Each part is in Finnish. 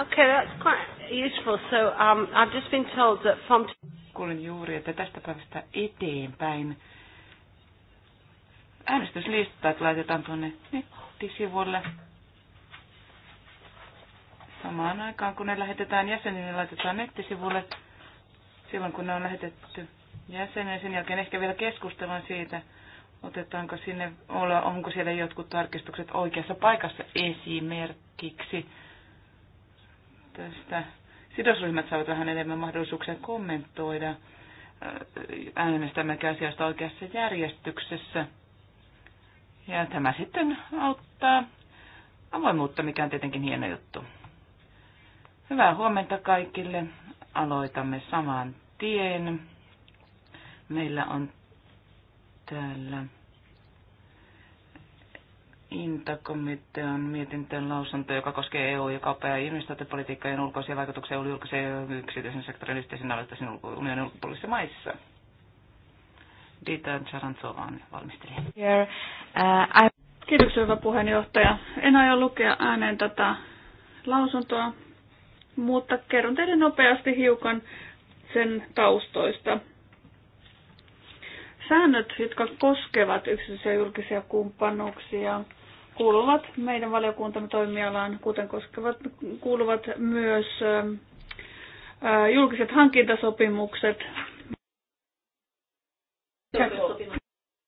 Okay, that's quite useful. So um, I've just been told that from... Kuulin juuri, että tästä päivästä eteenpäin äänestyslistat laitetaan tuonne nettisivuille. Samaan aikaan, kun ne lähetetään jäsenille, niin laitetaan nettisivulle. Silloin, kun ne on lähetetty jäsenille, sen jälkeen ehkä vielä keskustellaan siitä, otetaanko sinne, onko siellä jotkut tarkistukset oikeassa paikassa esimerkiksi tästä sidosryhmät saavat vähän enemmän mahdollisuuksia kommentoida. Äh, äänestämme asiasta oikeassa järjestyksessä. Ja tämä sitten auttaa avoimuutta, mikä on tietenkin hieno juttu. Hyvää huomenta kaikille. Aloitamme saman tien. Meillä on täällä Intakomitean mietintöön lausunto, joka koskee EU- ja kauppa- ja investointipolitiikkojen ulkoisia vaikutuksia EU- julkisen ja yksityisen sektorin yhteisen aloittaisen unionin ulkopuolisissa maissa. Dita Charantsova on valmistelija. uh, I... Kiitoksia, hyvä puheenjohtaja. En aio lukea ääneen tätä lausuntoa, mutta kerron teille nopeasti hiukan sen taustoista. Säännöt, jotka koskevat yksityisiä ja julkisia kumppanuuksia, kuuluvat meidän valiokuntamme toimialaan, kuten koskevat, kuuluvat myös julkiset hankintasopimukset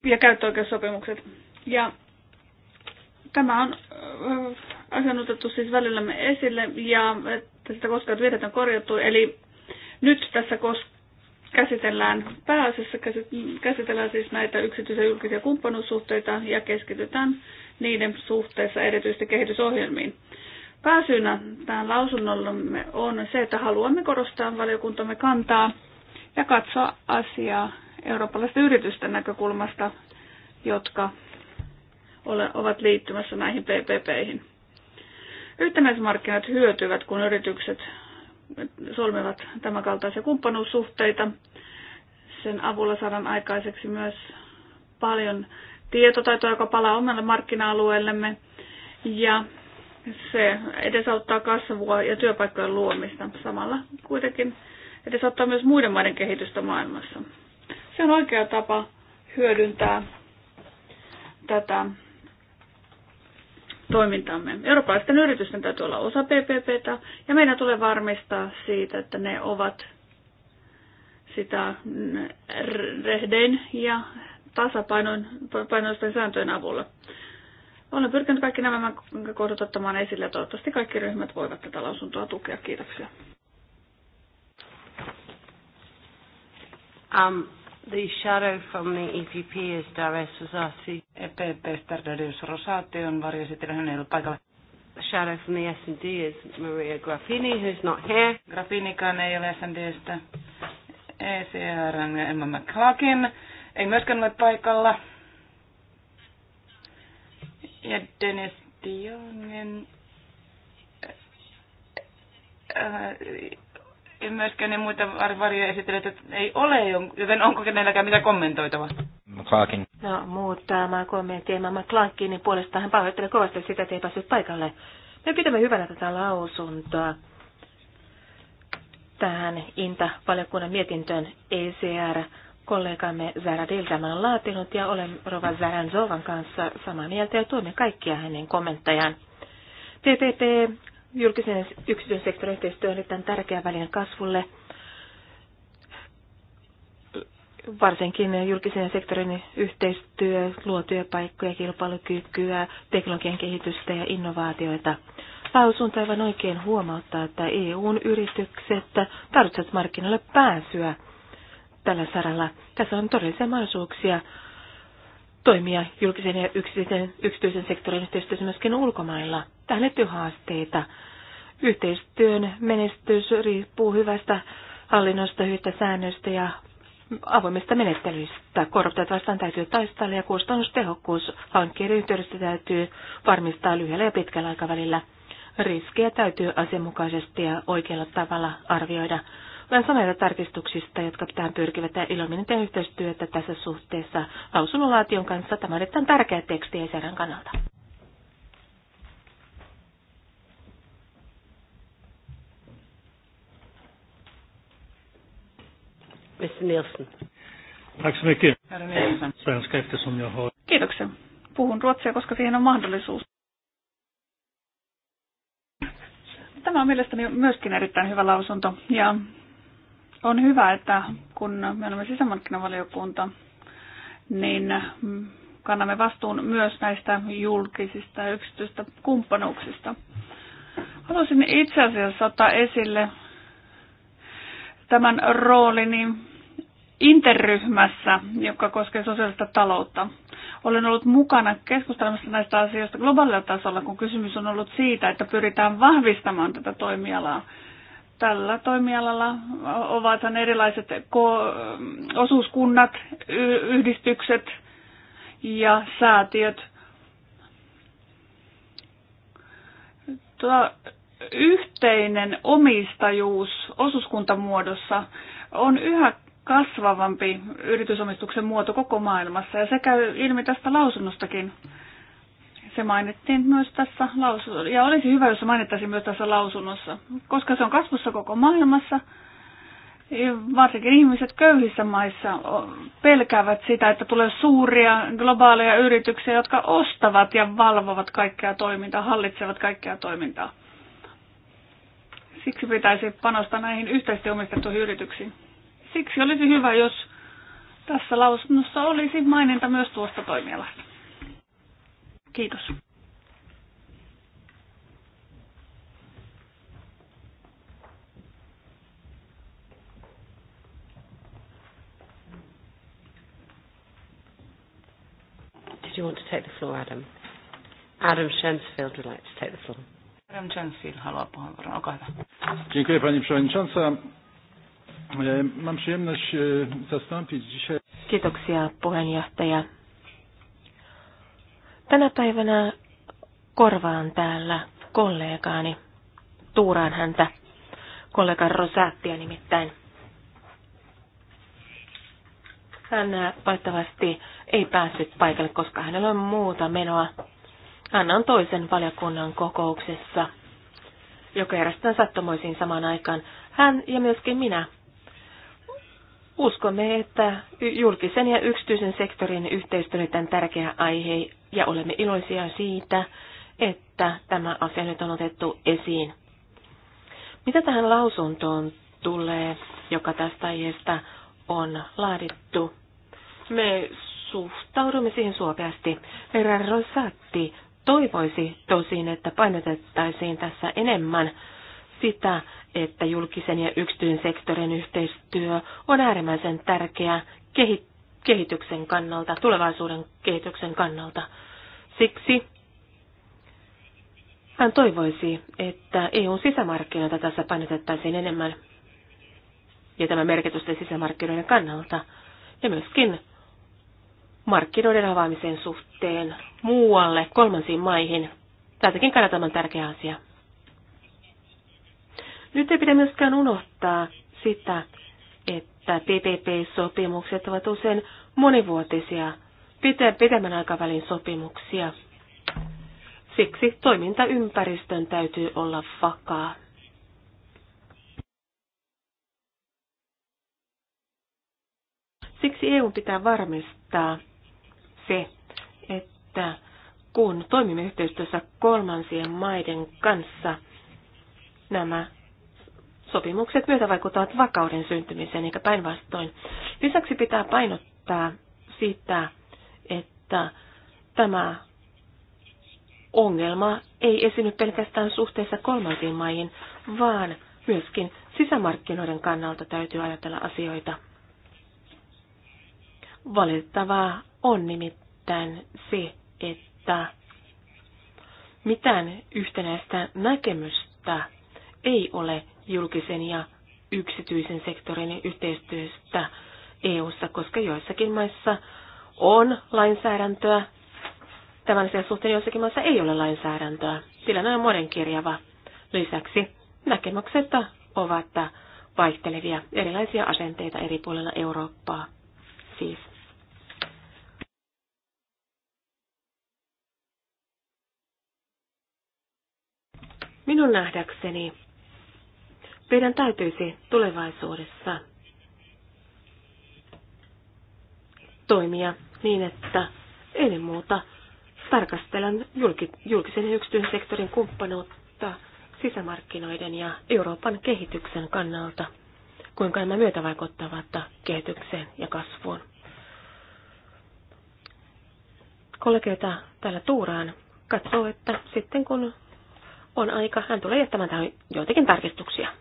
ja käyttöoikeussopimukset. Ja tämä on asian otettu siis välillämme esille ja tästä koskevat virheet on korjattu. Eli nyt tässä käsitellään pääasiassa käsitellään siis näitä yksityisen julkisia kumppanuussuhteita ja keskitytään niiden suhteessa erityisesti kehitysohjelmiin. Pääsyynä tähän lausunnollamme on se, että haluamme korostaa valiokuntamme kantaa ja katsoa asiaa eurooppalaisten yritysten näkökulmasta, jotka ovat liittymässä näihin PPPihin. Yhtenäismarkkinat hyötyvät, kun yritykset solmivat tämänkaltaisia kumppanuussuhteita. Sen avulla saadaan aikaiseksi myös paljon tietotaito, joka palaa omalle markkina-alueellemme ja se edesauttaa kasvua ja työpaikkojen luomista. Samalla kuitenkin edesauttaa myös muiden maiden kehitystä maailmassa. Se on oikea tapa hyödyntää tätä toimintamme. Eurooppalaisten yritysten täytyy olla osa PPPtä ja meidän tulee varmistaa siitä, että ne ovat sitä rehdein ja tasapainoisten sääntöjen avulla. Olen pyrkinyt kaikki nämä kohdat ottamaan esille ja toivottavasti kaikki ryhmät voivat tätä lausuntoa tukea. Kiitoksia. Um, the shadow from the EPP is Dares Rosati. epp Darius Rosati on varjoesitellä, hän ei ole paikalla. The shadow from the S&D is Maria Graffini, who's not here. Graffinikaan ei ole S&Dstä. on e Emma McClarkin ei myöskään ole paikalla. Ja Dennis Dionen ei äh, myöskään ne muita varjoja että ei ole, joten onko kenelläkään mitä kommentoitavaa? McClarkin. No muut tämä äh, kommentti Emma McClarkin, niin puolestaan hän pahoittelee kovasti sitä, että ei päässyt paikalle. Me pitämme hyvänä tätä lausuntoa tähän Inta-valiokunnan mietintöön ECR kollegamme Zara tämän on laatinut ja olen Rova Zaran Zovan kanssa samaa mieltä ja tuomme kaikkia hänen kommenttejaan. tpp julkisen yksityisen sektorin yhteistyö on erittäin tärkeä väline kasvulle, varsinkin julkisen sektorin yhteistyö luo työpaikkoja, kilpailukykyä, teknologian kehitystä ja innovaatioita. Lausunto aivan oikein huomauttaa, että EUn yritykset tarvitsevat markkinoille pääsyä – tällä saralla. Tässä on todellisia mahdollisuuksia toimia julkisen ja yksityisen, yksityisen sektorin yhteistyössä myöskin ulkomailla. Tähän liittyy haasteita. Yhteistyön menestys riippuu hyvästä hallinnosta, hyvistä säännöistä ja avoimista menettelyistä. Korruptiot vastaan täytyy taistella ja kustannustehokkuus hankkeiden yhteydessä täytyy varmistaa lyhyellä ja pitkällä aikavälillä. Riskejä täytyy asianmukaisesti ja oikealla tavalla arvioida. Olen samoilla tarkistuksista, jotka tähän pyrkivät ja iloinen tehdä yhteistyötä tässä suhteessa lausunnolaation kanssa. Tämä on erittäin tärkeä teksti ESRn kannalta. Mr Nilsson. Kiitoksia. Puhun ruotsia, koska siihen on mahdollisuus. Tämä on mielestäni myöskin erittäin hyvä lausunto ja on hyvä, että kun me olemme sisämarkkinavaliokunta, niin kannamme vastuun myös näistä julkisista ja yksityistä kumppanuuksista. Haluaisin itse asiassa ottaa esille tämän roolini interryhmässä, joka koskee sosiaalista taloutta. Olen ollut mukana keskustelemassa näistä asioista globaalilla tasolla, kun kysymys on ollut siitä, että pyritään vahvistamaan tätä toimialaa tällä toimialalla ovathan erilaiset osuuskunnat, yhdistykset ja säätiöt. Tuo yhteinen omistajuus osuuskuntamuodossa on yhä kasvavampi yritysomistuksen muoto koko maailmassa ja se käy ilmi tästä lausunnostakin. Se mainittiin myös tässä lausunnossa, ja olisi hyvä, jos se mainittaisiin myös tässä lausunnossa, koska se on kasvussa koko maailmassa. Varsinkin ihmiset köyhissä maissa pelkäävät sitä, että tulee suuria globaaleja yrityksiä, jotka ostavat ja valvovat kaikkea toimintaa, hallitsevat kaikkea toimintaa. Siksi pitäisi panostaa näihin yhteisesti omistettuihin yrityksiin. Siksi olisi hyvä, jos tässä lausunnossa olisi maininta myös tuosta toimialasta. Kiitos. Did you want to take the floor, Adam? Adam Shensfield would like to take the floor. Adam Shensfield haluaa puheenvuoron. Olkaa hyvä. Dziękuję Pani Przewodnicząca. E, mam przyjemność e, zastąpić dzisiaj... Kiitoksia puheenjohtaja. Tänä päivänä korvaan täällä kollegaani, tuuraan häntä, kollega Rosaattia nimittäin. Hän äh, valitettavasti ei päässyt paikalle, koska hänellä on muuta menoa. Hän on toisen valiokunnan kokouksessa, joka järjestetään sattumoisiin samaan aikaan. Hän ja myöskin minä uskomme, että julkisen ja yksityisen sektorin yhteistyötä on tärkeä aihe ja olemme iloisia siitä, että tämä asia nyt on otettu esiin. Mitä tähän lausuntoon tulee, joka tästä aiheesta on laadittu? Me suhtaudumme siihen suopeasti. Herra Rosatti toivoisi tosin, että painotettaisiin tässä enemmän sitä, että julkisen ja yksityisen sektorin yhteistyö on äärimmäisen tärkeää kehittää kehityksen kannalta, tulevaisuuden kehityksen kannalta. Siksi hän toivoisi, että EUn sisämarkkinoita tässä painotettaisiin enemmän ja tämä merkitysten sisämarkkinoiden kannalta ja myöskin markkinoiden avaamisen suhteen muualle kolmansiin maihin. Tätäkin kannatamme tärkeä asia. Nyt ei pidä myöskään unohtaa sitä, tai PPP-sopimukset ovat usein monivuotisia, pitemmän aikavälin sopimuksia. Siksi toimintaympäristön täytyy olla vakaa. Siksi EU pitää varmistaa se, että kun toimimme yhteistyössä kolmansien maiden kanssa, nämä Sopimukset myötävaikuttavat vakauden syntymiseen eikä päinvastoin. Lisäksi pitää painottaa sitä, että tämä ongelma ei esiny pelkästään suhteessa kolmansiin maihin, vaan myöskin sisämarkkinoiden kannalta täytyy ajatella asioita. Valitettavaa on nimittäin se, että mitään yhtenäistä näkemystä ei ole julkisen ja yksityisen sektorin yhteistyöstä EU-ssa, koska joissakin maissa on lainsäädäntöä. Tämän asian suhteen joissakin maissa ei ole lainsäädäntöä. Tilanne on monenkirjava. Lisäksi näkemykset ovat vaihtelevia, erilaisia asenteita eri puolilla Eurooppaa. Siis. Minun nähdäkseni meidän täytyisi tulevaisuudessa toimia niin, että ennen muuta tarkastellaan julkisen ja yksityisen sektorin kumppanuutta sisämarkkinoiden ja Euroopan kehityksen kannalta, kuinka nämä myötävaikuttavat kehitykseen ja kasvuun. Kollegeita täällä Tuuraan katsoo, että sitten kun on aika, hän tulee jättämään tähän joitakin tarkistuksia.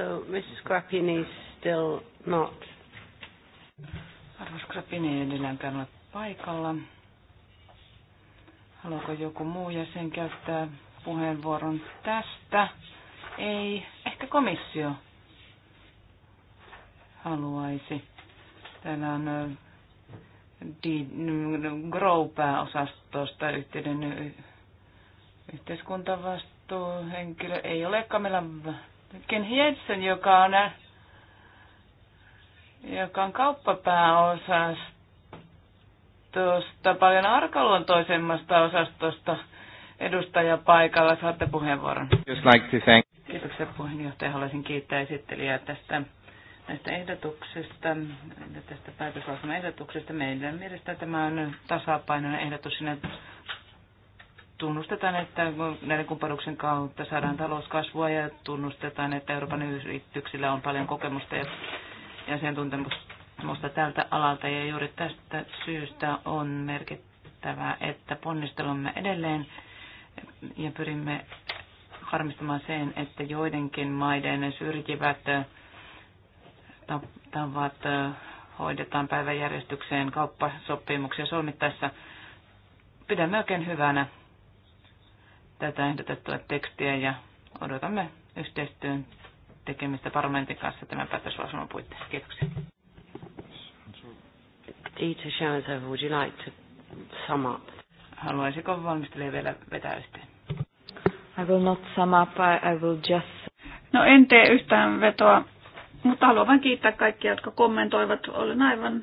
So Mrs. Grappini is still not. Arvoisa Grappini ei edelläänkään ole paikalla. Haluaako joku muu jäsen käyttää puheenvuoron tästä? Ei. Ehkä komissio haluaisi. Täällä on Grow-pääosastosta yhteiskuntavastuuhenkilö Ei ole Kamelan Ken Hietsen, joka on, joka on kauppapääosastosta, paljon arkaluontoisemmasta osastosta edustaja paikalla. Saatte puheenvuoron. Just like to thank. Kiitoksia puheenjohtaja. Haluaisin kiittää esittelijää tästä näistä ehdotuksista, tästä päätöslauselman ehdotuksesta. Meidän mielestä tämä on tasapainoinen ehdotus. sinne tunnustetaan, että näiden kumppanuksen kautta saadaan talouskasvua ja tunnustetaan, että Euroopan yrityksillä on paljon kokemusta ja, ja sen tuntemusta tältä alalta. Ja juuri tästä syystä on merkittävää, että ponnistelumme edelleen ja pyrimme varmistamaan sen, että joidenkin maiden syrjivät tavat hoidetaan päiväjärjestykseen kauppasopimuksia solmittaessa. Pidämme oikein hyvänä tätä ehdotettua tekstiä ja odotamme yhteistyön tekemistä parlamentin kanssa tämän päätöslauselman puitteissa. Kiitoksia. would you like to sum up? Haluaisiko valmistelija vielä vetää yhteen? I will not sum up, I, I will just... No en tee yhtään vetoa, mutta haluan vain kiittää kaikkia, jotka kommentoivat. Olen aivan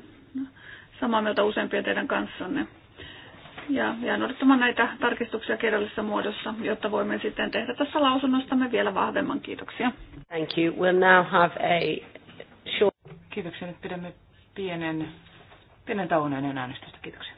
samaa mieltä useimpia teidän kanssanne ja jään odottamaan näitä tarkistuksia kirjallisessa muodossa, jotta voimme sitten tehdä tässä lausunnostamme vielä vahvemman. Kiitoksia. Thank you. We'll now have a short... Kiitoksia. Nyt pidämme pienen, pienen tauon ennen äänestystä. Kiitoksia.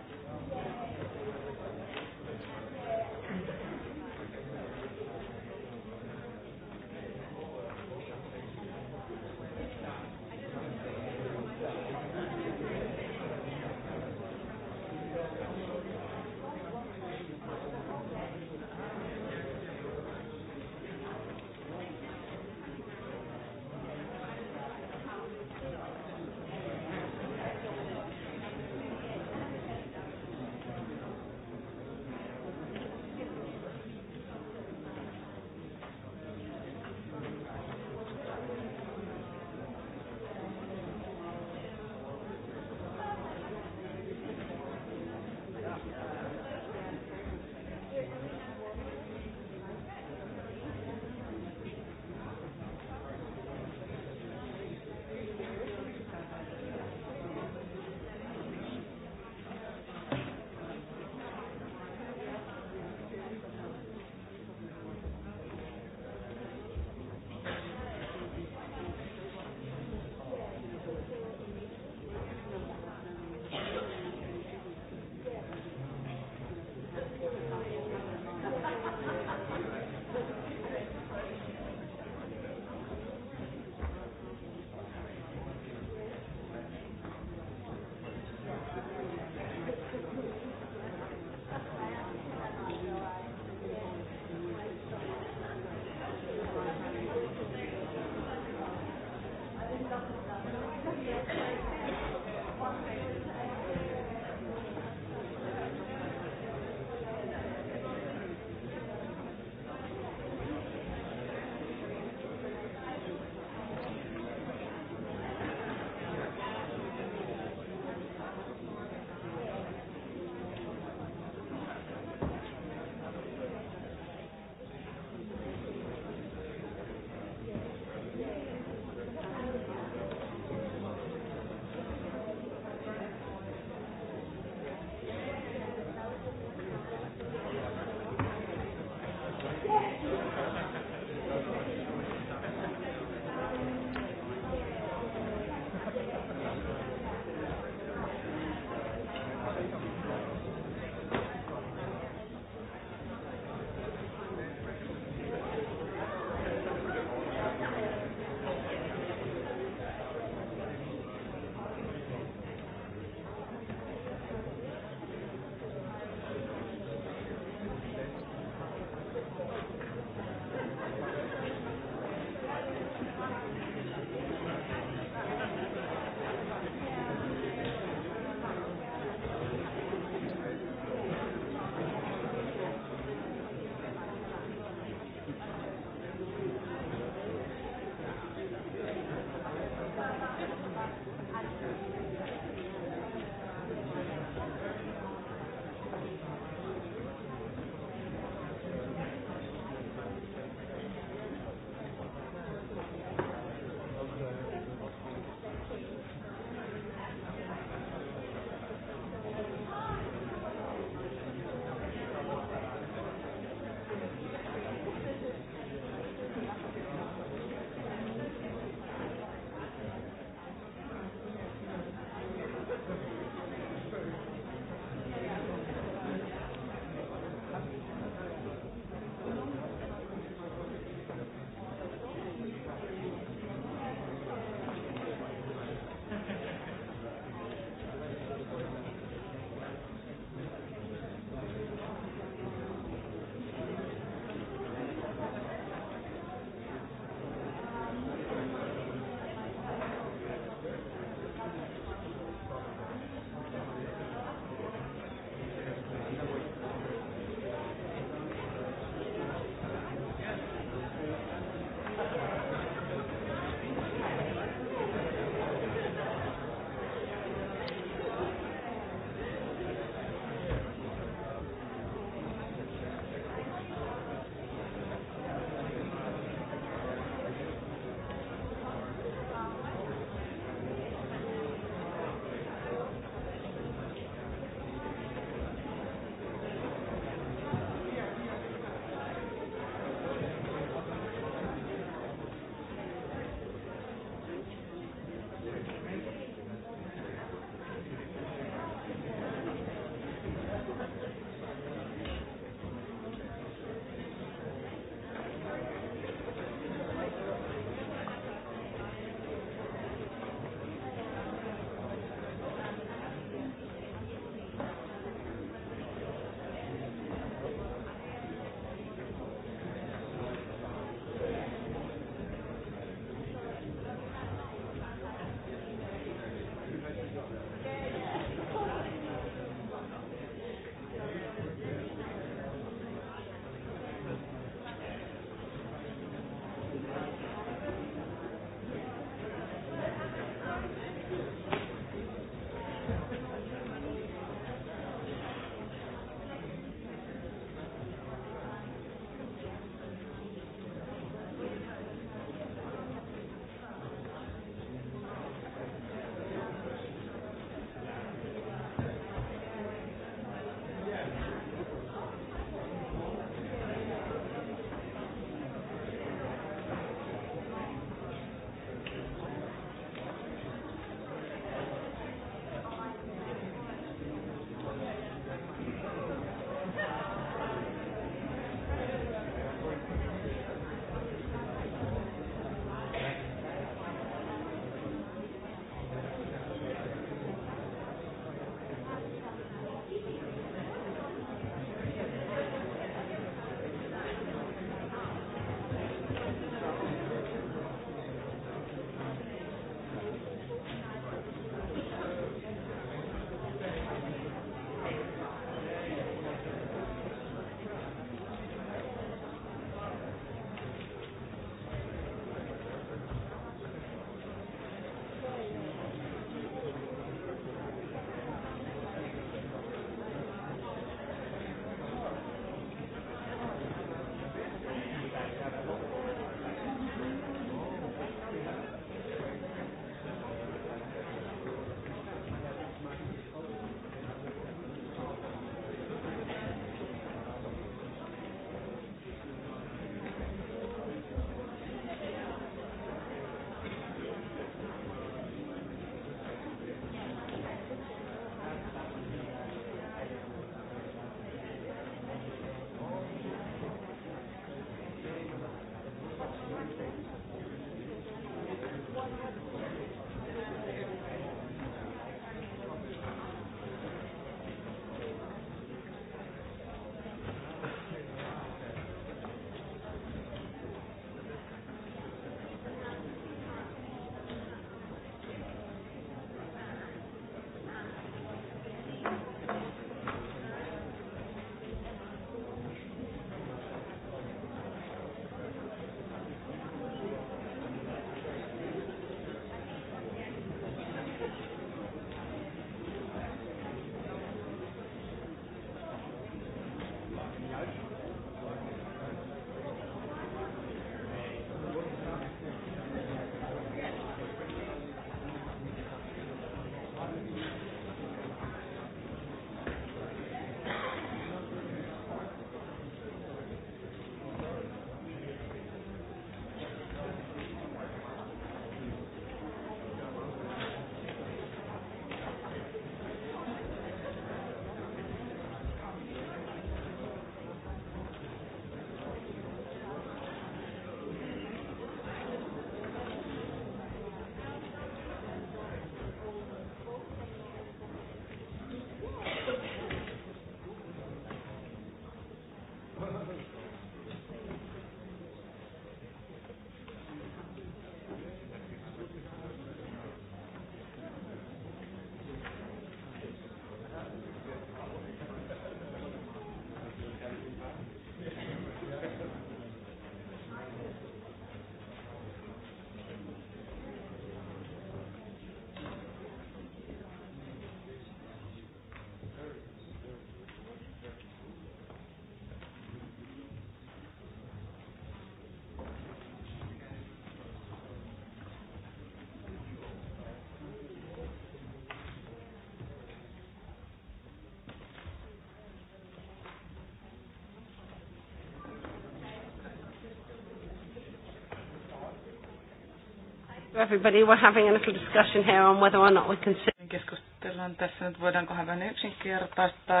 Everybody were having a little discussion here on whether or not we can see. Keskustellaan tässä nyt, voidaankohan vähän yksinkertaistaa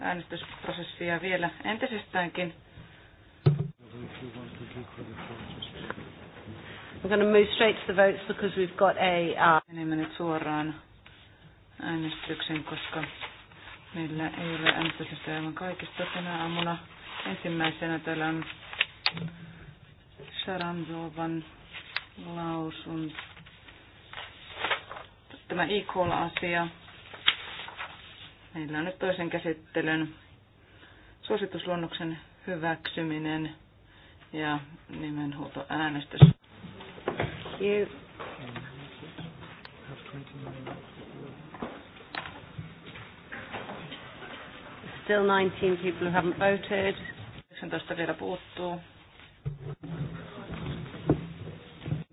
äänestysprosessia vielä entisestäänkin. We're going to move straight to the votes because we've got a... Uh... Menemme nyt suoraan äänestyksen, koska meillä ei ole äänestystä aivan kaikista tänä aamuna. Ensimmäisenä täällä on Sharanzovan lausun. Tämä ikl asia Meillä on nyt toisen käsittelyn suositusluonnoksen hyväksyminen ja nimenhuuto äänestys. Still 19 people who haven't voted. 19 vielä puuttuu.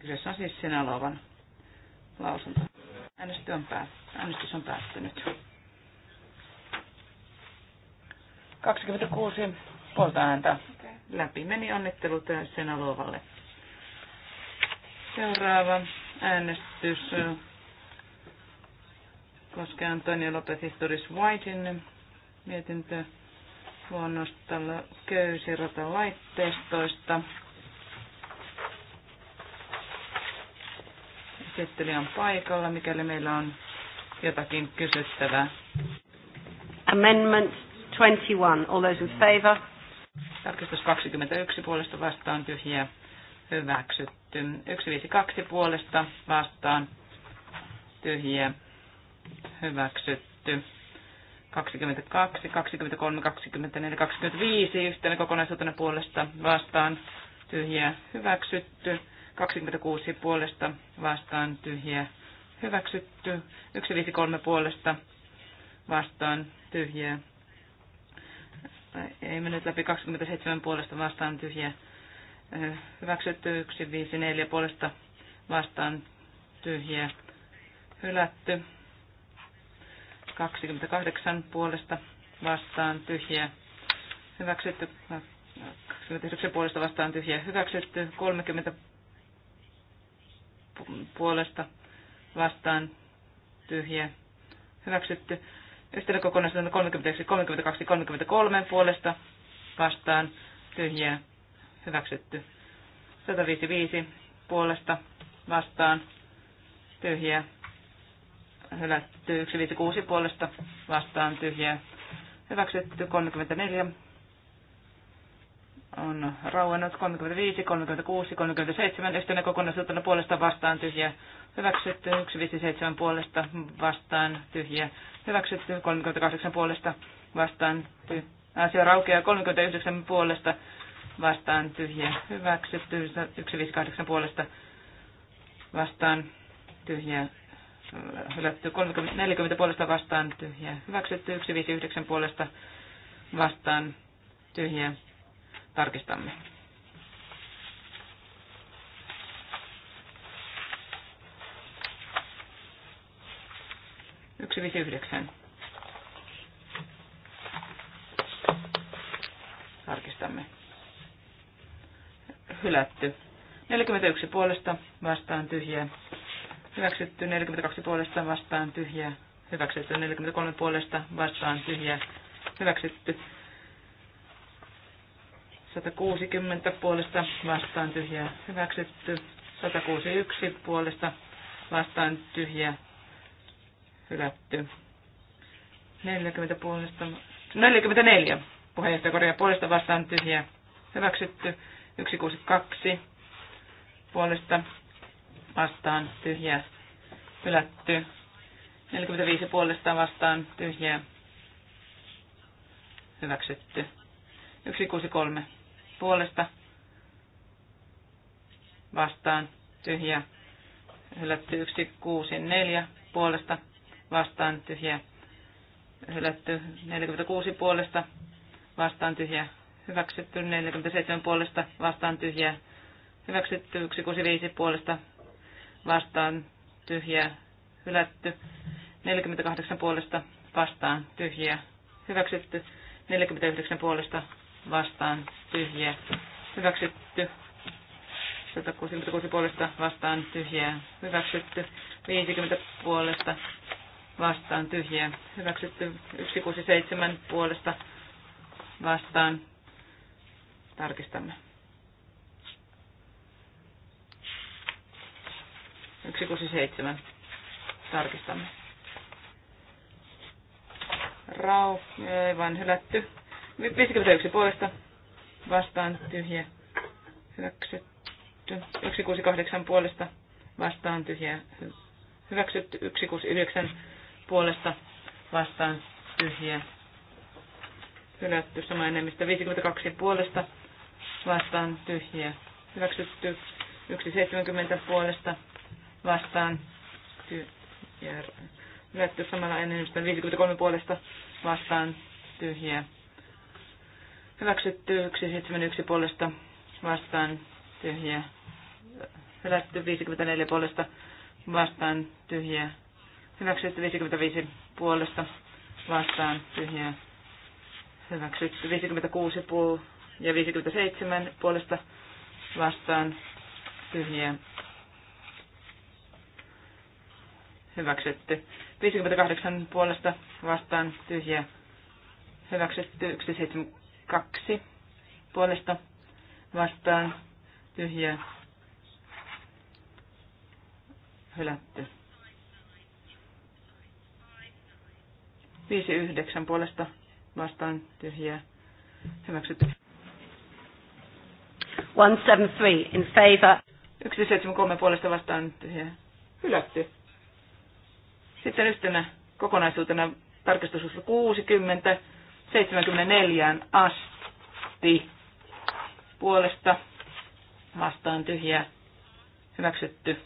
Kyseessä on siis Senalovan lausunto. Äänestys on, päät- äänestys on päättynyt. 26 puolta ääntä. Okay. Läpi meni onnittelut Senalovalle. Seuraava äänestys äh, koskee Antonio Lopez Historis Whitein mietintö luonnostalla köysirata laitteistoista. Esittelijä on paikalla, mikäli meillä on jotakin kysyttävää. Amendment 21. All those in favor? Tarkistus 21 puolesta vastaan tyhjiä. Hyväksytty. 152 puolesta vastaan tyhjiä. Hyväksytty. 22, 23, 24, 25 yhtenä kokonaisuutena puolesta vastaan tyhjiä hyväksytty. 26 puolesta vastaan tyhjä hyväksytty. 153 puolesta vastaan tyhjä. Ei mennyt läpi 27 puolesta vastaan tyhjä. Hyväksytty 154 puolesta vastaan tyhjä. Hylätty 28 puolesta vastaan tyhjä. Hyväksytty 29 puolesta vastaan tyhjä. Hyväksytty 30 puolesta vastaan tyhjä hyväksytty. Yhtenä kokonaisuutena 30, 32, 33 puolesta vastaan tyhjä hyväksytty. 155 puolesta vastaan tyhjä hylätty. 156 puolesta vastaan tyhjä hyväksytty. 34 on rauennut 35, 36, 37 yhtenä kokonaisuutena puolesta vastaan tyhjä hyväksytty, 157 puolesta vastaan tyhjä hyväksytty, 38 puolesta vastaan tyhjä. Asia raukeaa 39 puolesta vastaan tyhjä hyväksytty, 158 puolesta vastaan tyhjä hylätty, 40 puolesta vastaan tyhjä hyväksytty, 159 puolesta vastaan tyhjä tarkistamme. Yksi viisi yhdeksän. Tarkistamme. Hylätty. 41 puolesta vastaan tyhjää. Hyväksytty 42 puolesta vastaan tyhjää. Hyväksytty 43 puolesta vastaan tyhjää. Hyväksytty 160 puolesta vastaan tyhjää hyväksytty. 161 puolesta vastaan tyhjää hylätty. 40 puolesta, 44 puheenjohtaja korjaa puolesta vastaan tyhjää hyväksytty. 162 puolesta vastaan tyhjää hylätty. 45 puolesta vastaan tyhjää hyväksytty. 163 puolesta vastaan tyhjä hylätty 1, 6, 4 puolesta vastaan tyhjä hylätty 46 puolesta vastaan tyhjä hyväksytty 47 puolesta vastaan tyhjä hyväksytty 1, 6, 5 puolesta vastaan tyhjä hylätty 48 puolesta vastaan tyhjä hyväksytty 49 puolesta vastaan tyhjiä hyväksytty. 166 puolesta vastaan tyhjiä hyväksytty. 50 puolesta vastaan tyhjiä hyväksytty. 167 puolesta vastaan tarkistamme. 167 tarkistamme. Rau, aivan hylätty. 51 puolesta vastaan tyhjä hyväksytty. 168 puolesta vastaan tyhjä hyväksytty. 169 puolesta vastaan tyhjä hylätty. Sama enemmistö 52 puolesta vastaan tyhjä hyväksytty. 170 puolesta vastaan tyhjä hylätty. Samalla enemmistö 53 puolesta vastaan tyhjä Hyväksytty 171 puolesta vastaan tyhjä. Hylätty 54 puolesta vastaan tyhjä. Hyväksytty 55 puolesta vastaan tyhjä. Hyväksytty 56 puu ja 57 puolesta vastaan tyhjä. Hyväksytty 58 puolesta vastaan tyhjä. Hyväksytty 17 kaksi puolesta vastaan tyhjä hylätty. 5 yhdeksän puolesta vastaan tyhjä hyväksytty. 173 in favor. 173 puolesta vastaan tyhjä hylätty. Sitten yhtenä kokonaisuutena kuusi 60 74 asti puolesta vastaan tyhjää hyväksytty.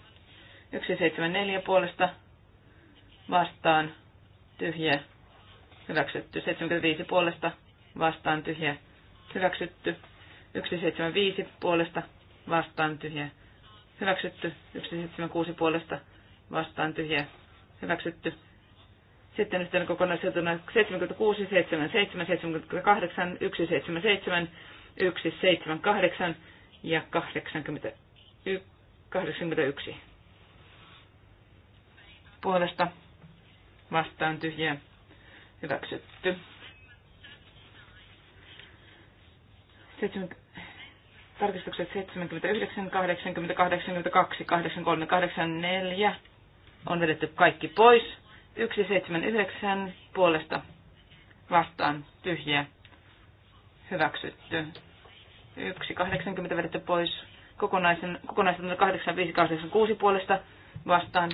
174 puolesta vastaan tyhjä hyväksytty. 75 puolesta vastaan tyhjä hyväksytty. 175 puolesta vastaan tyhjä hyväksytty. 176 puolesta vastaan tyhjä hyväksytty. Sitten yhtenä kokonaisuutena 76, 77, 78, 177, 178 ja 81. Puolesta vastaan tyhjä hyväksytty. 70, tarkistukset 79, 80, 82, 83, 84 on vedetty kaikki pois. 179 puolesta vastaan tyhjiä hyväksytty. 180 vedetty pois kokonaisen, kokonaisen 8586 puolesta vastaan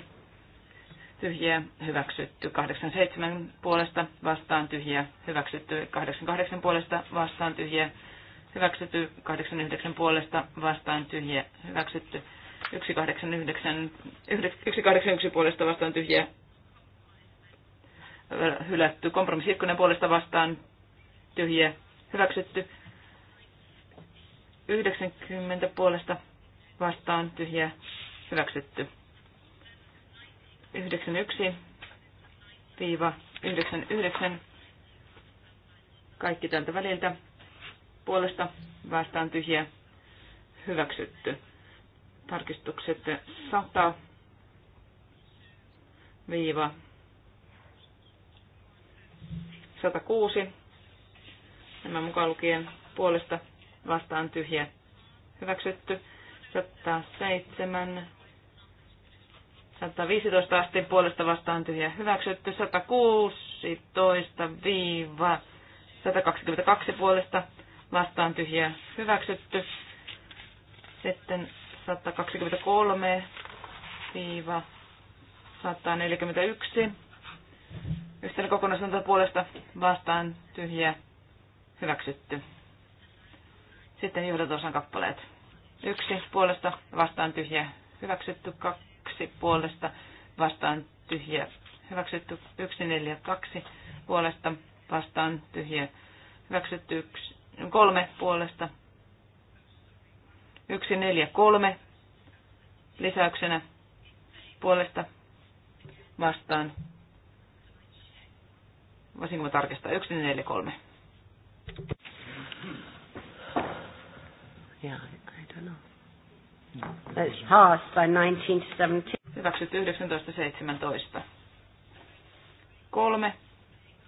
tyhjiä hyväksytty. 87 puolesta vastaan tyhjiä hyväksytty. 88 puolesta vastaan tyhjiä hyväksytty. 89 puolesta vastaan tyhjiä hyväksytty. 189, 181 puolesta vastaan tyhjiä hylätty. Kompromissi ykkönen puolesta vastaan tyhjiä hyväksytty. 90 puolesta vastaan tyhjiä hyväksytty. 91 viiva 99 kaikki tältä väliltä puolesta vastaan tyhjiä hyväksytty. Tarkistukset 100 viiva 106. Nämä mukaan lukien puolesta vastaan tyhjä hyväksytty. 107. 115 asti puolesta vastaan tyhjä hyväksytty. 116 122 puolesta vastaan tyhjä hyväksytty. Sitten 123 141 Yhtenä kokonaisuutta puolesta vastaan tyhjä hyväksytty. Sitten johdatosan kappaleet. Yksi puolesta vastaan tyhjä hyväksytty. Kaksi puolesta vastaan tyhjä hyväksytty. Yksi, neljä, kaksi puolesta vastaan tyhjä hyväksytty. Yksi, kolme puolesta. Yksi, neljä, kolme lisäyksenä puolesta vastaan Voisinko mä tarkistaa? 143. Niin yeah, I don't know. That's by 1917. Hyväksytty 1917. Kolme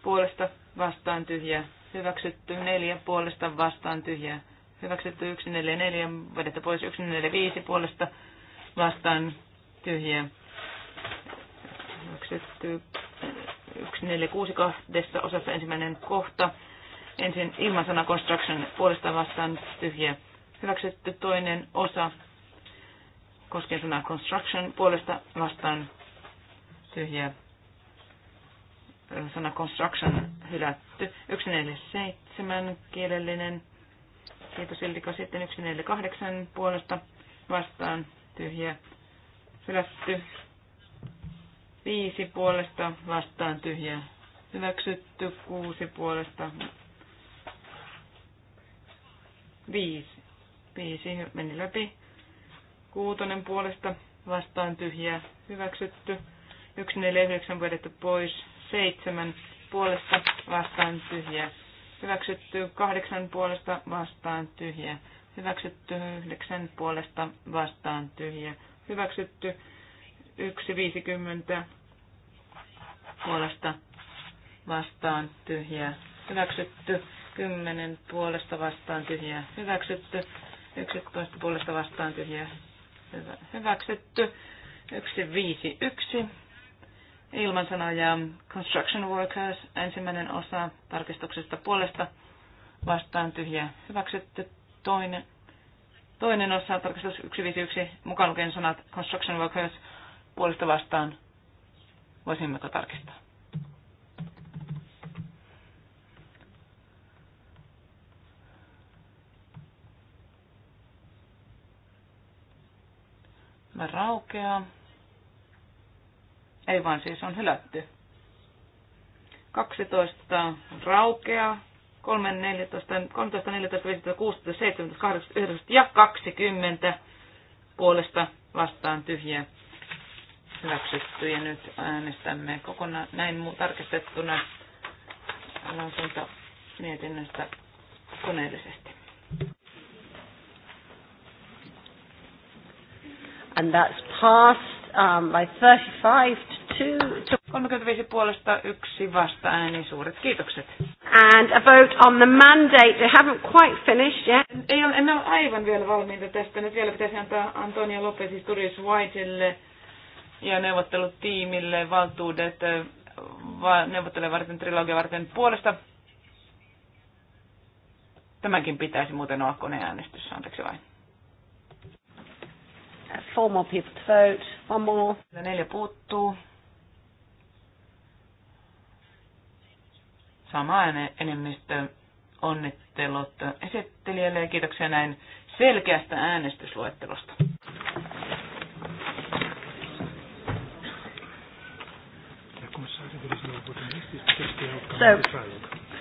puolesta vastaan tyhjä. Hyväksytty neljä puolesta vastaan tyhjä. Hyväksytty 144, vedettä pois 145 puolesta vastaan tyhjä. Hyväksytty 146 kahdessa osassa ensimmäinen kohta. Ensin ilman sana construction puolesta vastaan tyhjä hyväksytty toinen osa koskien sana construction puolesta vastaan tyhjä sana construction hylätty. 147 kielellinen. Kiitos Iltika. Sitten 148 puolesta vastaan tyhjä hylätty. Viisi puolesta vastaan tyhjä Hyväksytty kuusi puolesta. Viisi. Viisi meni läpi. Kuutonen puolesta vastaan tyhjä Hyväksytty. Yksi neljä yhdeksän vedetty pois. Seitsemän puolesta vastaan tyhjä Hyväksytty kahdeksan puolesta vastaan tyhjä Hyväksytty yhdeksän puolesta vastaan tyhjä Hyväksytty 1.50 puolesta vastaan tyhjää hyväksytty. 10 puolesta vastaan tyhjää hyväksytty. 11 puolesta vastaan tyhjää hyvä, hyväksytty. 151 ilman sanoja construction workers ensimmäinen osa tarkistuksesta puolesta vastaan tyhjää hyväksytty. Toinen, toinen osa tarkistus 151 mukaan lukien sanat construction workers puolesta vastaan. Voisimmeko tarkistaa? Tämä raukeaa. Ei vaan siis on hylätty. 12 raukeaa. 3, 14, 13, 14, 15, 16, 17, 18, 19 ja 20 puolesta vastaan tyhjää hyväksytty ja nyt äänestämme kokonaan näin tarkistettuna lausunto mietinnöstä koneellisesti. And that's passed um, by 35 to 2. 35 puolesta yksi vasta ääni suuret kiitokset. And a vote on the mandate. They haven't quite finished yet. Ei ole, en ole aivan vielä valmiita tästä. Nyt vielä pitäisi antaa Antonia Lopez Turis Whiteille ja neuvottelutiimille valtuudet eh, neuvotteluja varten, trilogia varten puolesta. Tämäkin pitäisi muuten olla koneäänestys, anteeksi vain. Four more people to vote. One more. Neljä puuttuu. Sama enemmistö. Onnittelut esittelijälle ja kiitoksia näin selkeästä äänestysluettelosta.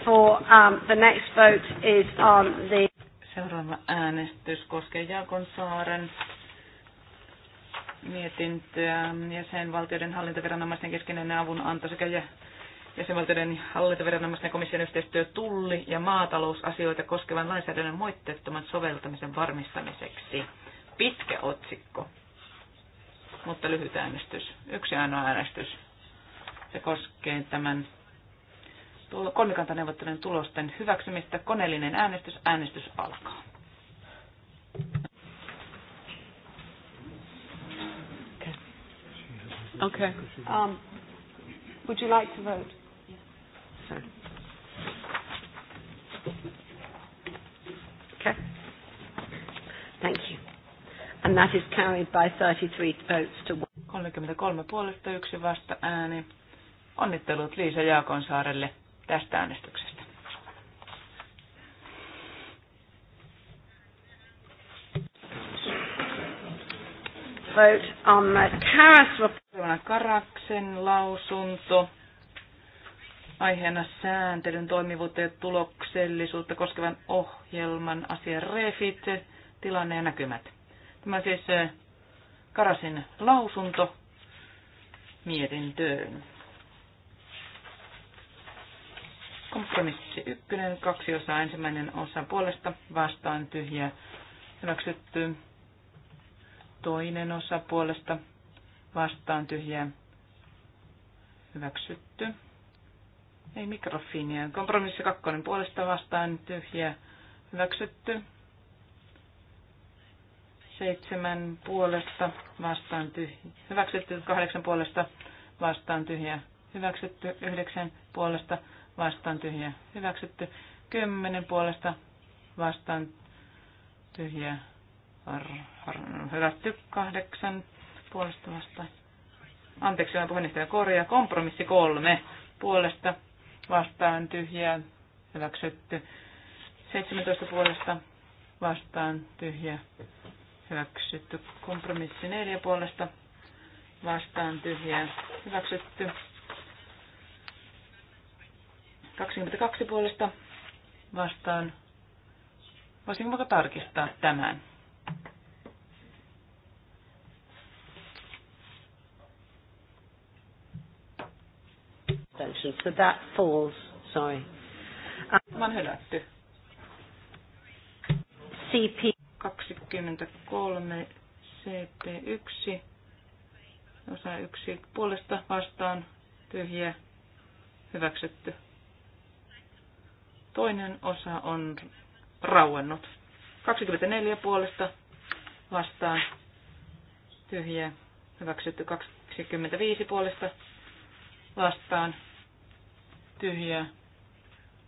So, um, Seuraava äänestys koskee Jaakonsaaren mietintöä jäsenvaltioiden hallintoviranomaisten keskeinen avunanto sekä jäsenvaltioiden hallintoviranomaisten ja komission yhteistyö tulli- ja maatalousasioita koskevan lainsäädännön moitteettoman soveltamisen varmistamiseksi. Pitkä otsikko, mutta lyhyt äänestys. Yksi ainoa äänestys. Se koskee tämän kolmikantaneuvottelujen tulosten hyväksymistä. Koneellinen äänestys. Äänestys alkaa. Okay. Um, would you like to vote? Okay. Thank you. And that is carried by 33 votes to one. 33 puolesta yksi vasta ääni. Onnittelut Liisa Jaakonsaarelle tästä äänestyksestä. Vote on Karas. Karaksen lausunto aiheena sääntelyn toimivuutta ja tuloksellisuutta koskevan ohjelman asia refit, tilanne ja näkymät. Tämä siis eh, Karasin lausunto mietintöön. Kompromissi ykkönen, kaksi osaa, ensimmäinen osa puolesta, vastaan tyhjää, hyväksytty. Toinen osa puolesta, vastaan tyhjää, hyväksytty. Ei mikrofiinia. Kompromissi kakkonen puolesta vastaan tyhjää, hyväksytty. Seitsemän puolesta vastaan tyhjä. Hyväksytty kahdeksan puolesta vastaan tyhjää. Hyväksytty yhdeksän puolesta vastaan tyhjä hyväksytty. 10 puolesta vastaan tyhjä hyväksytty 8 puolesta vastaan. Anteeksi, olen puheenjohtaja korjaa. Kompromissi kolme puolesta vastaan tyhjä hyväksytty. 17 puolesta vastaan tyhjä hyväksytty. Kompromissi neljä puolesta vastaan tyhjä hyväksytty. 22 puolesta vastaan. Voisinko vaikka tarkistaa tämän? So that falls. Sorry. Um, on hylätty. CP 23 CP1 osa 1 puolesta vastaan tyhjä hyväksytty. Toinen osa on rauennut. 24 puolesta vastaan tyhjiä. Hyväksytty 25 puolesta vastaan tyhjiä.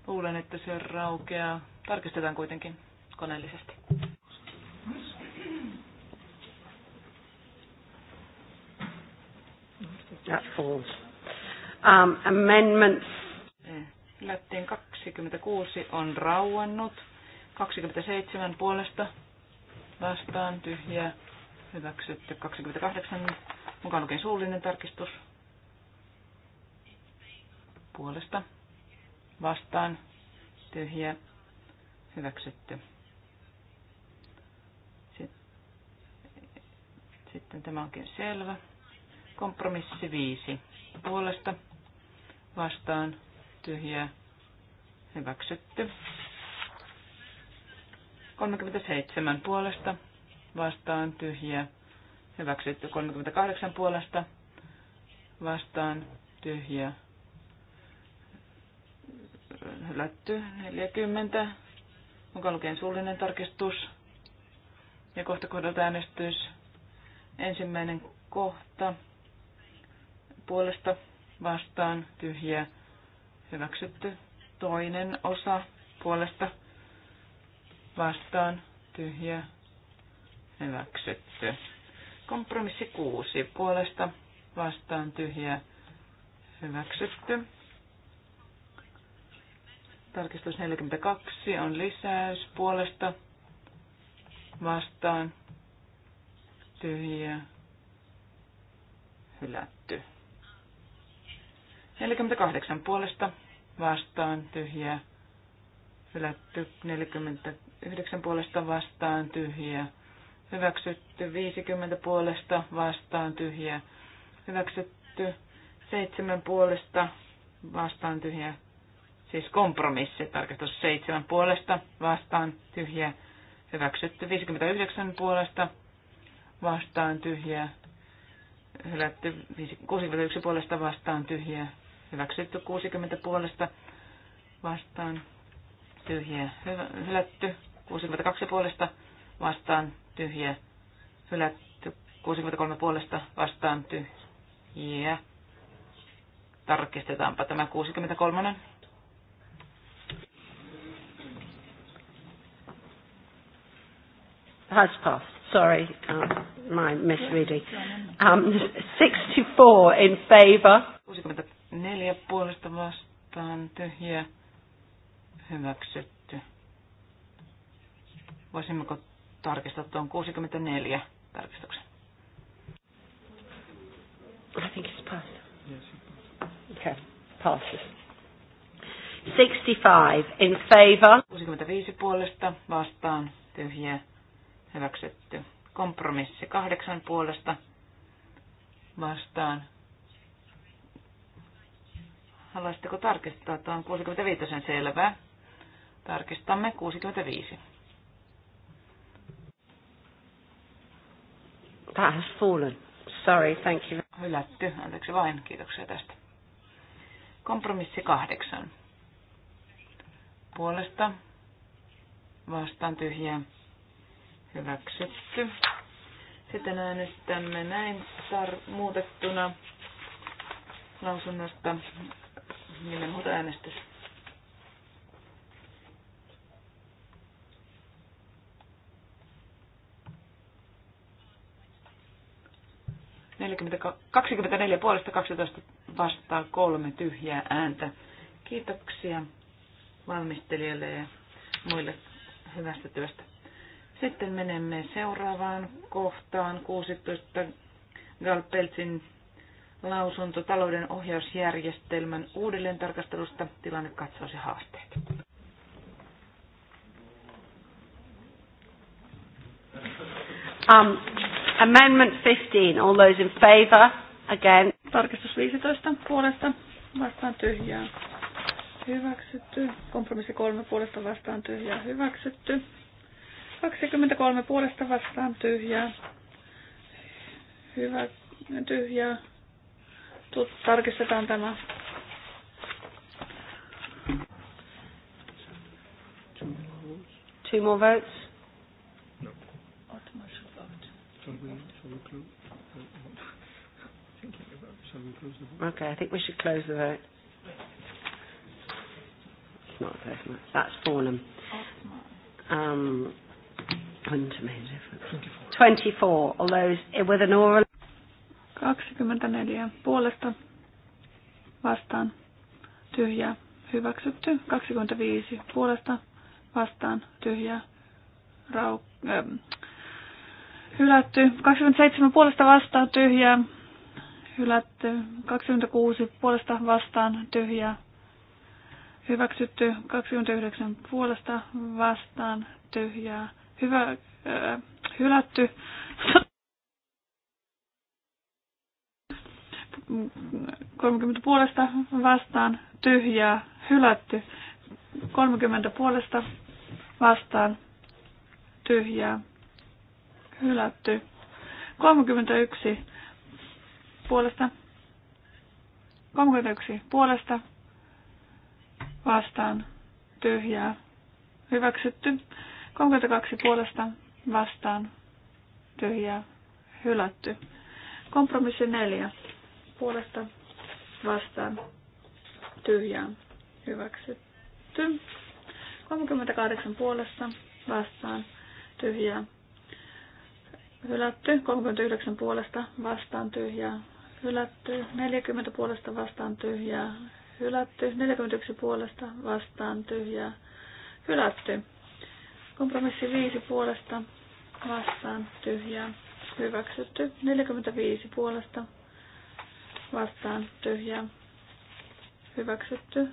Luulen, että se raukeaa. Tarkistetaan kuitenkin koneellisesti. That falls. Um, amendments. Eh, Lättiin kaksi 26 on rauennut. 27 puolesta vastaan tyhjä hyväksytty. 28 mukaan lukien suullinen tarkistus puolesta vastaan tyhjä hyväksytty. Sitten tämä onkin selvä. Kompromissi 5. Puolesta vastaan tyhjää Hyväksytty. 37 puolesta vastaan tyhjä. Hyväksytty 38 puolesta vastaan tyhjä. Hylätty 40. Mukaan lukien suullinen tarkistus. Ja kohta kohdalta äänestys. Ensimmäinen kohta puolesta vastaan tyhjä. Hyväksytty Toinen osa puolesta vastaan tyhjä hyväksytty. Kompromissi kuusi puolesta vastaan tyhjä hyväksytty. Tarkistus 42 on lisäys puolesta vastaan tyhjä hylätty. 48 puolesta vastaan tyhjä, hylätty 49 puolesta vastaan tyhjä, hyväksytty 50 puolesta vastaan tyhjä, hyväksytty 7 puolesta vastaan tyhjä, siis kompromissi, tarkastus 7 puolesta vastaan tyhjä, hyväksytty 59 puolesta vastaan tyhjä, hylätty 61 puolesta vastaan tyhjä, hyväksytty 60 puolesta vastaan, tyhjiä hylätty 62 puolesta vastaan, tyhjiä hylätty 63 puolesta vastaan, tyhjiä. Tarkistetaanpa tämä 63. has passed. Sorry, um, my misreading. Um, 64 in favour neljä puolesta vastaan tyhjä hyväksytty. Voisimmeko tarkistaa tuon 64 tarkistuksen? I think it's passed. Yes, it passed. Okay, passes. 65 in favor. 65 puolesta vastaan tyhjä hyväksytty. Kompromissi kahdeksan puolesta vastaan Haluaisitteko tarkistaa on 65 selvää? Tarkistamme 65. That has fallen. Sorry, thank you. Hylätty. Anteeksi vain. Kiitoksia tästä. Kompromissi kahdeksan. Puolesta vastaan tyhjää. Hyväksytty. Sitten äänestämme näin tar- muutettuna lausunnosta nimenhuutoäänestys. Kaksikymmentäneljä puolesta 12 vastaa kolme tyhjää ääntä. Kiitoksia valmistelijalle ja muille hyvästä työstä. Sitten menemme seuraavaan kohtaan 16. Galpeltsin lausunto talouden ohjausjärjestelmän uudelleentarkastelusta, tilannekatsaus ja haasteet. Um, amendment 15, all those in favor, again. Tarkistus 15 puolesta vastaan tyhjää. Hyväksytty. Kompromissi 3 puolesta vastaan tyhjää. Hyväksytty. 23 puolesta vastaan tyhjää. Hyvä, tyhjää Tarkistetaan tämä. Two more votes. No. Okay, I think we should close the vote. It's not Ottmar. That's Fornham. Um, wouldn't have made a difference. 24. All those with an oral. 24 puolesta vastaan tyhjä hyväksytty. 25 puolesta vastaan tyhjä rau, äh, hylätty. 27 puolesta vastaan tyhjä hylätty. 26 puolesta vastaan tyhjä hyväksytty. 29 puolesta vastaan tyhjä hyvä, äh, hylätty. 30 puolesta vastaan tyhjää hylätty. 30 puolesta vastaan tyhjää hylätty. 31 puolesta 31 puolesta vastaan tyhjää hyväksytty. 32 puolesta vastaan tyhjää hylätty. Kompromissi neljä puolesta vastaan tyhjää hyväksytty. 38 puolesta vastaan tyhjää hylätty. 39 puolesta vastaan tyhjää hylätty. 40 puolesta vastaan tyhjää hylätty. 41 puolesta vastaan tyhjää hylätty. Kompromissi 5 puolesta vastaan tyhjää hyväksytty. 45 puolesta vastaan tyhjä, hyväksytty.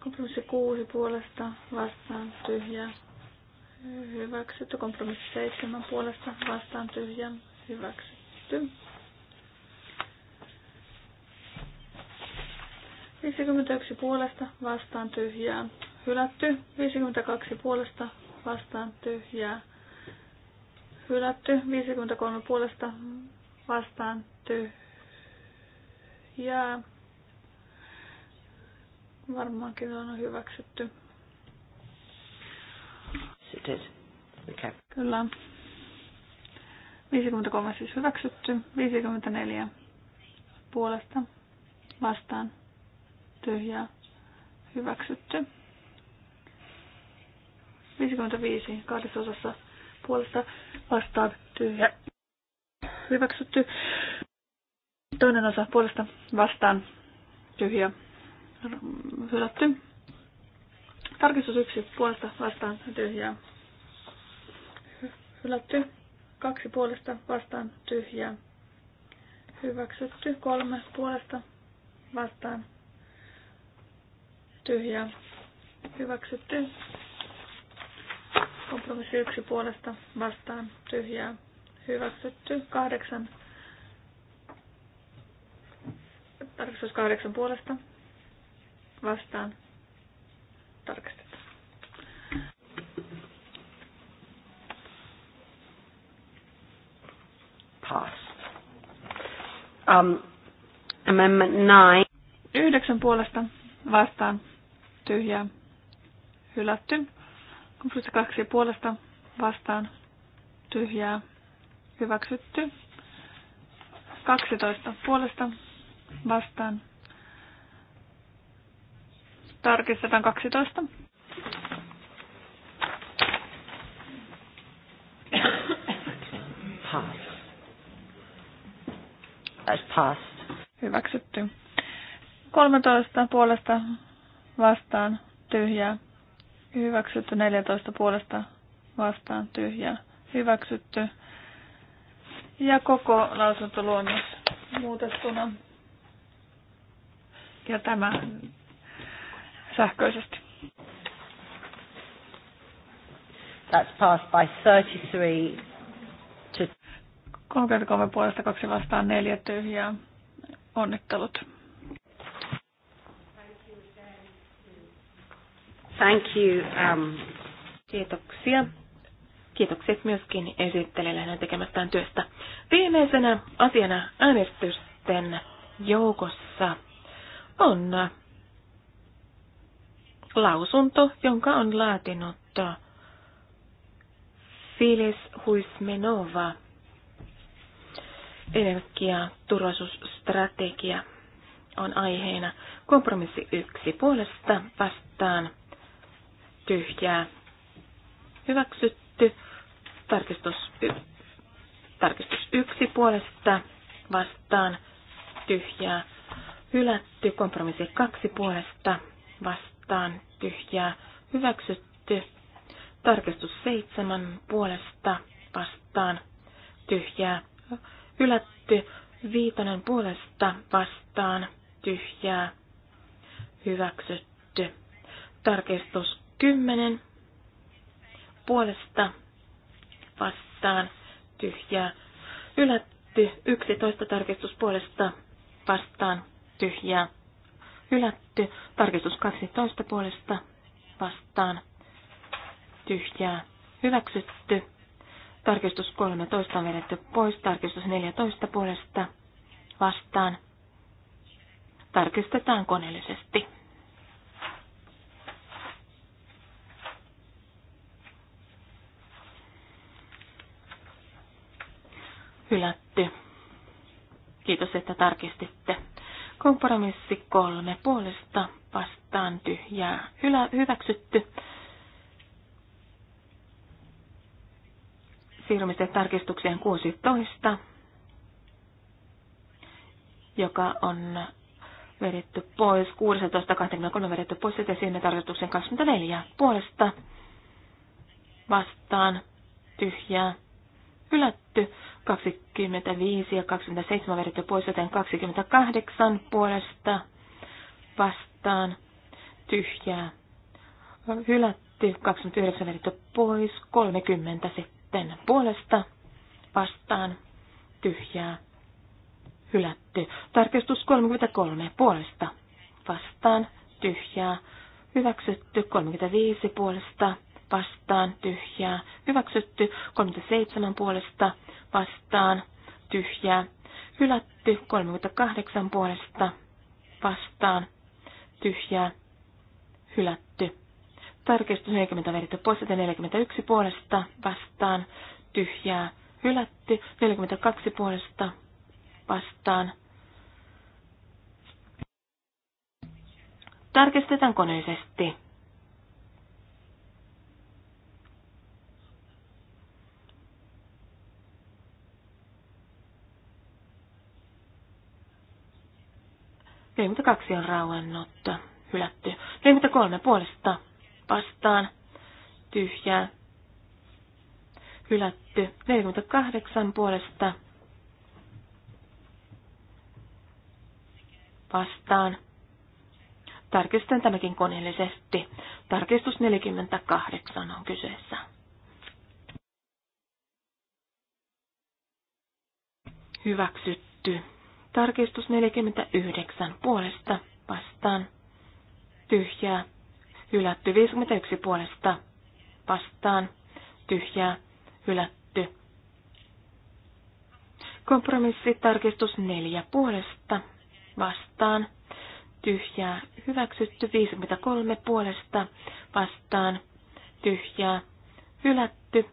Kompromissi 6 puolesta vastaan tyhjä, hyväksytty. Kompromissi 7 puolesta vastaan tyhjä, hyväksytty. 51 puolesta vastaan tyhjää hylätty. 52 puolesta vastaan tyhjää hylätty. 53 puolesta vastaan tyhjää jää. varmaankin on hyväksytty. Sitten. Okay. Kyllä. 53 siis hyväksytty, 54 puolesta vastaan tyhjää hyväksytty. 55 kahdessa osassa puolesta vastaan tyhjä hyväksytty. Toinen osa puolesta vastaan tyhjä hylätty. Tarkistus yksi puolesta vastaan tyhjää hylätty. Kaksi puolesta vastaan tyhjää hyväksytty. Kolme puolesta vastaan tyhjää hyväksytty. Kompromissi yksi puolesta vastaan tyhjää hyväksytty. Kahdeksan Tarkistus kahdeksan puolesta. Vastaan. Tarkistetaan. Pass. Um, amendment 9. Yhdeksän puolesta vastaan tyhjää hylätty. Kompromissi kaksi puolesta vastaan tyhjää hyväksytty. 12 puolesta vastaan. Tarkistetaan 12. Pass. As Hyväksytty. 13 puolesta vastaan tyhjää. Hyväksytty 14 puolesta vastaan tyhjää. Hyväksytty. Ja koko lausuntoluonnos muutettuna ja tämä sähköisesti. That's passed by 33 to 33 puolesta kaksi vastaan neljä tyhjää. Onnittelut. Thank you. Um, kiitoksia. Kiitokset myöskin esittelijälle hänen tekemästään työstä. Viimeisenä asiana äänestysten joukossa on lausunto, jonka on laatinut Filis Huismenova, energiaturvallisuusstrategia on aiheena. Kompromissi yksi puolesta vastaan tyhjää hyväksytty. Tarkistus, y, tarkistus yksi puolesta vastaan tyhjää Hylätty kompromissi kaksi puolesta vastaan tyhjää. Hyväksytty tarkistus seitsemän puolesta vastaan tyhjää. Hylätty viitonen puolesta vastaan tyhjää. Hyväksytty tarkistus kymmenen puolesta vastaan tyhjää. yksitoista tarkistus puolesta vastaan tyhjää hylätty. Tarkistus 12 puolesta vastaan tyhjää hyväksytty. Tarkistus 13 on vedetty pois. Tarkistus 14 puolesta vastaan tarkistetaan koneellisesti. Hylätty. Kiitos, että tarkistitte. Kompromissi kolme puolesta vastaan tyhjää hylä, hyväksytty. Siirrymme tarkistukseen 16, joka on vedetty pois. 16.23 vedetty pois ja sinne tarkistuksen 24 puolesta vastaan tyhjää hylätty. 25 ja 27 vedetty pois, joten 28 puolesta vastaan tyhjää. Hylätty, 29 vedetty pois, 30 sitten puolesta vastaan tyhjää. Hylätty. Tarkistus 33 puolesta vastaan tyhjää. Hyväksytty 35 puolesta vastaan tyhjää hyväksytty, 37 puolesta vastaan tyhjää hylätty, 38 puolesta vastaan tyhjää hylätty. Tarkistus 40 veritty pois, 41 puolesta vastaan tyhjää hylätty, 42 puolesta vastaan tarkistetaan koneisesti. 42 on rauennut, hylätty. 43 puolesta vastaan, tyhjää, hylätty. 48 puolesta vastaan. Tarkistan tämäkin koneellisesti. Tarkistus 48 on kyseessä. Hyväksytty. Tarkistus 49 puolesta vastaan. Tyhjää. Hylätty 51 puolesta vastaan. Tyhjää. Hylätty. tarkistus 4 puolesta vastaan. Tyhjää. Hyväksytty 53 puolesta vastaan. Tyhjää. Hylätty.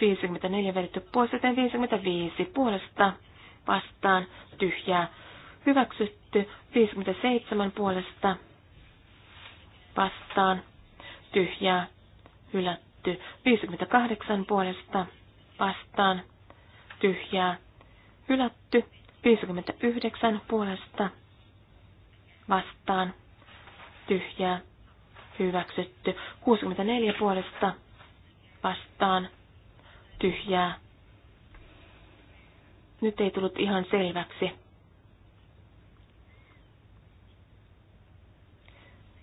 54 vedetty pois, joten 55 puolesta vastaan tyhjää hyväksytty. 57 puolesta vastaan tyhjää hylätty. 58 puolesta vastaan tyhjää hylätty. 59 puolesta vastaan tyhjää hyväksytty. 64 puolesta vastaan tyhjää nyt ei tullut ihan selväksi.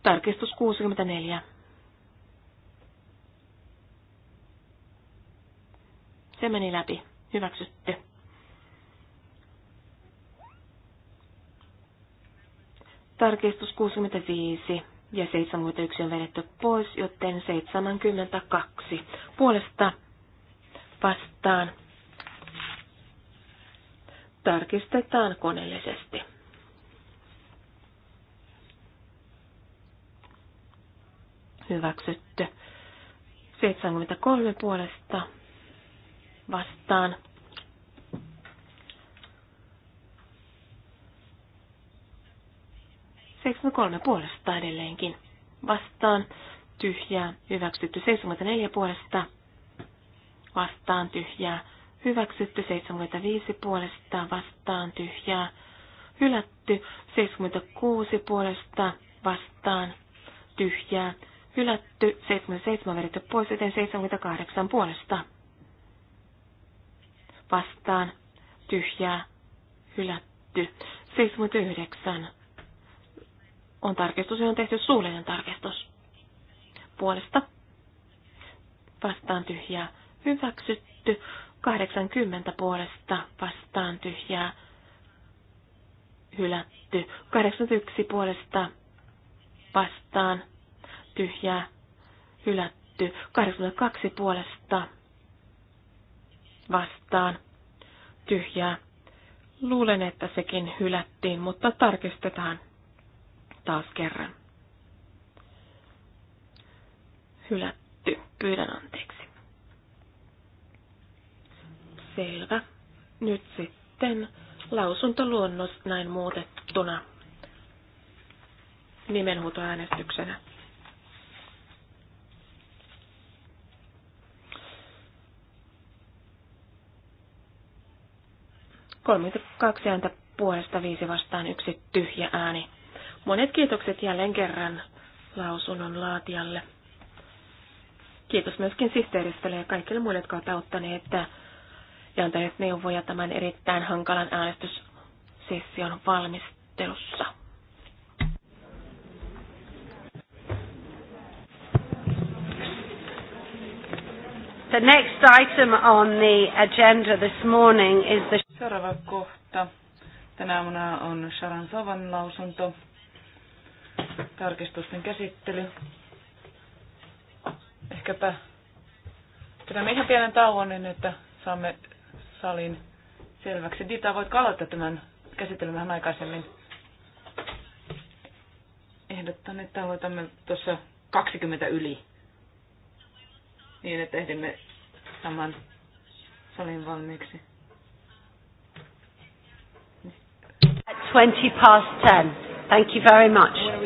Tarkistus 64. Se meni läpi. Hyväksytty. Tarkistus 65 ja 71 on vedetty pois, joten 72 puolesta vastaan tarkistetaan koneellisesti. Hyväksytty. 73 puolesta vastaan. kolme puolesta edelleenkin. Vastaan tyhjää, hyväksytty 74 puolesta. Vastaan tyhjää, Hyväksytty 75 puolestaan vastaan tyhjää. Hylätty 76 puolesta vastaan tyhjää. Hylätty 77 vedetty pois, joten 78 puolesta vastaan tyhjää. Hylätty 79 on tarkistus, johon on tehty suullinen tarkistus. Puolesta vastaan tyhjää hyväksytty. 80 puolesta vastaan tyhjää hylätty. 81 puolesta vastaan tyhjää hylätty. 82 puolesta vastaan tyhjää. Luulen, että sekin hylättiin, mutta tarkistetaan taas kerran. Hylätty. Pyydän anteeksi. Selvä. Nyt sitten lausuntoluonnos näin muutettuna nimenhuutoäänestyksenä. kaksi ääntä puolesta viisi vastaan yksi tyhjä ääni. Monet kiitokset jälleen kerran lausunnon laatijalle. Kiitos myöskin sihteeristölle ja kaikille muille, jotka ovat auttaneet ja antaneet neuvoja tämän erittäin hankalan äänestyssession valmistelussa. The next item on the agenda this morning is the... Seuraava kohta tänä aamuna on Sharan Savan lausunto, tarkistusten käsittely. Ehkäpä pidämme ihan pienen tauon, niin että saamme salin selväksi. Dita, voitko aloittaa tämän käsittelyn vähän aikaisemmin? Ehdottan, että aloitamme tuossa 20 yli. Niin, että ehdimme saman salin valmiiksi. 20 past 10. Thank you very much.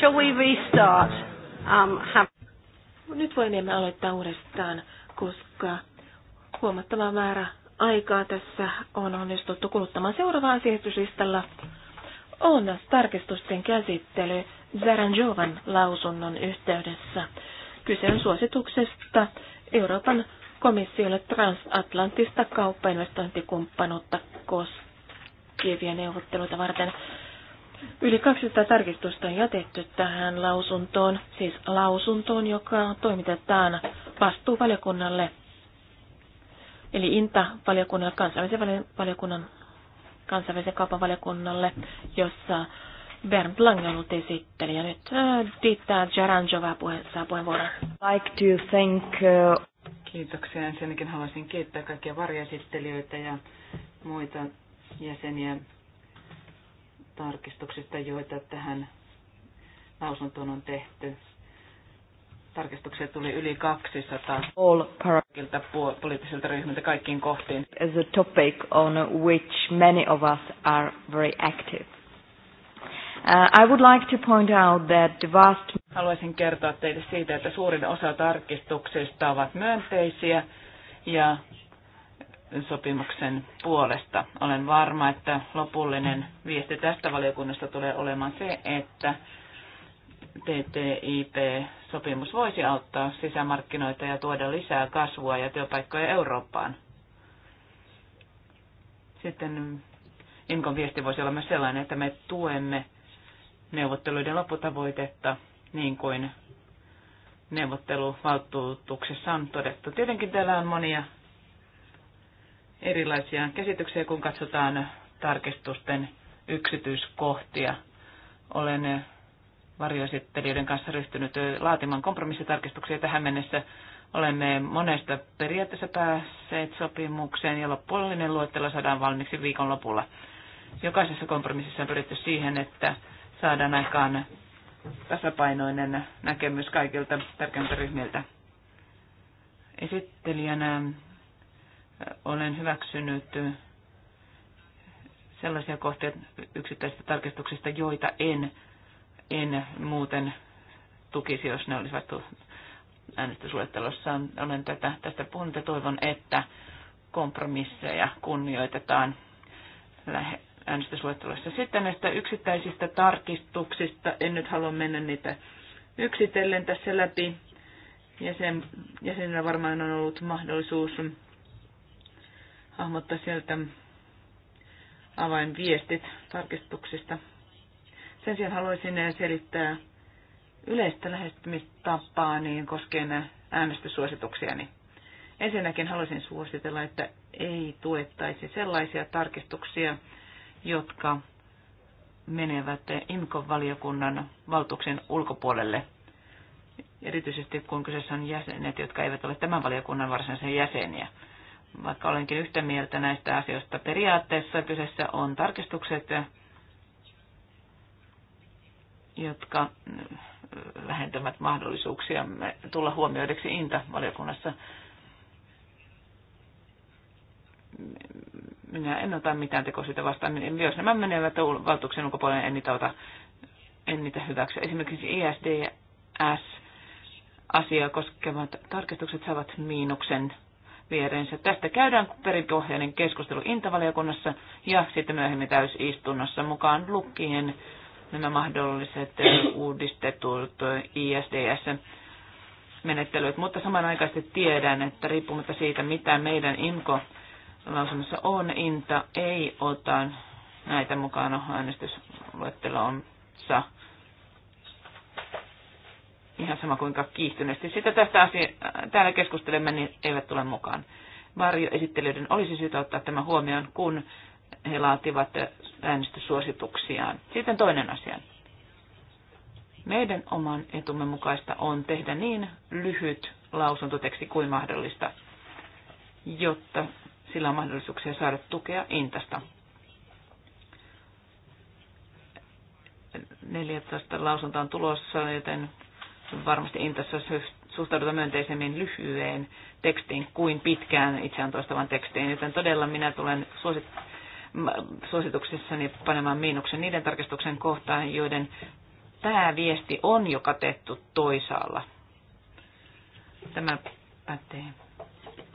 Shall we restart? Um, have... Nyt voimme aloittaa uudestaan, koska huomattava määrä aikaa tässä on onnistuttu kuluttamaan. Seuraava asiatuslistalla on tarkistusten käsittely Zaranjovan lausunnon yhteydessä. Kyse on suosituksesta Euroopan komissiolle transatlanttista kauppainvestointikumppanuutta koskevia neuvotteluita varten. Yli 200 tarkistusta on jätetty tähän lausuntoon, siis lausuntoon, joka toimitetaan vastuuvaliokunnalle, eli INTA-valiokunnalle, kansainvälisen valiokunnan, kansainvälisen kaupan valiokunnalle, jossa Bernd Lange ollut esitteli. Ja nyt äh, Dita Jaranjova saa puheenvuoron. Like to thank, uh... Kiitoksia. Ensinnäkin haluaisin kiittää kaikkia varjoesittelijöitä ja muita jäseniä tarkistuksista, joita tähän lausuntoon on tehty. Tarkistuksia tuli yli 200 All kaikilta poliittisilta ryhmiltä kaikkiin kohtiin. As a topic on which many of us are very active. Uh, I would like to point out that the vast... Haluaisin kertoa teille siitä, että suurin osa tarkistuksista ovat myönteisiä ja sopimuksen puolesta. Olen varma, että lopullinen viesti tästä valiokunnasta tulee olemaan se, että TTIP-sopimus voisi auttaa sisämarkkinoita ja tuoda lisää kasvua ja työpaikkoja Eurooppaan. Sitten Inkon viesti voisi olla myös sellainen, että me tuemme neuvotteluiden lopputavoitetta niin kuin neuvotteluvaltuutuksessa on todettu. Tietenkin täällä on monia erilaisia käsityksiä, kun katsotaan tarkistusten yksityiskohtia. Olen varjoesittelijöiden kanssa ryhtynyt laatimaan kompromissitarkistuksia tähän mennessä. Olemme monesta periaatteessa päässeet sopimukseen ja lopullinen luettelo saadaan valmiiksi viikon lopulla. Jokaisessa kompromississa on pyritty siihen, että saadaan aikaan tasapainoinen näkemys kaikilta tärkeimmiltä ryhmiltä. Esittelijänä olen hyväksynyt sellaisia kohtia yksittäisistä tarkistuksista, joita en, en muuten tukisi, jos ne olisivat äänestysluettelossa. Olen tätä, tästä puhunut ja toivon, että kompromisseja kunnioitetaan äänestysluettelossa. Sitten näistä yksittäisistä tarkistuksista, en nyt halua mennä niitä yksitellen tässä läpi. Jäsen, jäsenillä varmaan on ollut mahdollisuus hahmottaa sieltä avainviestit tarkistuksista. Sen sijaan haluaisin selittää yleistä lähestymistapaa niin koskien äänestyssuosituksiani. Ensinnäkin haluaisin suositella, että ei tuettaisi sellaisia tarkistuksia, jotka menevät IMCO-valiokunnan valtuuksien ulkopuolelle. Erityisesti kun kyseessä on jäsenet, jotka eivät ole tämän valiokunnan varsinaisia jäseniä. Vaikka olenkin yhtä mieltä näistä asioista periaatteessa, kyseessä on tarkistukset, jotka äh, vähentävät mahdollisuuksia tulla huomioideksi Inta-valiokunnassa. Minä en ota mitään tekosyitä vastaan. Jos nämä menevät valtuuksen ulkopuolelle, en niitä, ota, en niitä hyväksy. Esimerkiksi ISDS asiaa koskevat tarkistukset saavat miinuksen viereensä. Tästä käydään perinpohjainen keskustelu intavaliokunnassa ja sitten myöhemmin täysistunnossa mukaan lukien nämä mahdolliset uudistetut ISDS menettelyt, mutta samanaikaisesti tiedän, että riippumatta siitä, mitä meidän IMKO lausunnossa on, INTA ei ota näitä mukaan äänestysluetteloonsa ihan sama kuinka kiihtyneesti sitä tästä asia, täällä keskustelemme, niin eivät tule mukaan. Varjoesittelijöiden olisi syytä ottaa tämä huomioon, kun he laativat äänestyssuosituksiaan. Sitten toinen asia. Meidän oman etumme mukaista on tehdä niin lyhyt lausuntoteksti kuin mahdollista, jotta sillä on mahdollisuuksia saada tukea Intasta. 14 lausunta on tulossa, joten varmasti intässä suhtauduta myönteisemmin lyhyeen tekstiin kuin pitkään itseään toistavan tekstiin, joten todella minä tulen suosit- suosituksissani panemaan miinuksen niiden tarkistuksen kohtaan, joiden pääviesti on jo katettu toisaalla. Tämä pätee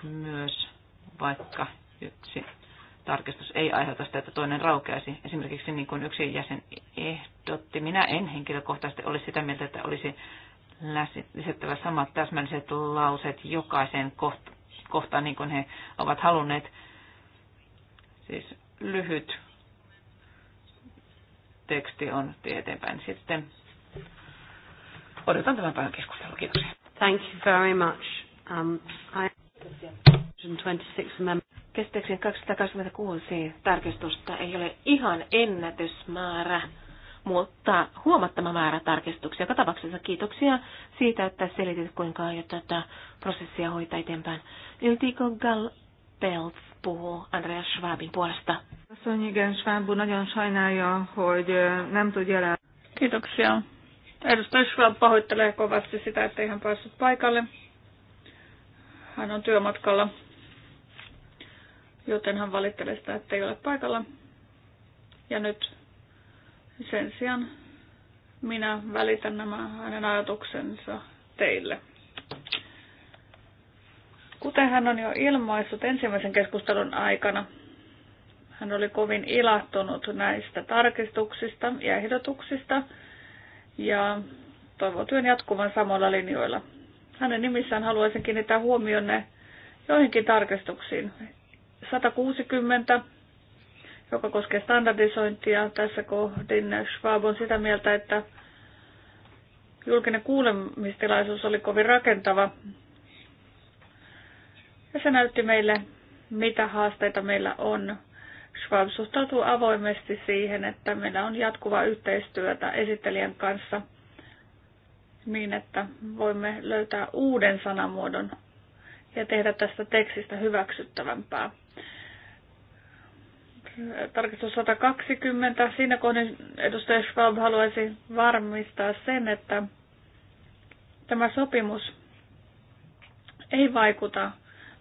myös, vaikka yksi tarkistus ei aiheuta sitä, että toinen raukeaisi. Esimerkiksi niin kuin yksi jäsen ehdotti, minä en henkilökohtaisesti ole sitä mieltä, että olisi lisättävä samat täsmälliset lauseet jokaisen kohtaan, niin kuin he ovat halunneet. Siis lyhyt teksti on tieteenpäin sitten. Odotan tämän päivän keskustelua. Kiitoksia. Thank you very much. Um, I... 26 Käsittääkseni 226 tarkistusta ei ole ihan ennätysmäärä mutta huomattava määrä tarkistuksia. Joka tapauksessa kiitoksia siitä, että selitit, kuinka aiot tätä prosessia hoitaa eteenpäin. Iltiko Gal Peltz puhuu Andreas Schwabin puolesta. Kiitoksia. Edustaja Schwab pahoittelee kovasti sitä, ettei hän päässyt paikalle. Hän on työmatkalla, joten hän valittelee sitä, että ei ole paikalla. Ja nyt sen sijaan minä välitän nämä hänen ajatuksensa teille. Kuten hän on jo ilmaissut ensimmäisen keskustelun aikana, hän oli kovin ilahtunut näistä tarkistuksista ja ehdotuksista ja toivoo työn jatkuvan samalla linjoilla. Hänen nimissään haluaisin kiinnittää huomionne joihinkin tarkistuksiin. 160, joka koskee standardisointia. Tässä kohdin Schwab on sitä mieltä, että julkinen kuulemistilaisuus oli kovin rakentava. Ja se näytti meille, mitä haasteita meillä on. Schwab suhtautuu avoimesti siihen, että meillä on jatkuvaa yhteistyötä esittelijän kanssa niin, että voimme löytää uuden sanamuodon ja tehdä tästä tekstistä hyväksyttävämpää tarkistus 120. Siinä kohdin edustaja Schwab haluaisi varmistaa sen, että tämä sopimus ei vaikuta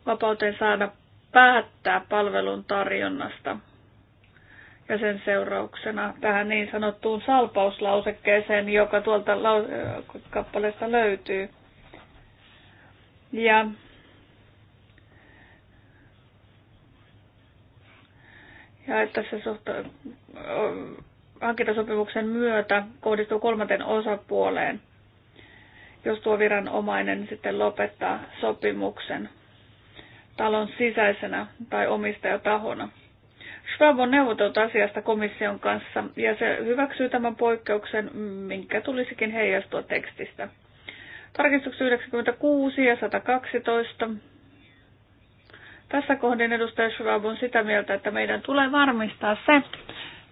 vapauteen saada päättää palvelun tarjonnasta ja sen seurauksena tähän niin sanottuun salpauslausekkeeseen, joka tuolta kappaleesta löytyy. Ja ja että se suhta, hankintasopimuksen myötä kohdistuu kolmanteen osapuoleen, jos tuo viranomainen sitten lopettaa sopimuksen talon sisäisenä tai omistajatahona. Schwab on neuvotellut asiasta komission kanssa ja se hyväksyy tämän poikkeuksen, minkä tulisikin heijastua tekstistä. Tarkistukset 96 ja 112 tässä kohdin edustaja Schwab on sitä mieltä, että meidän tulee varmistaa se,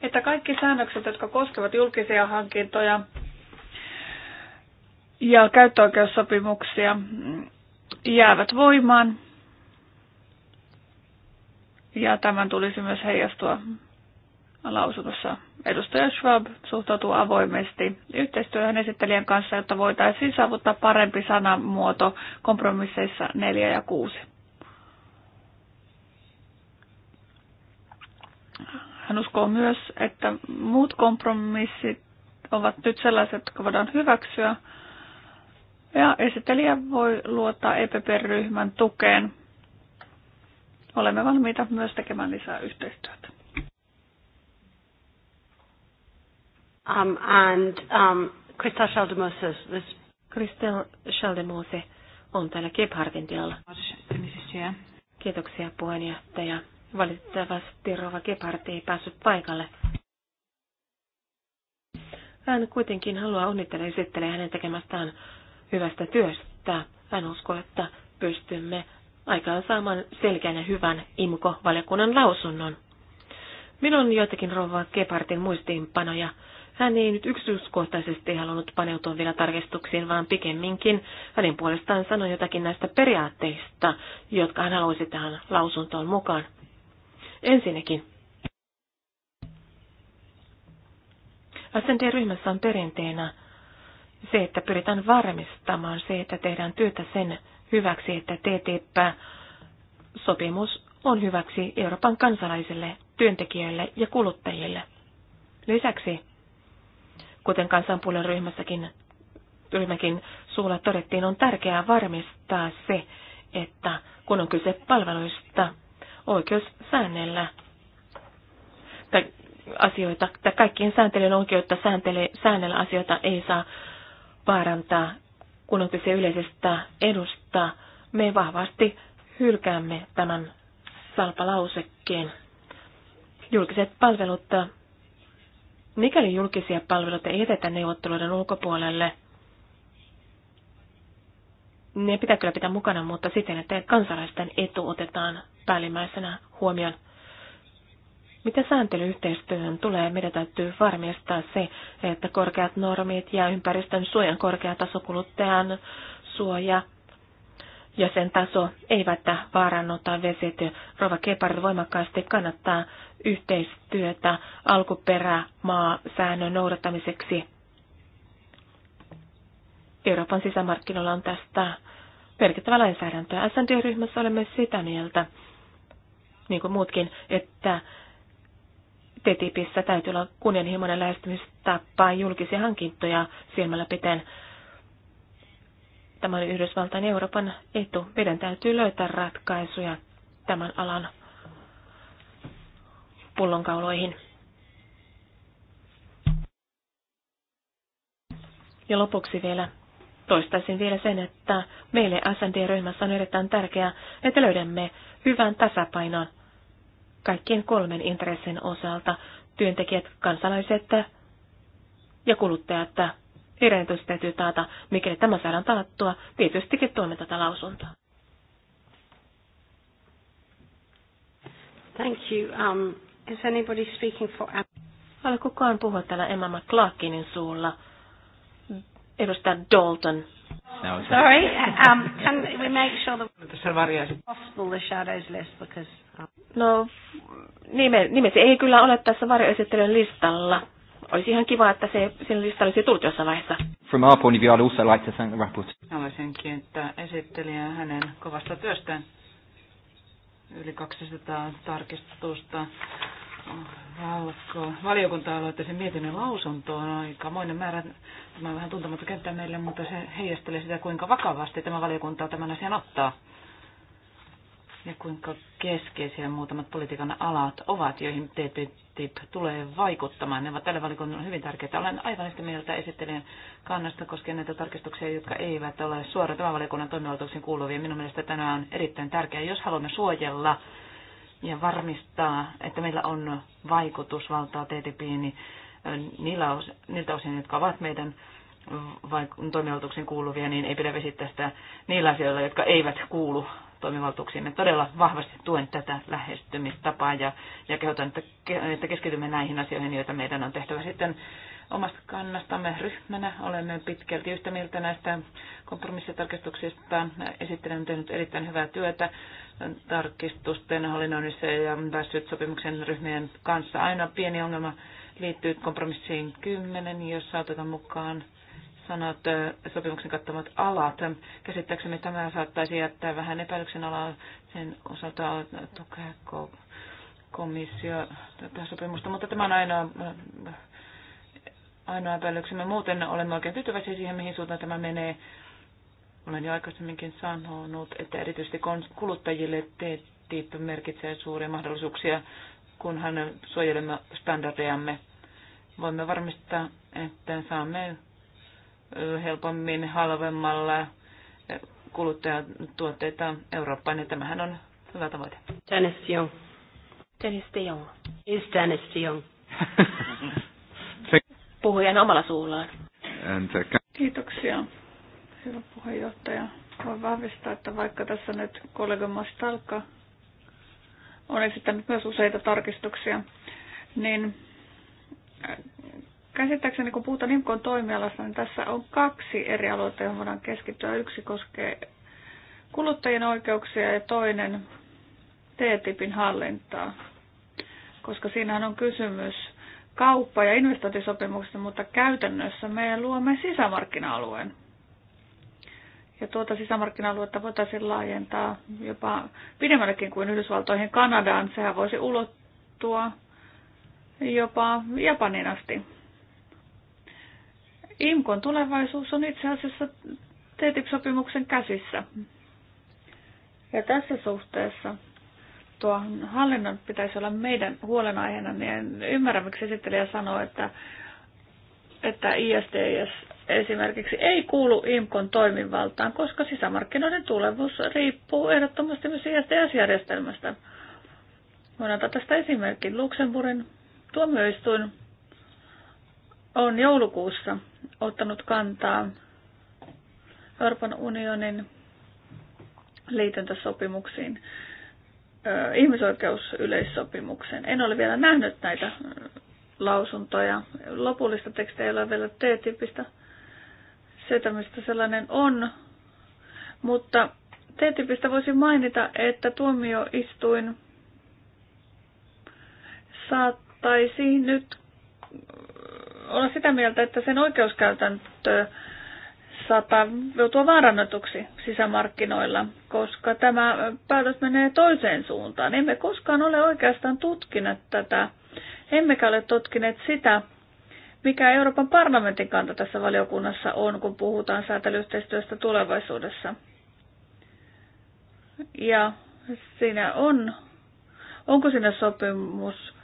että kaikki säännökset, jotka koskevat julkisia hankintoja ja käyttöoikeussopimuksia, jäävät voimaan. Ja tämän tulisi myös heijastua lausunnossa. Edustaja Schwab suhtautuu avoimesti yhteistyöhön esittelijän kanssa, jotta voitaisiin saavuttaa parempi sanamuoto kompromisseissa 4 ja 6. Hän uskoo myös, että muut kompromissit ovat nyt sellaiset, jotka voidaan hyväksyä. Ja esittelijä voi luottaa EPP-ryhmän tukeen. Olemme valmiita myös tekemään lisää yhteistyötä. Um, and um, Christel Schaldemose, this... Schaldemose on täällä Gebhardin tilalla. Kiitoksia puheenjohtaja. Valitettavasti Rova Gebhardt ei päässyt paikalle. Hän kuitenkin haluaa onnitella esittelee hänen tekemästään hyvästä työstä. Hän uskoo, että pystymme aikaan saamaan selkeän ja hyvän IMKO-valiokunnan lausunnon. Minun on joitakin rova Gebhardtin muistiinpanoja. Hän ei nyt yksityiskohtaisesti halunnut paneutua vielä tarkistuksiin, vaan pikemminkin hänen puolestaan sanoi jotakin näistä periaatteista, jotka hän haluaisi tähän lausuntoon mukaan. Ensinnäkin, SND-ryhmässä on perinteenä se, että pyritään varmistamaan se, että tehdään työtä sen hyväksi, että TTIP-sopimus on hyväksi Euroopan kansalaisille, työntekijöille ja kuluttajille. Lisäksi, kuten kansanpuolen ryhmässäkin ryhmäkin suulla todettiin, on tärkeää varmistaa se, että kun on kyse palveluista, oikeus säännellä tai asioita, tai kaikkien sääntelyn oikeutta sääntele, säännellä asioita ei saa vaarantaa, kun on kyse yleisestä edusta. Me vahvasti hylkäämme tämän salpalausekkeen. Julkiset palvelut, mikäli julkisia palveluita ei jätetä neuvotteluiden ulkopuolelle, ne pitää kyllä pitää mukana, mutta siten, että kansalaisten etu otetaan päällimmäisenä huomion. Mitä sääntelyyhteistyöhön tulee, meidän täytyy varmistaa se, että korkeat normit ja ympäristön suojan korkea taso kuluttajan suoja ja sen taso eivät vaarannu tai vesity. Rova Kepari voimakkaasti kannattaa yhteistyötä alkuperämaa säännön noudattamiseksi. Euroopan sisämarkkinoilla on tästä merkittävä lainsäädäntöä. SND-ryhmässä olemme sitä mieltä, niin kuin muutkin, että TTIPissä täytyy olla kunnianhimoinen lähestymistapa julkisia hankintoja silmällä pitäen. Tämä on Yhdysvaltain ja Euroopan etu. Meidän täytyy löytää ratkaisuja tämän alan pullonkauloihin. Ja lopuksi vielä toistaisin vielä sen, että meille SND-ryhmässä on erittäin tärkeää, että löydämme hyvän tasapainon kaikkien kolmen intressin osalta, työntekijät, kansalaiset ja kuluttajat. erityisesti täytyy taata, mikäli tämä saadaan taattua, tietystikin tuemme tätä lausuntoa. Thank you. Um, is anybody speaking for Haluaa kukaan puhua täällä Emma McClarkinin suulla? Edustaja Dalton. No, Sorry, um, can we make sure that possible the shadows list because... Um, no, nimet, nimet ei kyllä ole tässä varjoesittelyn listalla. Olisi ihan kiva, että se sinne listalle olisi tullut jossain vaiheessa. From our point of view, I'd also like to thank the rapporteur. Haluaisin kiittää esittelijää hänen kovasta työstään. Yli 200 tarkistusta valko. Valiokunta aloitti sen mietinnön lausuntoon aikamoinen määrä Tämä on vähän tuntematon kenttä meille, mutta se heijastelee sitä, kuinka vakavasti tämä valiokunta tämän asian ottaa. Ja kuinka keskeisiä muutamat politiikan alat ovat, joihin TTIP tulee vaikuttamaan. Ne ovat tälle valiokunnalle hyvin tärkeitä. Olen aivan sitä mieltä esittelijän kannasta koskien näitä tarkistuksia, jotka eivät ole suora tämän valiokunnan toimivaltuuksiin kuuluvia. Minun mielestä tämä on erittäin tärkeää, jos haluamme suojella ja varmistaa, että meillä on vaikutusvaltaa TTIPiin, niin niillä, niiltä osin, jotka ovat meidän toimivaltuuksiin kuuluvia, niin ei pidä vesittää sitä niillä asioilla, jotka eivät kuulu toimivaltuuksiin. Me todella vahvasti tuen tätä lähestymistapaa ja, ja kehotan, että, että keskitymme näihin asioihin, joita meidän on tehtävä sitten omasta kannastamme ryhmänä. Olemme pitkälti yhtä mieltä näistä kompromissitarkistuksista. Esittelen on tehnyt erittäin hyvää työtä tarkistusten hallinnoinnissa ja päässyt sopimuksen ryhmien kanssa. Aina pieni ongelma liittyy kompromissiin 10, jossa otetaan mukaan sanat sopimuksen kattamat alat. Käsittääkseni tämä saattaisi jättää vähän epäilyksen alaa sen osalta tukea komissio tätä sopimusta, mutta tämä on ainoa, ainoa epäilyksemme. Muuten olemme oikein tyytyväisiä siihen, mihin suuntaan tämä menee. Olen jo aikaisemminkin sanonut, että erityisesti kuluttajille TTIP merkitsee suuria mahdollisuuksia kunhan suojelemme standardejamme. Voimme varmistaa, että saamme helpommin halvemmalla kuluttajatuotteita Eurooppaan, ja tämähän on hyvä tavoite. Dennis de Dennis de Is Dennis Puhujan omalla suullaan. Uh, Kiitoksia, hyvä puheenjohtaja. Voin vahvistaa, että vaikka tässä nyt kollega Mastalka on esittänyt myös useita tarkistuksia, niin äh, käsittääkseni kun puhutaan IMKon toimialasta, niin tässä on kaksi eri aluetta, johon voidaan keskittyä. Yksi koskee kuluttajien oikeuksia ja toinen TTIPin hallintaa, koska siinähän on kysymys kauppa- ja investointisopimuksista, mutta käytännössä me luomme sisämarkkina-alueen ja tuota sisämarkkina-aluetta voitaisiin laajentaa jopa pidemmällekin kuin Yhdysvaltoihin Kanadaan. Sehän voisi ulottua jopa Japanin asti. IMKON tulevaisuus on itse asiassa TTIP-sopimuksen käsissä. Ja tässä suhteessa tuo hallinnon pitäisi olla meidän huolenaiheena, niin en ymmärrä, miksi esittelijä sanoo, että, että ISDS esimerkiksi ei kuulu IMKON toimivaltaan, koska sisämarkkinoiden tulevuus riippuu ehdottomasti myös ISDS-järjestelmästä. Voin antaa tästä esimerkin. Luxemburgin tuomioistuin on joulukuussa ottanut kantaa Euroopan unionin liityntäsopimuksiin, ihmisoikeusyleissopimukseen. En ole vielä nähnyt näitä lausuntoja. Lopullista tekstiä ei ole vielä T-tipistä siitä, mistä sellainen on. Mutta TTIPistä voisi mainita, että tuomioistuin saattaisi nyt olla sitä mieltä, että sen oikeuskäytäntö saattaa joutua vaarannetuksi sisämarkkinoilla, koska tämä päätös menee toiseen suuntaan. Emme koskaan ole oikeastaan tutkineet tätä, emmekä ole tutkineet sitä, mikä Euroopan parlamentin kanta tässä valiokunnassa on, kun puhutaan säätelyyhteistyöstä tulevaisuudessa. Ja siinä on, onko siinä sopimus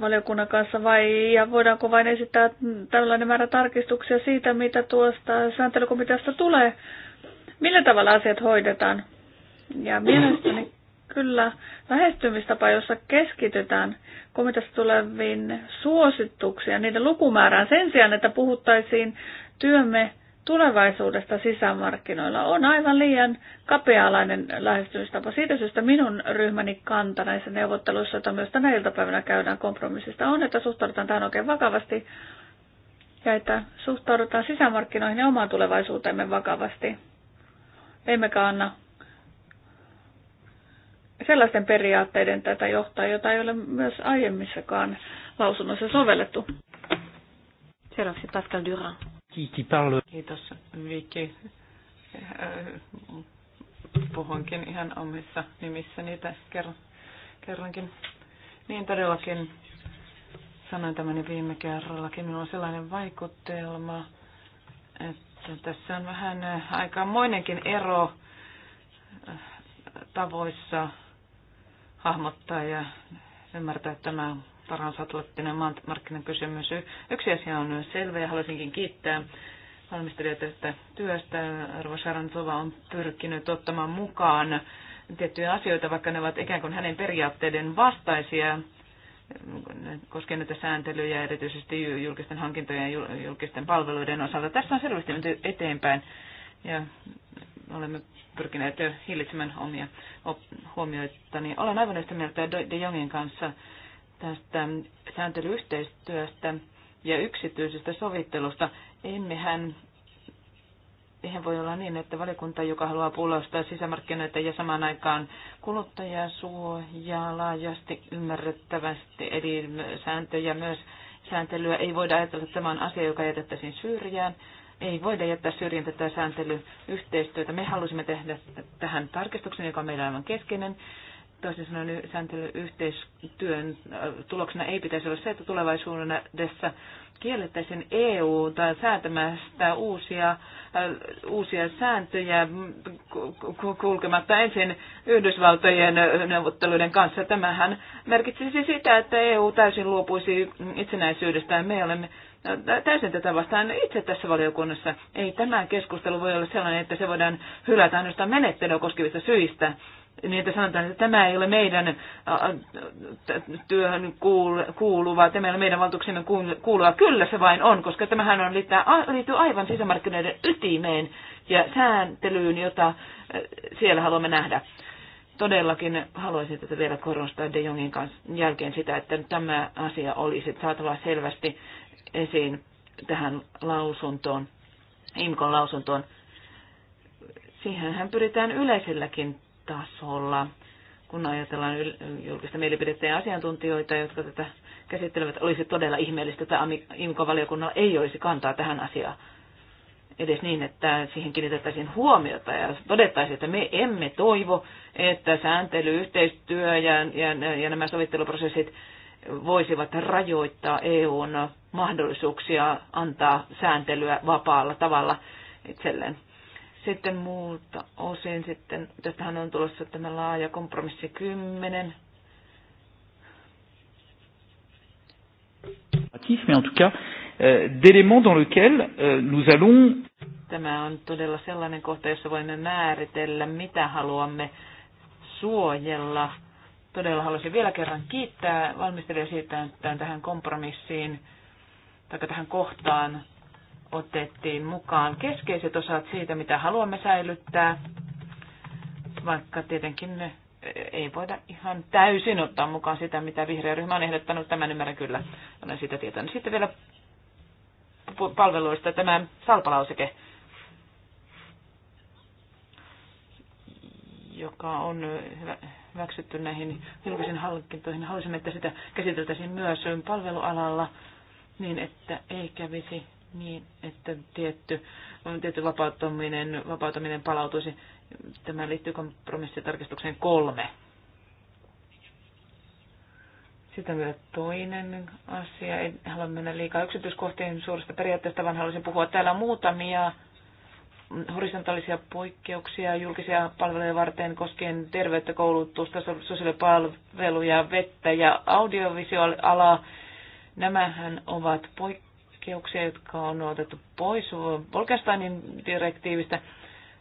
valiokunnan kanssa vai ja voidaanko vain esittää tällainen määrä tarkistuksia siitä, mitä tuosta sääntelykomiteasta tulee, millä tavalla asiat hoidetaan. Ja mielestäni kyllä lähestymistapa, jossa keskitytään komiteasta tuleviin ja niiden lukumäärään sen sijaan, että puhuttaisiin työmme tulevaisuudesta sisämarkkinoilla on aivan liian kapea-alainen lähestymistapa. Siitä syystä minun ryhmäni kanta näissä neuvotteluissa, joita myös tänä iltapäivänä käydään kompromissista, on, että suhtaudutaan tähän oikein vakavasti ja että suhtaudutaan sisämarkkinoihin ja omaan tulevaisuuteemme vakavasti. Emmekä anna sellaisten periaatteiden tätä johtaa, jota ei ole myös aiemmissakaan lausunnoissa sovellettu. Seuraavaksi Pascal Durand. Kiitos Viki. Äh, Puhunkin ihan omissa nimissä niitä kerrankin. Niin todellakin sanoin tämän viime kerrallakin. Minulla on sellainen vaikutelma, että tässä on vähän aikamoinenkin ero äh, tavoissa hahmottaa ja ymmärtää tämä parhaansa tuottinen kysymys. Yksi asia on selvä ja haluaisinkin kiittää valmistelijoita tästä työstä. Arvo Sarantova on pyrkinyt ottamaan mukaan tiettyjä asioita, vaikka ne ovat ikään kuin hänen periaatteiden vastaisia koskien näitä sääntelyjä erityisesti julkisten hankintojen ja julkisten palveluiden osalta. Tässä on selvästi eteenpäin ja olemme pyrkineet hillitsemään omia huomioita, niin olen aivan yhtä mieltä De Jongin kanssa tästä sääntelyyhteistyöstä ja yksityisestä sovittelusta. Emmehän Eihän voi olla niin, että valikunta, joka haluaa pullostaa sisämarkkinoita ja samaan aikaan kuluttajaa suojaa laajasti ymmärrettävästi, eli sääntöjä myös sääntelyä ei voida ajatella, että tämä on asia, joka jätettäisiin syrjään, ei voida jättää syrjään tätä sääntelyyhteistyötä. Me halusimme tehdä tähän tarkistuksen, joka on meillä aivan keskeinen. Toisin sanoen sääntelyyhteistyön äh, tuloksena ei pitäisi olla se, että tulevaisuudessa kiellettäisiin EU tai säätämästä uusia, äh, uusia sääntöjä kulkematta ensin Yhdysvaltojen neuvotteluiden kanssa. Tämähän merkitsisi sitä, että EU täysin luopuisi itsenäisyydestään. Me olemme täysin tätä vastaan no itse tässä valiokunnassa. Ei tämä keskustelu voi olla sellainen, että se voidaan hylätä ainoastaan menettelyä koskevista syistä. Niin, että sanotaan, että tämä ei ole meidän työhön kuuluva, tämä ei ole meidän valtuuksimme kuuluva. Kyllä se vain on, koska tämähän on liittyy aivan sisämarkkinoiden ytimeen ja sääntelyyn, jota siellä haluamme nähdä todellakin haluaisin tätä vielä korostaa De Jongin kanssa jälkeen sitä, että tämä asia olisi saatava selvästi esiin tähän lausuntoon, IMKon lausuntoon. Siihenhän pyritään yleiselläkin tasolla, kun ajatellaan julkista mielipidettä ja asiantuntijoita, jotka tätä käsittelevät. Olisi todella ihmeellistä, että IMKOn valiokunnalla ei olisi kantaa tähän asiaan edes niin, että siihen kiinnitettäisiin huomiota ja todettaisiin, että me emme toivo, että sääntely, yhteistyö ja, ja, ja nämä sovitteluprosessit voisivat rajoittaa EUn mahdollisuuksia antaa sääntelyä vapaalla tavalla itselleen. Sitten muuta osin sitten, tästähän on tulossa tämä laaja kompromissi 10. Mais en tout cas, euh, d'éléments dans lequel euh, nous allons... Tämä on todella sellainen kohta, jossa voimme määritellä, mitä haluamme suojella Todella haluaisin vielä kerran kiittää valmistelija siitä, että tähän kompromissiin tai tähän kohtaan otettiin mukaan keskeiset osat siitä, mitä haluamme säilyttää, vaikka tietenkin ne ei voida ihan täysin ottaa mukaan sitä, mitä vihreä ryhmä on ehdottanut. Tämän ymmärrän kyllä, olen sitä tietoinen. No sitten vielä palveluista tämä salpalauseke, joka on hyvä, hyväksytty näihin julkisiin hallintoihin. Haluaisimme, että sitä käsiteltäisiin myös palvelualalla niin, että ei kävisi niin, että tietty, tietty vapautuminen, vapautuminen palautuisi. Tämä liittyy kompromissitarkistukseen kolme. Sitten on vielä toinen asia. En halua mennä liikaa yksityiskohtiin suurista periaatteesta, vaan haluaisin puhua täällä muutamia horisontaalisia poikkeuksia julkisia palveluja varten koskien terveyttä, koulutusta, sosiaalipalveluja, vettä ja audiovisuaalialaa. Nämähän ovat poikkeuksia, jotka on otettu pois Volkestainin direktiivistä.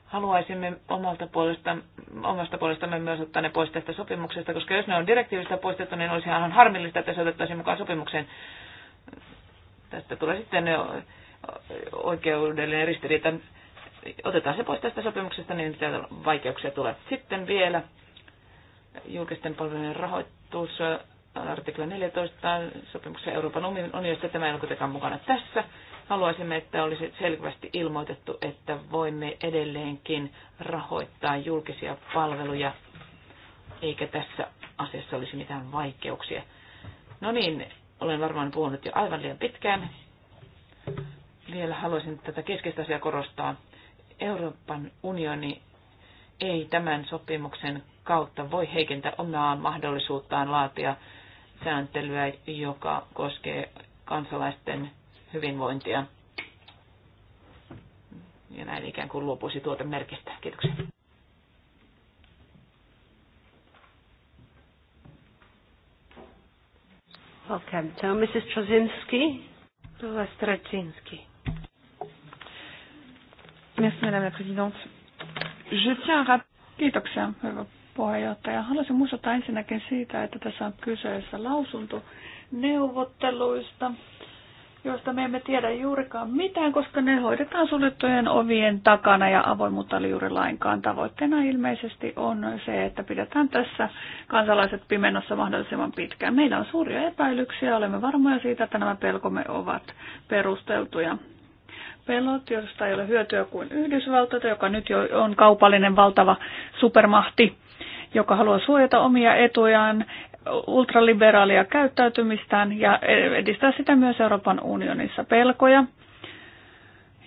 Haluaisimme omalta puolesta, omasta puolestamme myös ottaa ne pois tästä sopimuksesta, koska jos ne on direktiivistä poistettu, niin olisi ihan harmillista, että se otettaisiin mukaan sopimukseen. Tästä tulee sitten oikeudellinen ristiriita otetaan se pois tästä sopimuksesta, niin mitä vaikeuksia tulee. Sitten vielä julkisten palvelujen rahoitus, artikla 14 sopimuksen Euroopan unionista, tämä ei ole kuitenkaan mukana tässä. Haluaisimme, että olisi selvästi ilmoitettu, että voimme edelleenkin rahoittaa julkisia palveluja, eikä tässä asiassa olisi mitään vaikeuksia. No niin, olen varmaan puhunut jo aivan liian pitkään. Vielä haluaisin tätä keskeistä asiaa korostaa. Euroopan unioni ei tämän sopimuksen kautta voi heikentää omaa mahdollisuuttaan laatia sääntelyä, joka koskee kansalaisten hyvinvointia. Ja näin ikään kuin luopuisi merkistä. Kiitoksia. Welcome to Mrs. Trozinski. Rova Straczynski. Merci, Madame la Présidente. Je tiens à Kiitoksia, hyvä puheenjohtaja. Haluaisin muistuttaa ensinnäkin siitä, että tässä on kyseessä lausunto neuvotteluista, joista me emme tiedä juurikaan mitään, koska ne hoidetaan suljettujen ovien takana ja avoimuutta oli juuri lainkaan. Tavoitteena ilmeisesti on se, että pidetään tässä kansalaiset pimennossa mahdollisimman pitkään. Meillä on suuria epäilyksiä, olemme varmoja siitä, että nämä pelkomme ovat perusteltuja pelot, joista ei ole hyötyä kuin Yhdysvaltoita, joka nyt jo on kaupallinen valtava supermahti, joka haluaa suojata omia etujaan, ultraliberaalia käyttäytymistään ja edistää sitä myös Euroopan unionissa pelkoja,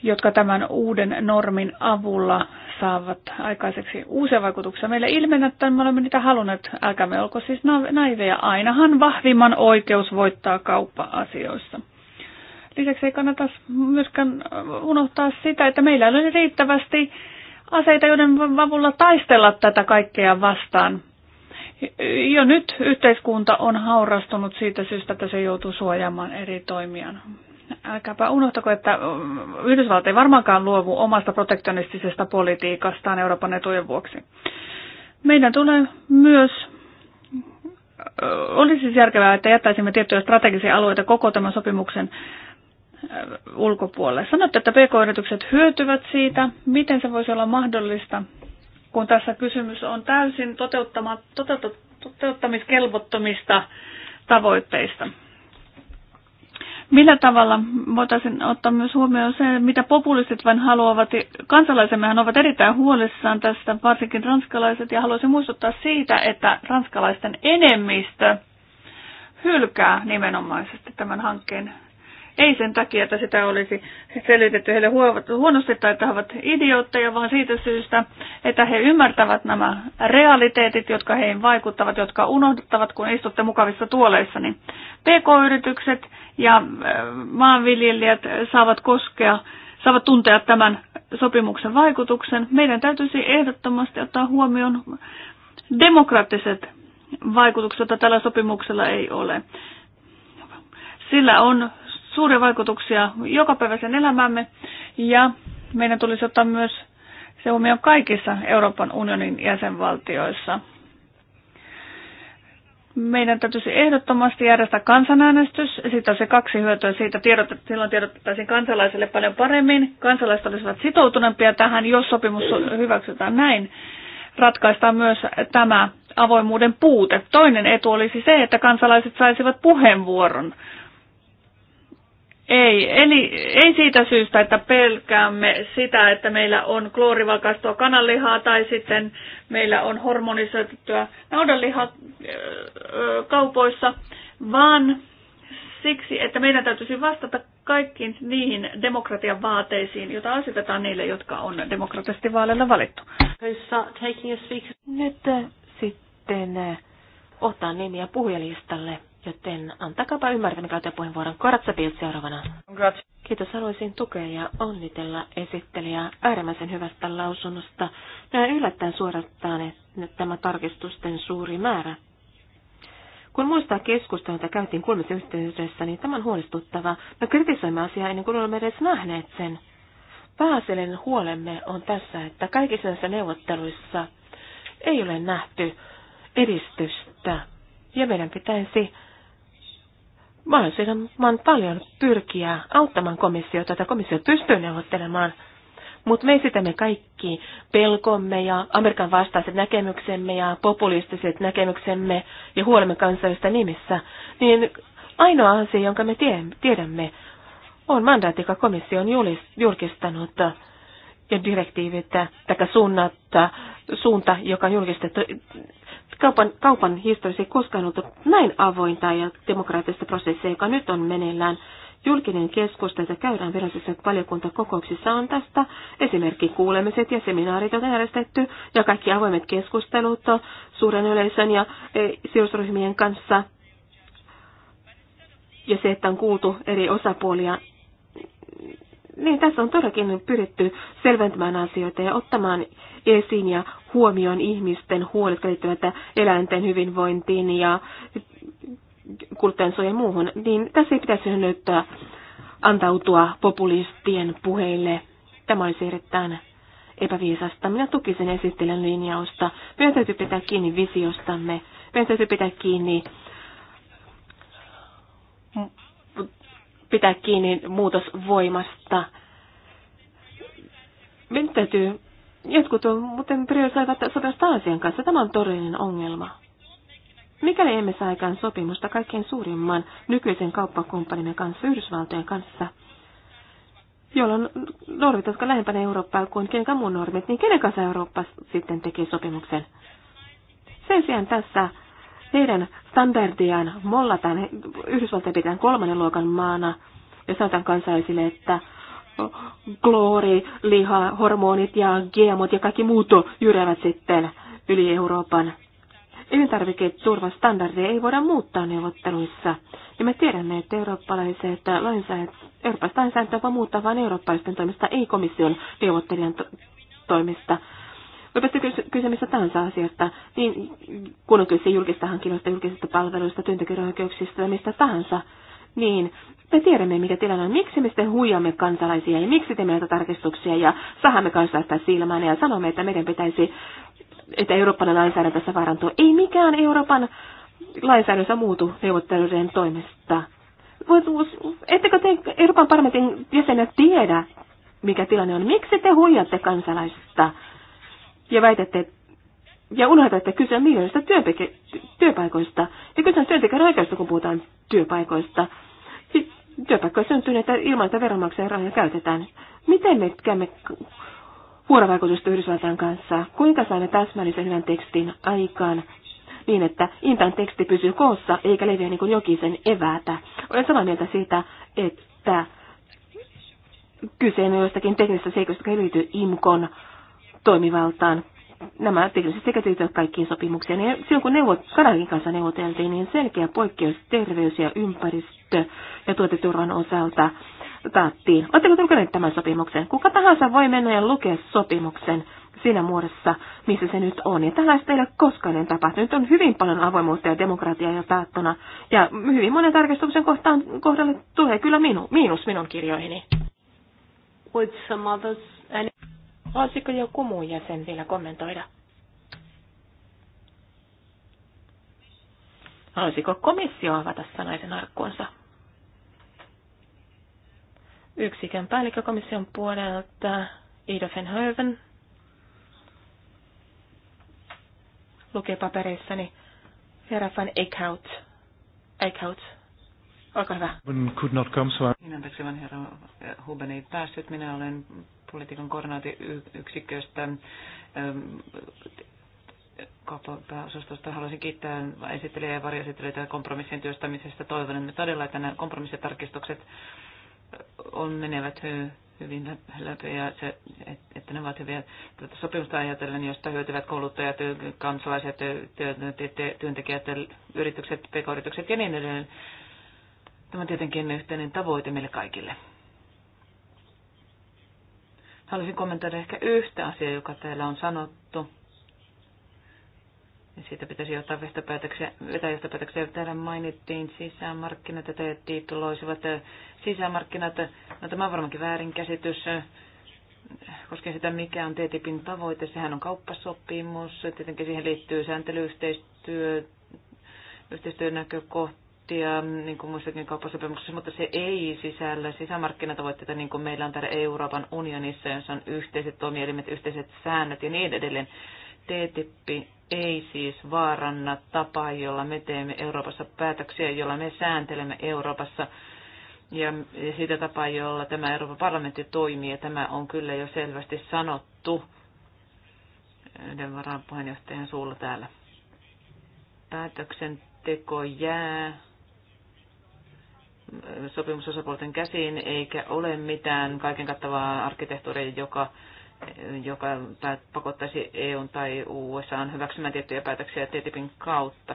jotka tämän uuden normin avulla saavat aikaiseksi uusia vaikutuksia. Meille ilmennä, että me olemme niitä halunneet. Älkäämme olko siis naiveja. Ainahan vahvimman oikeus voittaa kauppa-asioissa. Lisäksi ei kannata myöskään unohtaa sitä, että meillä ei ole riittävästi aseita, joiden avulla taistella tätä kaikkea vastaan. Jo nyt yhteiskunta on haurastunut siitä syystä, että se joutuu suojaamaan eri toimijan. Älkääpä unohtako, että Yhdysvallat ei varmaankaan luovu omasta protektionistisesta politiikastaan Euroopan etujen vuoksi. Meidän tulee myös, olisi siis järkevää, että jättäisimme tiettyjä strategisia alueita koko tämän sopimuksen Äh, ulkopuolelle. Sanotte, että pk-yritykset hyötyvät siitä. Miten se voisi olla mahdollista, kun tässä kysymys on täysin toteuttamiskelvottomista tavoitteista? Millä tavalla voitaisiin ottaa myös huomioon se, mitä populistit vain haluavat? Kansalaisemmehan ovat erittäin huolissaan tästä, varsinkin ranskalaiset, ja haluaisin muistuttaa siitä, että ranskalaisten enemmistö hylkää nimenomaisesti tämän hankkeen ei sen takia, että sitä olisi selitetty heille huonosti tai että he ovat idiootteja, vaan siitä syystä, että he ymmärtävät nämä realiteetit, jotka heihin vaikuttavat, jotka unohduttavat, kun istutte mukavissa tuoleissa. Niin PK-yritykset ja äh, maanviljelijät saavat koskea, saavat tuntea tämän sopimuksen vaikutuksen. Meidän täytyisi ehdottomasti ottaa huomioon demokraattiset vaikutukset, joita tällä sopimuksella ei ole. Sillä on suuria vaikutuksia jokapäiväiseen elämäämme ja meidän tulisi ottaa myös se huomioon kaikissa Euroopan unionin jäsenvaltioissa. Meidän täytyisi ehdottomasti järjestää kansanäänestys. Siitä on se kaksi hyötyä. Siitä tiedot, silloin tiedotettaisiin kansalaisille paljon paremmin. Kansalaiset olisivat sitoutuneempia tähän, jos sopimus hyväksytään näin. Ratkaistaan myös tämä avoimuuden puute. Toinen etu olisi se, että kansalaiset saisivat puheenvuoron ei, eli ei siitä syystä, että pelkäämme sitä, että meillä on kloorivakastoa kananlihaa tai sitten meillä on hormonisoitettua naudanlihaa äh, kaupoissa, vaan siksi, että meidän täytyisi vastata kaikkiin niihin demokratian vaateisiin, joita asetetaan niille, jotka on demokratisesti vaaleilla valittu. Nyt sitten äh, otan nimiä puhujalistalle. Joten antakaapa ymmärtää, mikä otin puheenvuoron. Koratsapilt seuraavana. Kiitos, haluaisin tukea ja onnitella esittelijää äärimmäisen hyvästä lausunnosta. Minä yllättäen suorastaan, tämä tarkistusten suuri määrä. Kun muistaa keskustelua, jota käytiin kuulemisen yhteydessä, niin tämä on huolestuttava. Me kritisoimme asiaa ennen kuin olemme edes nähneet sen. Pääasiallinen huolemme on tässä, että kaikissa näissä neuvotteluissa ei ole nähty edistystä. Ja meidän pitäisi olen paljon pyrkiä auttamaan komissiota, että komissio pystyy neuvottelemaan, mutta me esitämme kaikki pelkomme ja Amerikan vastaiset näkemyksemme ja populistiset näkemyksemme ja huolemme kansallista nimissä, niin ainoa asia, jonka me tiedämme, on mandaatti, joka komissio on julkistanut ja direktiivit, tai suunta, joka on julkistettu kaupan, kaupan historiassa ei koskaan ollut näin avointa ja demokraattista prosessia, joka nyt on meneillään. Julkinen keskustelu, jota käydään virallisissa valiokuntakokouksissa, on tästä. Esimerkki kuulemiset ja seminaarit on järjestetty ja kaikki avoimet keskustelut suuren yleisön ja e, sijoitusryhmien kanssa. Ja se, että on kuultu eri osapuolia, niin tässä on todellakin pyritty selventämään asioita ja ottamaan esiin ja huomioon ihmisten huolet, jotka liittyvät eläinten hyvinvointiin ja kuluttajansuojan muuhun, niin tässä ei pitäisi nyt antautua populistien puheille. Tämä olisi erittäin epäviisasta. Minä tukisin esittelen linjausta. Meidän täytyy pitää kiinni visiostamme. Meidän täytyy pitää kiinni pitää kiinni muutosvoimasta. Meidän täytyy Jotkut on, muuten priorisoivat sopimusta Aasian kanssa. Tämä on todellinen ongelma. Mikäli emme saa aikaan sopimusta kaikkein suurimman nykyisen kauppakumppanimme kanssa, Yhdysvaltojen kanssa, jolloin normit, jotka lähempänä Eurooppaa kuin kenenkään muun normit, niin kenen kanssa Eurooppa sitten tekee sopimuksen? Sen sijaan tässä heidän standardiaan mollataan, Yhdysvaltojen pitää kolmannen luokan maana, ja sanotaan kansalaisille, että kloori, liha, hormonit ja GMOt ja kaikki muut jyräävät sitten yli Euroopan. Elintarviketurvastandardeja ei voida muuttaa neuvotteluissa. Ja me tiedämme, että eurooppalaiset lainsäädäntö, Euroopan lainsäädäntö voi muuttaa vain eurooppalaisten toimesta, ei komission neuvottelijan to- toimesta. Voipa sitten kyse missä tahansa asiasta, niin kun on kyse julkista hankinnoista, julkisista palveluista, työntekijöiden oikeuksista mistä tahansa niin me tiedämme, mikä tilanne on. Miksi me sitten huijamme kansalaisia ja miksi teemme näitä tarkistuksia ja sahamme kansalaista silmään ja sanomme, että meidän pitäisi, että Euroopan tässä vaarantuu. Ei mikään Euroopan lainsäädännössä muutu neuvotteluiden toimesta. Voit, ettekö te Euroopan parlamentin jäsenet tiedä, mikä tilanne on? Miksi te huijatte kansalaista ja väitätte, ja unohdetaan, että kyse on miljoonista työpeke- työpaikoista. Ja kyse on työntekijän oikeudesta, kun puhutaan työpaikoista. Siis työpaikkoja syntyy, että ilman, että veronmaksajan rahoja käytetään. Miten me käymme vuorovaikutusta Yhdysvaltain kanssa? Kuinka saamme täsmällisen hyvän tekstin aikaan niin, että Intan teksti pysyy koossa eikä leviä niin kuin jokisen eväätä? Olen samaa mieltä siitä, että kyse on jostakin teknisestä seikosta, joka liittyy IMKON toimivaltaan nämä tekniset sekä liittyvät kaikkiin sopimuksia. Niin silloin kun neuvot, Kanadan kanssa neuvoteltiin, niin selkeä poikkeus terveys ja ympäristö ja tuoteturvan osalta taattiin. Oletteko lukeneet tämän sopimuksen? Kuka tahansa voi mennä ja lukea sopimuksen siinä muodossa, missä se nyt on. Ja tällaista ei ole koskaan en tapahtunut. Nyt on hyvin paljon avoimuutta ja demokratiaa jo taattuna. Ja hyvin monen tarkistuksen kohtaan, kohdalle tulee kyllä minu, miinus minun kirjoihini. Would some others, Haluaisiko joku muu jäsen vielä kommentoida? Haluaisiko komissio avata sanaisen arkkuunsa? Yksikön päällikkö komission puolelta Ida Fenhöven. lukee papereissani Herra van Eickhout. Eickhout. Olkaa hyvä. Could not come, so I... Minä herra Huben ei päässyt. Minä olen politiikan koordinaatiyksiköstä ähm, kauppapääosastosta haluaisin kiittää esittelijä ja varjoesittelijöitä kompromissien työstämisestä. Toivon, että me todella, että nämä kompromissitarkistukset on menevät hyvin läpi ja se, että ne ovat hyviä tätä sopimusta ajatellen, josta hyötyvät kouluttajat, kansalaiset, työntekijät, yritykset, pk-yritykset ja niin edelleen. Tämä on tietenkin yhteinen tavoite meille kaikille. Haluaisin kommentoida ehkä yhtä asiaa, joka täällä on sanottu. Ja siitä pitäisi ottaa vetäjohtopäätöksiä. vetää Täällä mainittiin sisämarkkinat, että tiittuloisivat äh, sisämarkkinat. No tämä on varmaankin väärinkäsitys äh, koskee sitä, mikä on TTIPin tavoite. Sehän on kauppasopimus. Tietenkin siihen liittyy sääntelyyhteistyö, yhteistyönäkökohta prosenttia, niin kuin muissakin kauppasopimuksissa, mutta se ei sisällä sisämarkkinatavoitteita, niin kuin meillä on täällä Euroopan unionissa, jossa on yhteiset toimielimet, yhteiset säännöt ja niin edelleen. TTIP ei siis vaaranna tapaa, jolla me teemme Euroopassa päätöksiä, jolla me sääntelemme Euroopassa ja sitä tapaa, jolla tämä Euroopan parlamentti toimii. Ja tämä on kyllä jo selvästi sanottu yhden puheenjohtajan suulla täällä. Päätöksenteko jää sopimusosapuolten käsiin, eikä ole mitään kaiken kattavaa arkkitehtuuria, joka, joka pakottaisi EUn tai USAn hyväksymään tiettyjä päätöksiä TTIPin kautta.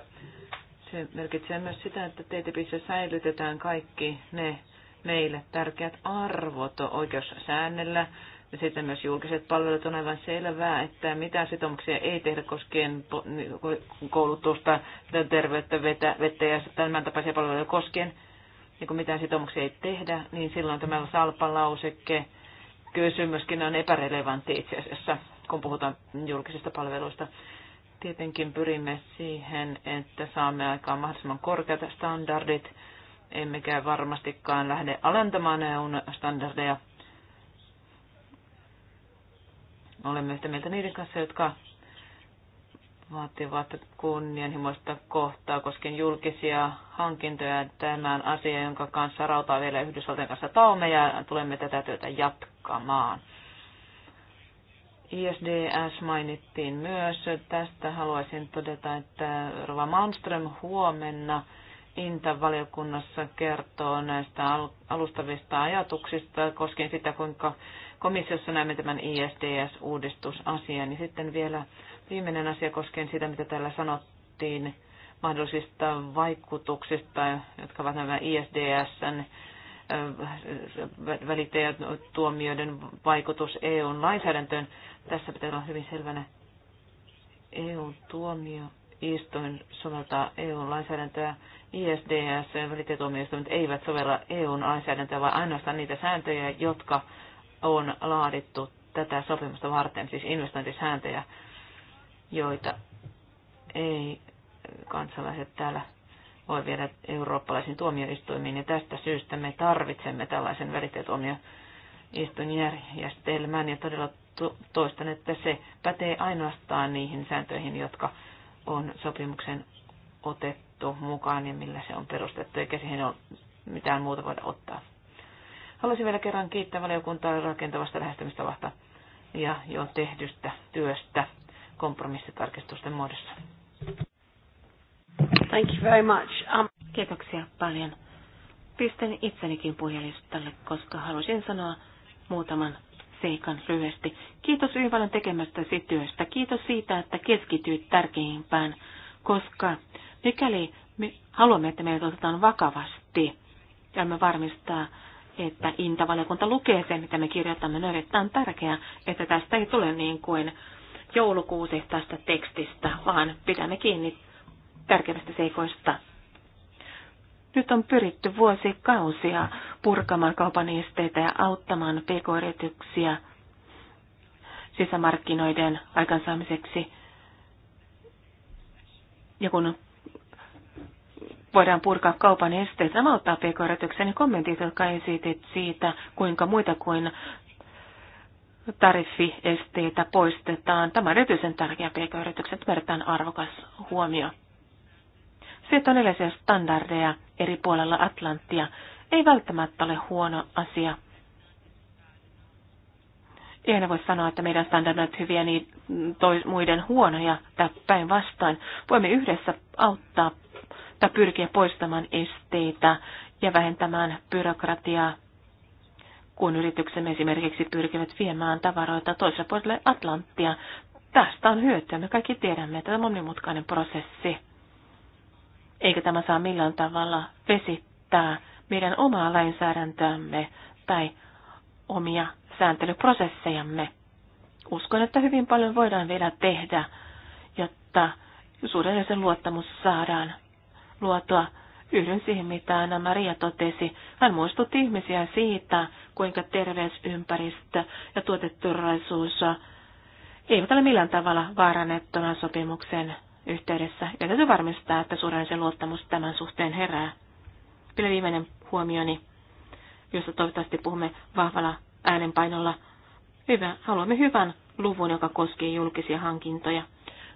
Se merkitsee myös sitä, että TTIPissä säilytetään kaikki ne meille tärkeät arvot oikeussäännellä. Ja sitten myös julkiset palvelut on aivan selvää, että mitään sitoumuksia ei tehdä koskien koulutusta, terveyttä, vettä ja tämän tapaisia palveluja koskien niin kuin mitään sitoumuksia ei tehdä, niin silloin tämä salpalauseke kysymyskin on epärelevantti itse asiassa, kun puhutaan julkisista palveluista. Tietenkin pyrimme siihen, että saamme aikaan mahdollisimman korkeat standardit, emmekä varmastikaan lähde alentamaan EUn standardeja. Olemme yhtä mieltä niiden kanssa, jotka vaativat kunnianhimoista kohtaa koskien julkisia hankintoja. Tämä on asia, jonka kanssa rautaa vielä Yhdysvaltain kanssa taume ja tulemme tätä työtä jatkamaan. ISDS mainittiin myös. Tästä haluaisin todeta, että Rova Malmström huomenna Inta-valiokunnassa kertoo näistä alustavista ajatuksista koskien sitä, kuinka komissiossa näemme tämän ISDS-uudistusasian. sitten vielä Viimeinen asia koskien sitä, mitä täällä sanottiin mahdollisista vaikutuksista, jotka ovat nämä ISDSn välittäjätuomioiden vaikutus EUn lainsäädäntöön. Tässä pitää olla hyvin selvänä EU-tuomioistuin soveltaa EU-lainsäädäntöä. ISDS ja välittäjätuomioistuimet eivät sovella EU-lainsäädäntöä, vaan ainoastaan niitä sääntöjä, jotka on laadittu tätä sopimusta varten, siis investointisääntöjä joita ei kansalaiset täällä voi viedä eurooppalaisiin tuomioistuimiin. Ja tästä syystä me tarvitsemme tällaisen välitetuomioistuinjärjestelmän. Ja todella toistan, että se pätee ainoastaan niihin sääntöihin, jotka on sopimuksen otettu mukaan ja millä se on perustettu, eikä siihen ole mitään muuta voida ottaa. Haluaisin vielä kerran kiittää valiokuntaa rakentavasta lähestymistavasta ja jo tehdystä työstä kompromissitarkistusten muodossa. Thank you very much. Um... Kiitoksia paljon. Pistän itsenikin puhelistalle, koska halusin sanoa muutaman seikan lyhyesti. Kiitos Yvalan tekemästäsi työstä. Kiitos siitä, että keskityit tärkeimpään, koska mikäli me haluamme, että meidät otetaan vakavasti ja me varmistaa, että intavaliokunta lukee sen, mitä me kirjoitamme, niin on erittäin tärkeää, että tästä ei tule niin kuin joulukuusi tästä tekstistä, vaan pidämme kiinni tärkeimmistä seikoista. Nyt on pyritty vuosikausia purkamaan kaupan esteitä ja auttamaan pk sisämarkkinoiden aikansaamiseksi. Ja kun voidaan purkaa kaupan esteet. Nämä auttaa pk niin kommentit, jotka esitit siitä, kuinka muita kuin tariffiesteitä poistetaan. Tämä on erityisen tärkeä pk-yritykset, vertaan arvokas huomio. Sitten on erilaisia standardeja eri puolella Atlanttia. Ei välttämättä ole huono asia. Ei ne voi sanoa, että meidän standardit hyviä, niin tois, muiden huonoja tai päinvastoin. Voimme yhdessä auttaa tai pyrkiä poistamaan esteitä ja vähentämään byrokratiaa kun yrityksemme esimerkiksi pyrkivät viemään tavaroita toiselle puolelle Atlanttia. Tästä on hyötyä. Me kaikki tiedämme, että tämä on monimutkainen prosessi. Eikä tämä saa millään tavalla vesittää meidän omaa lainsäädäntöämme tai omia sääntelyprosessejamme. Uskon, että hyvin paljon voidaan vielä tehdä, jotta suhdellisen luottamus saadaan luotua Yhdyn siihen, mitä Anna Maria totesi. Hän muistutti ihmisiä siitä, kuinka terveysympäristö ja tuoteturvallisuus eivät ole millään tavalla vaarannettuna sopimuksen yhteydessä. Ja täytyy varmistaa, että suurellisen luottamus tämän suhteen herää. Vielä viimeinen huomioni, josta toivottavasti puhumme vahvalla äänenpainolla. Hyvä, haluamme hyvän luvun, joka koskee julkisia hankintoja,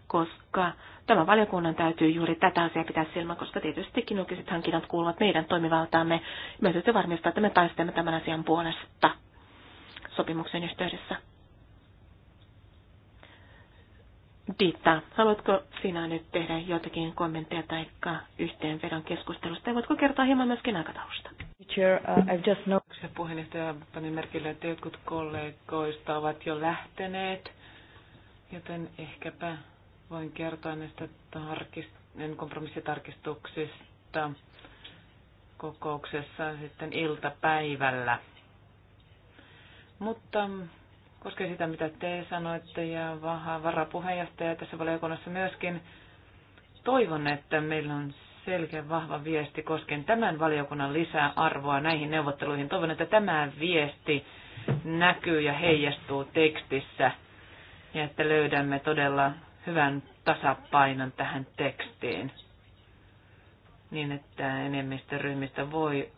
koska Tämä valiokunnan täytyy juuri tätä asiaa pitää silmä, koska tietystikin julkiset hankinnat kuuluvat meidän toimivaltaamme. Me täytyy varmistaa, että me taistelemme tämän asian puolesta sopimuksen yhteydessä. Diitta, haluatko sinä nyt tehdä jotakin kommentteja tai yhteenvedon keskustelusta? Ja voitko kertoa hieman myöskin aikataulusta? Uh, I've just no- Puheenjohtaja panin merkille, että jotkut kollegoista ovat jo lähteneet, joten ehkäpä Voin kertoa näistä tarkist- kompromissitarkistuksista kokouksessa sitten iltapäivällä. Mutta koskee sitä, mitä te sanoitte ja varapuheenjohtaja tässä valiokunnassa myöskin, toivon, että meillä on selkeä vahva viesti koskien tämän valiokunnan lisää arvoa näihin neuvotteluihin. Toivon, että tämä viesti näkyy ja heijastuu tekstissä ja että löydämme todella hyvän tasapainon tähän tekstiin niin, että enemmistö ryhmistä voi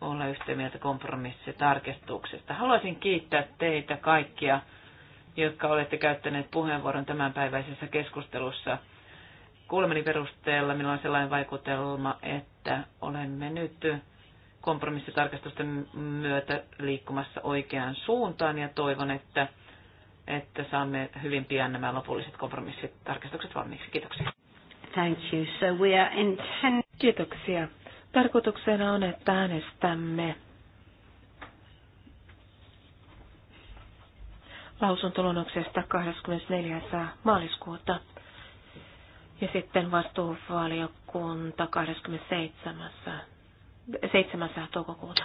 olla yhtä mieltä kompromissitarkistuksesta. Haluaisin kiittää teitä kaikkia, jotka olette käyttäneet puheenvuoron tämänpäiväisessä keskustelussa. Kuulemani perusteella minulla on sellainen vaikutelma, että olemme nyt kompromissitarkastusten myötä liikkumassa oikeaan suuntaan ja toivon, että että saamme hyvin pian nämä lopulliset kompromissit, tarkistukset valmiiksi. Kiitoksia. Thank you. So we are intent... Kiitoksia. Tarkoituksena on, että äänestämme lausuntolonoksesta 24. maaliskuuta ja sitten vastuuvaliokunta 27. 7. toukokuuta.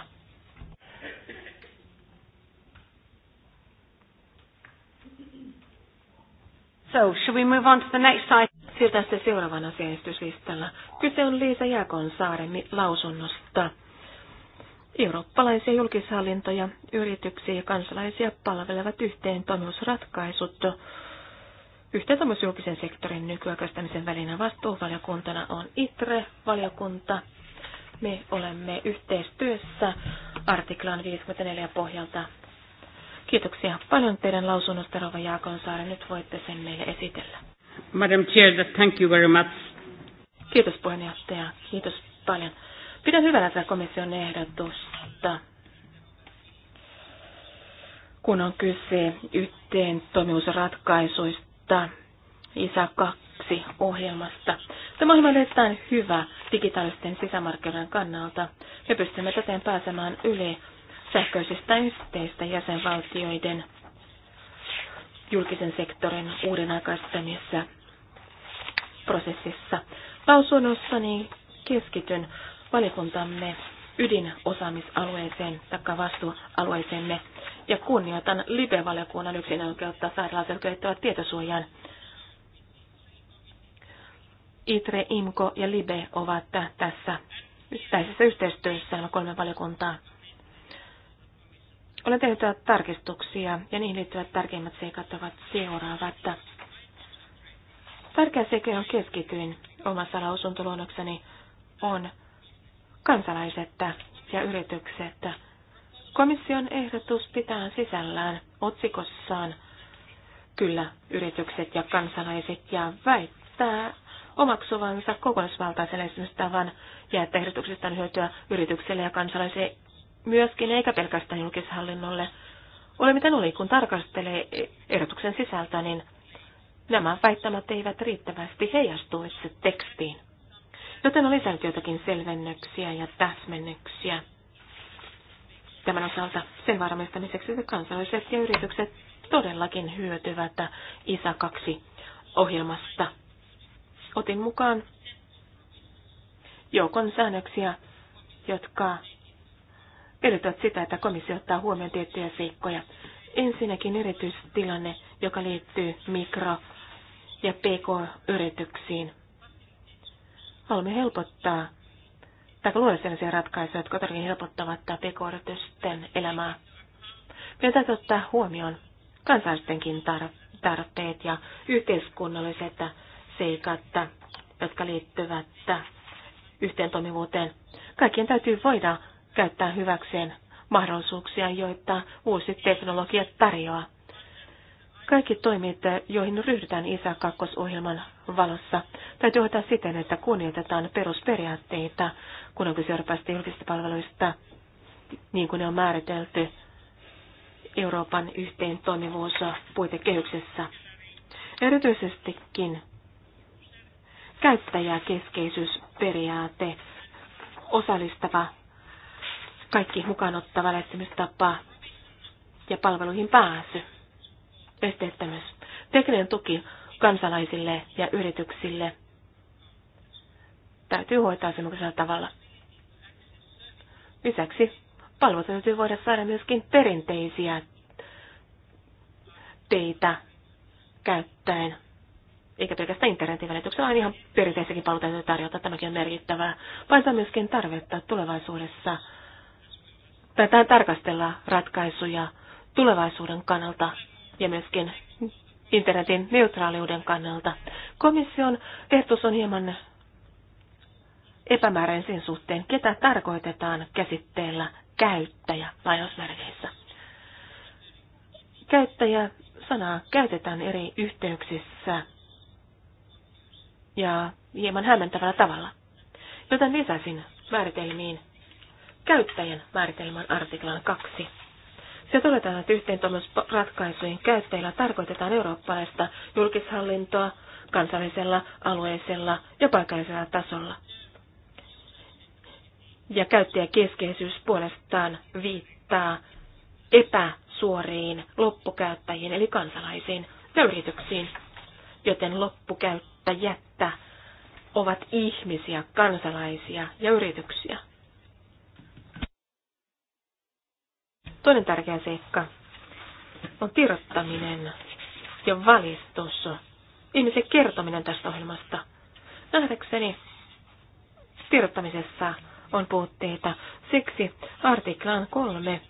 So, should we move on to the next item? Siirtää se seuraavan asiaistyslistalla. Kyse on Liisa Jakon saaremi lausunnosta. Eurooppalaisia julkishallintoja, yrityksiä ja kansalaisia palvelevat yhteen toimivuusratkaisut. Yhteentoimivuus julkisen sektorin nykyaikaistamisen välinen vastuuvaliokuntana on ITRE-valiokunta. Me olemme yhteistyössä artiklan 54 pohjalta Kiitoksia paljon teidän lausunnosta, Rova Jaakonsaari. Nyt voitte sen meille esitellä. Madam Chair, thank you very much. Kiitos puheenjohtaja. Kiitos paljon. Pidän hyvänä tämä komission ehdotusta, kun on kyse yhteen toimivuusratkaisuista ISA 2 ohjelmasta. Tämä ohjelma on erittäin hyvä digitaalisten sisämarkkinoiden kannalta. Me pystymme täten pääsemään yli sähköisistä yhteistä jäsenvaltioiden julkisen sektorin uuden aikaistamissa prosessissa. Lausunnossani keskityn valikuntamme ydinosaamisalueeseen tai vastuualueeseemme ja kunnioitan LIBE-valiokunnan yksinoikeutta sairaalat, liittyvät tietosuojaan. ITRE, IMKO ja LIBE ovat tässä yhteisessä yhteistyössä nämä kolme valiokuntaa. Olen tehnyt tarkistuksia ja niihin liittyvät tärkeimmät seikat ovat seuraavat. Tärkeä seikka on keskityin omassa lausuntoluonnokseni on kansalaiset ja yritykset. Komission ehdotus pitää sisällään otsikossaan kyllä yritykset ja kansalaiset ja väittää omaksuvansa kokonaisvaltaisen tavan ja että ehdotuksesta on hyötyä yritykselle ja kansalaisille myöskin, eikä pelkästään julkishallinnolle. Ole miten oli, kun tarkastelee ehdotuksen sisältä, niin nämä väittämät eivät riittävästi heijastuisi tekstiin. Joten on lisännyt jotakin selvennyksiä ja täsmennyksiä. Tämän osalta sen varmistamiseksi, että kansalliset ja yritykset todellakin hyötyvät ISA 2 ohjelmasta. Otin mukaan joukon säännöksiä, jotka edellyttävät sitä, että komissio ottaa huomioon tiettyjä seikkoja. Ensinnäkin erityistilanne, joka liittyy mikro- ja pk-yrityksiin. Haluamme helpottaa tai luoda sellaisia ratkaisuja, jotka todellakin helpottavat pk-yritysten elämää. Meidän täytyy ottaa huomioon kansalaistenkin tarpeet ja yhteiskunnalliset seikat, jotka liittyvät toimivuuteen. Kaikkien täytyy voida käyttää hyväkseen mahdollisuuksia, joita uusi teknologia tarjoaa. Kaikki toimet, joihin ryhdytään isä kakkosohjelman valossa, täytyy hoitaa siten, että kunnioitetaan perusperiaatteita, kun on kyse Euroopasta julkisista palveluista, niin kuin ne on määritelty Euroopan yhteen toimivuus puitekehyksessä. Erityisestikin käyttäjäkeskeisyysperiaate, osallistava kaikki mukaan ottava lähestymistapa ja palveluihin pääsy, esteettömyys, tekninen tuki kansalaisille ja yrityksille täytyy hoitaa semmoisella tavalla. Lisäksi palveluita täytyy voida saada myöskin perinteisiä teitä käyttäen, eikä pelkästään internetin välityksellä, vaan ihan perinteisiäkin palveluita täytyy tarjota. Tämäkin on merkittävää. Painetaan myöskin tarvetta tulevaisuudessa tätä tarkastellaan ratkaisuja tulevaisuuden kannalta ja myöskin internetin neutraaliuden kannalta. Komission ehdotus on hieman epämääräinen sen suhteen, ketä tarkoitetaan käsitteellä käyttäjä lainausmerkeissä. Käyttäjä sanaa käytetään eri yhteyksissä ja hieman hämmentävällä tavalla. Joten lisäsin määritelmiin käyttäjän määritelmän artiklan 2. Se todetaan, että yhteentoimimusratkaisujen käyttäjillä tarkoitetaan eurooppalaista julkishallintoa kansallisella, alueellisella ja paikallisella tasolla. Ja käyttäjäkeskeisyys puolestaan viittaa epäsuoriin loppukäyttäjiin eli kansalaisiin ja yrityksiin, joten loppukäyttäjättä ovat ihmisiä, kansalaisia ja yrityksiä. Toinen tärkeä seikka on tirottaminen ja valistus. Ihmisen kertominen tästä ohjelmasta. Nähdäkseni tirottamisessa on puutteita. Siksi artiklaan kolme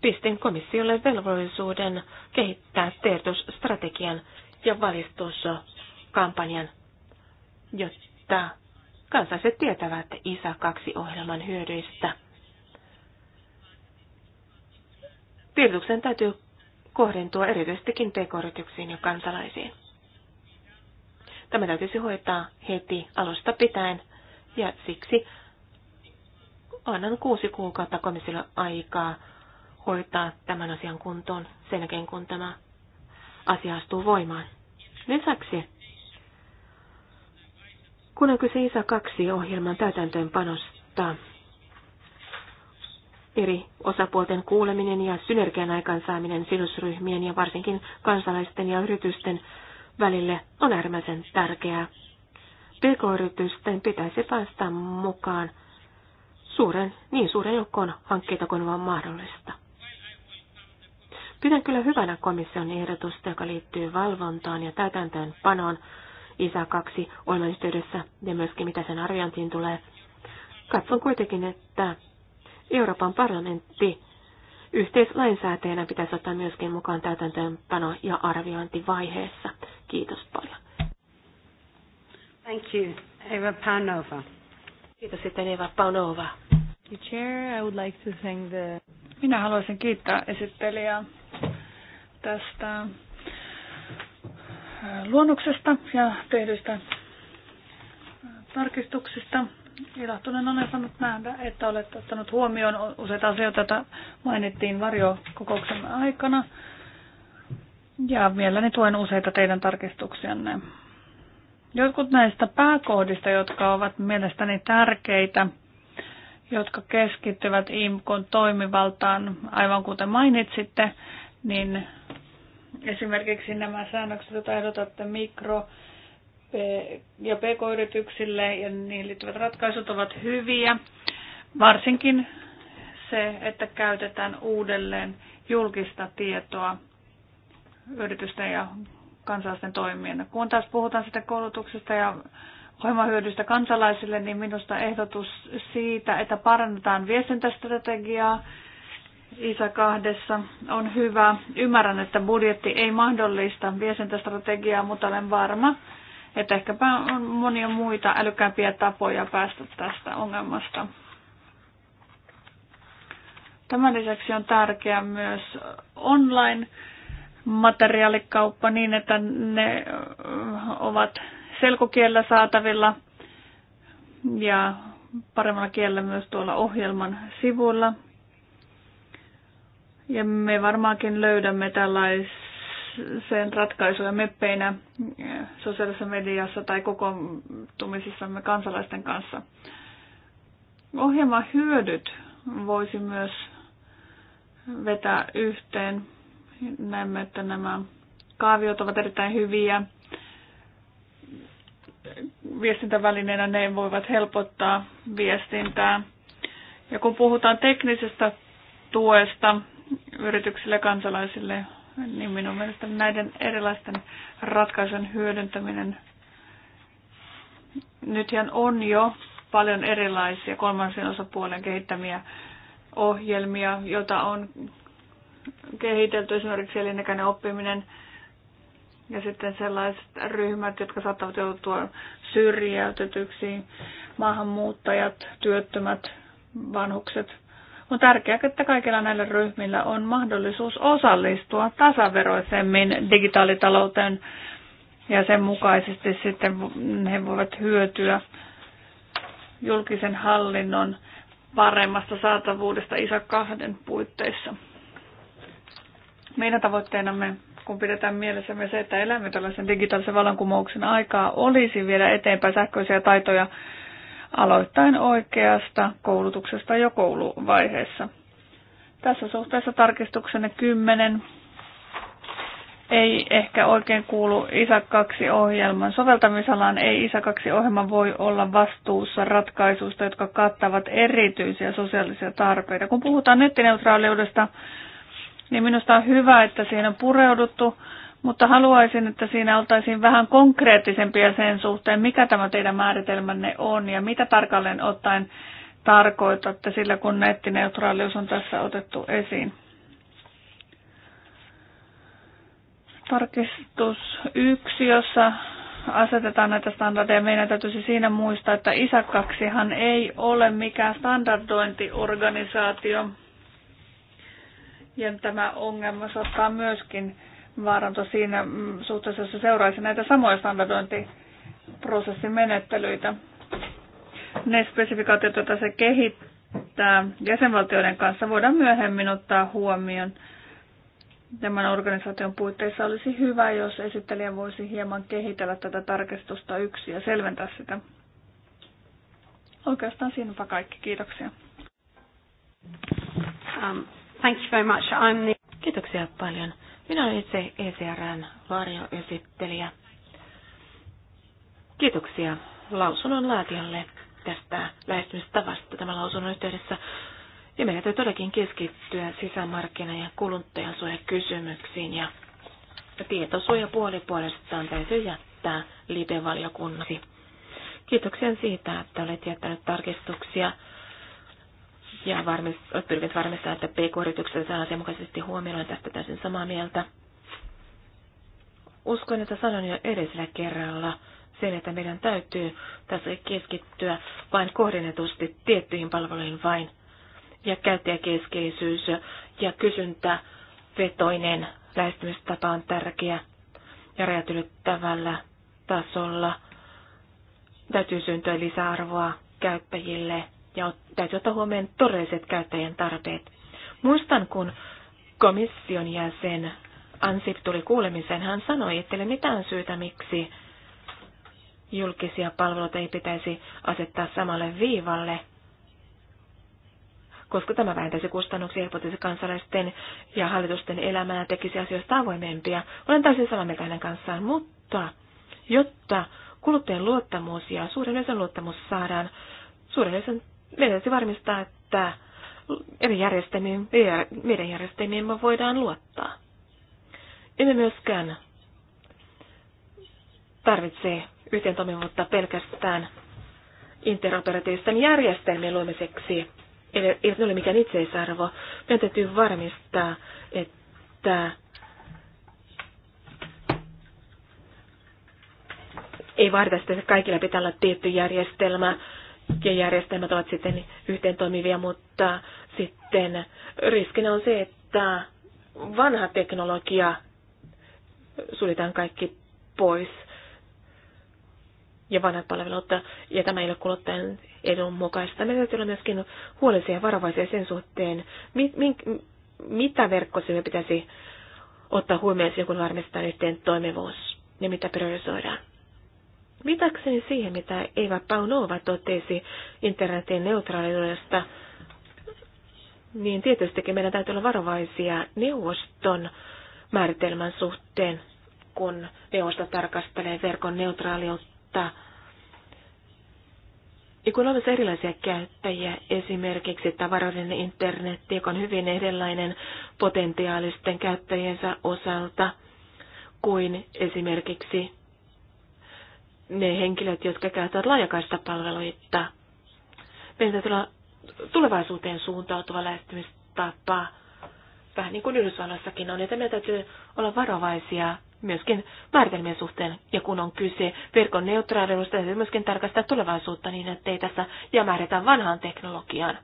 pistin komissiolle velvollisuuden kehittää tiedotusstrategian ja valistuskampanjan, jotta kansalaiset tietävät ISA 2-ohjelman hyödyistä. piirityksen täytyy kohdentua erityisestikin pk-yrityksiin ja kansalaisiin. Tämä täytyisi hoitaa heti alusta pitäen ja siksi annan kuusi kuukautta komissiolle aikaa hoitaa tämän asian kuntoon sen jälkeen, kun tämä asia astuu voimaan. Lisäksi, kun on kyse ISA 2 ohjelman täytäntöönpanosta, eri osapuolten kuuleminen ja synergian aikaansaaminen sidosryhmien ja varsinkin kansalaisten ja yritysten välille on äärimmäisen tärkeää. PK-yritysten pitäisi päästä mukaan suuren, niin suuren joukkoon hankkeita kuin vaan mahdollista. Pidän kyllä hyvänä komission ehdotusta, joka liittyy valvontaan ja täytäntöönpanoon ISA 2 ohjelman yhteydessä ja myöskin mitä sen arviointiin tulee. Katson kuitenkin, että Euroopan parlamentti yhteislainsäätäjänä pitäisi ottaa myöskin mukaan täytäntöönpano- ja arviointivaiheessa. Kiitos paljon. Thank you, Eva Panova. Kiitos sitten Eva Paunova. Chair, I would like to thank the... Minä haluaisin kiittää esittelijää tästä äh, luonnoksesta ja tehdyistä äh, tarkistuksista. Ilahtunen olen saanut nähdä, että olet ottanut huomioon useita asioita, joita mainittiin varjokokouksen aikana. Ja mielelläni tuen useita teidän tarkistuksianne. Jotkut näistä pääkohdista, jotka ovat mielestäni tärkeitä, jotka keskittyvät IMKon toimivaltaan, aivan kuten mainitsitte, niin esimerkiksi nämä säännökset, joita ehdotatte mikro- ja pk-yrityksille ja niihin liittyvät ratkaisut ovat hyviä. Varsinkin se, että käytetään uudelleen julkista tietoa yritysten ja kansalaisten toimien. Kun taas puhutaan sitä koulutuksesta ja ohjelmahyödystä kansalaisille, niin minusta ehdotus siitä, että parannetaan viestintästrategiaa ISA kahdessa on hyvä. Ymmärrän, että budjetti ei mahdollista viestintästrategiaa, mutta olen varma, että ehkäpä on monia muita älykkäämpiä tapoja päästä tästä ongelmasta. Tämän lisäksi on tärkeää myös online materiaalikauppa niin, että ne äh, ovat selkokielellä saatavilla ja paremmalla kielellä myös tuolla ohjelman sivulla. Ja me varmaankin löydämme tällaisia sen ratkaisuja meppeinä eh, sosiaalisessa mediassa tai kokoontumisissamme kansalaisten kanssa. Ohjelman hyödyt voisi myös vetää yhteen. Näemme, että nämä kaaviot ovat erittäin hyviä. Viestintävälineenä ne voivat helpottaa viestintää. Ja kun puhutaan teknisestä tuesta yrityksille ja kansalaisille, niin minun mielestäni näiden erilaisten ratkaisujen hyödyntäminen nythän on jo paljon erilaisia kolmansien osapuolen kehittämiä ohjelmia, joita on kehitelty esimerkiksi elinikäinen oppiminen ja sitten sellaiset ryhmät, jotka saattavat joutua syrjäytetyksi, maahanmuuttajat, työttömät, vanhukset – on tärkeää, että kaikilla näillä ryhmillä on mahdollisuus osallistua tasaveroisemmin digitaalitalouteen ja sen mukaisesti sitten he voivat hyötyä julkisen hallinnon paremmasta saatavuudesta ISA kahden puitteissa. Meidän tavoitteenamme, kun pidetään mielessämme se, että elämme tällaisen digitaalisen vallankumouksen aikaa, olisi vielä eteenpäin sähköisiä taitoja aloittain oikeasta koulutuksesta jo kouluvaiheessa. Tässä suhteessa tarkistuksenne 10 ei ehkä oikein kuulu isä 2 ohjelman soveltamisalaan. Ei isä 2 ohjelma voi olla vastuussa ratkaisuista, jotka kattavat erityisiä sosiaalisia tarpeita. Kun puhutaan nettineutraaliudesta, niin minusta on hyvä, että siihen on pureuduttu mutta haluaisin, että siinä oltaisiin vähän konkreettisempia sen suhteen, mikä tämä teidän määritelmänne on ja mitä tarkalleen ottaen tarkoitatte sillä, kun nettineutraalius on tässä otettu esiin. Tarkistus yksi, jossa asetetaan näitä standardeja. Meidän täytyisi siinä muistaa, että isäkaksihan ei ole mikään standardointiorganisaatio. Ja tämä ongelma saattaa myöskin vaaranto siinä mm, suhteessa, se seuraisi näitä samoja standardointiprosessin menettelyitä. Ne spesifikaatiot, joita se kehittää jäsenvaltioiden kanssa, voidaan myöhemmin ottaa huomioon. Tämän organisaation puitteissa olisi hyvä, jos esittelijä voisi hieman kehitellä tätä tarkistusta yksi ja selventää sitä. Oikeastaan siinäpä kaikki. Kiitoksia. Um, thank you very much. I'm the... Kiitoksia paljon. Minä olen itse ECRn varjoesittelijä. Kiitoksia lausunnon laatijalle tästä lähestymistavasta tämän lausunnon yhteydessä. Ja meidän täytyy todellakin keskittyä sisämarkkina- ja kuluttajansuojakysymyksiin ja tietosuojapuoli puolestaan täytyy jättää live Kiitoksia siitä, että olet jättänyt tarkistuksia ja varmist, pyrkivät varmistaa, että PK-yritykset saa asianmukaisesti huomioon. Tästä täysin samaa mieltä. Uskon, että sanon jo edellisellä kerralla sen, että meidän täytyy tässä keskittyä vain kohdennetusti tiettyihin palveluihin vain. Ja käyttäjäkeskeisyys ja kysyntä vetoinen lähestymistapa on tärkeä ja rajat tasolla täytyy syntyä lisäarvoa käyttäjille ja ottaa täytyy ottaa huomioon todelliset käyttäjien tarpeet. Muistan, kun komission jäsen Ansip tuli kuulemiseen, hän sanoi, ettei ole mitään syytä, miksi julkisia palveluita ei pitäisi asettaa samalle viivalle, koska tämä vähentäisi kustannuksia, helpottaisi kansalaisten ja hallitusten elämää, tekisi asioista avoimempia. Olen täysin samaa mieltä hänen kanssaan, mutta jotta kuluttajien luottamus ja suuren yleisön luottamus saadaan, suuren yleisön meidän täytyy varmistaa, että eri järjestelmiin, meidän järjestelmiin me voidaan luottaa. Emme myöskään tarvitse yhteen toimivuutta pelkästään interoperatiivisten järjestelmien luomiseksi. Eli ei ole mikään itseisarvo. Meidän täytyy varmistaa, että ei vaadita sitä, että kaikilla pitää olla tietty järjestelmä järjestelmät ovat sitten yhteen toimivia, mutta sitten riskinä on se, että vanha teknologia suljetaan kaikki pois ja vanhat palvelut, ja tämä ei ole kuluttajan edun mukaista. Meidän täytyy olla myöskin huolellisia ja varovaisia sen suhteen, mitä verkkosivuja pitäisi ottaa huomioon kun varmistetaan yhteen toimivuus ja mitä priorisoidaan. Lisäkseni siihen, mitä Eva Paunova totesi internetin neutraaliudesta, niin tietystikin meidän täytyy olla varovaisia neuvoston määritelmän suhteen, kun neuvosto tarkastelee verkon neutraaliutta. Ja kun on erilaisia käyttäjiä, esimerkiksi tavaroiden internet, joka on hyvin erilainen potentiaalisten käyttäjiensä osalta kuin esimerkiksi ne henkilöt, jotka käyttävät laajakaista palveluita. Meidän täytyy olla tulevaisuuteen suuntautuva lähestymistapa, vähän niin kuin Yhdysvalloissakin on, että meidän täytyy olla varovaisia myöskin määritelmien suhteen. Ja kun on kyse verkon neutraalisuudesta, täytyy myöskin tarkastaa tulevaisuutta niin, että ei tässä jämähdetä vanhaan teknologiaan.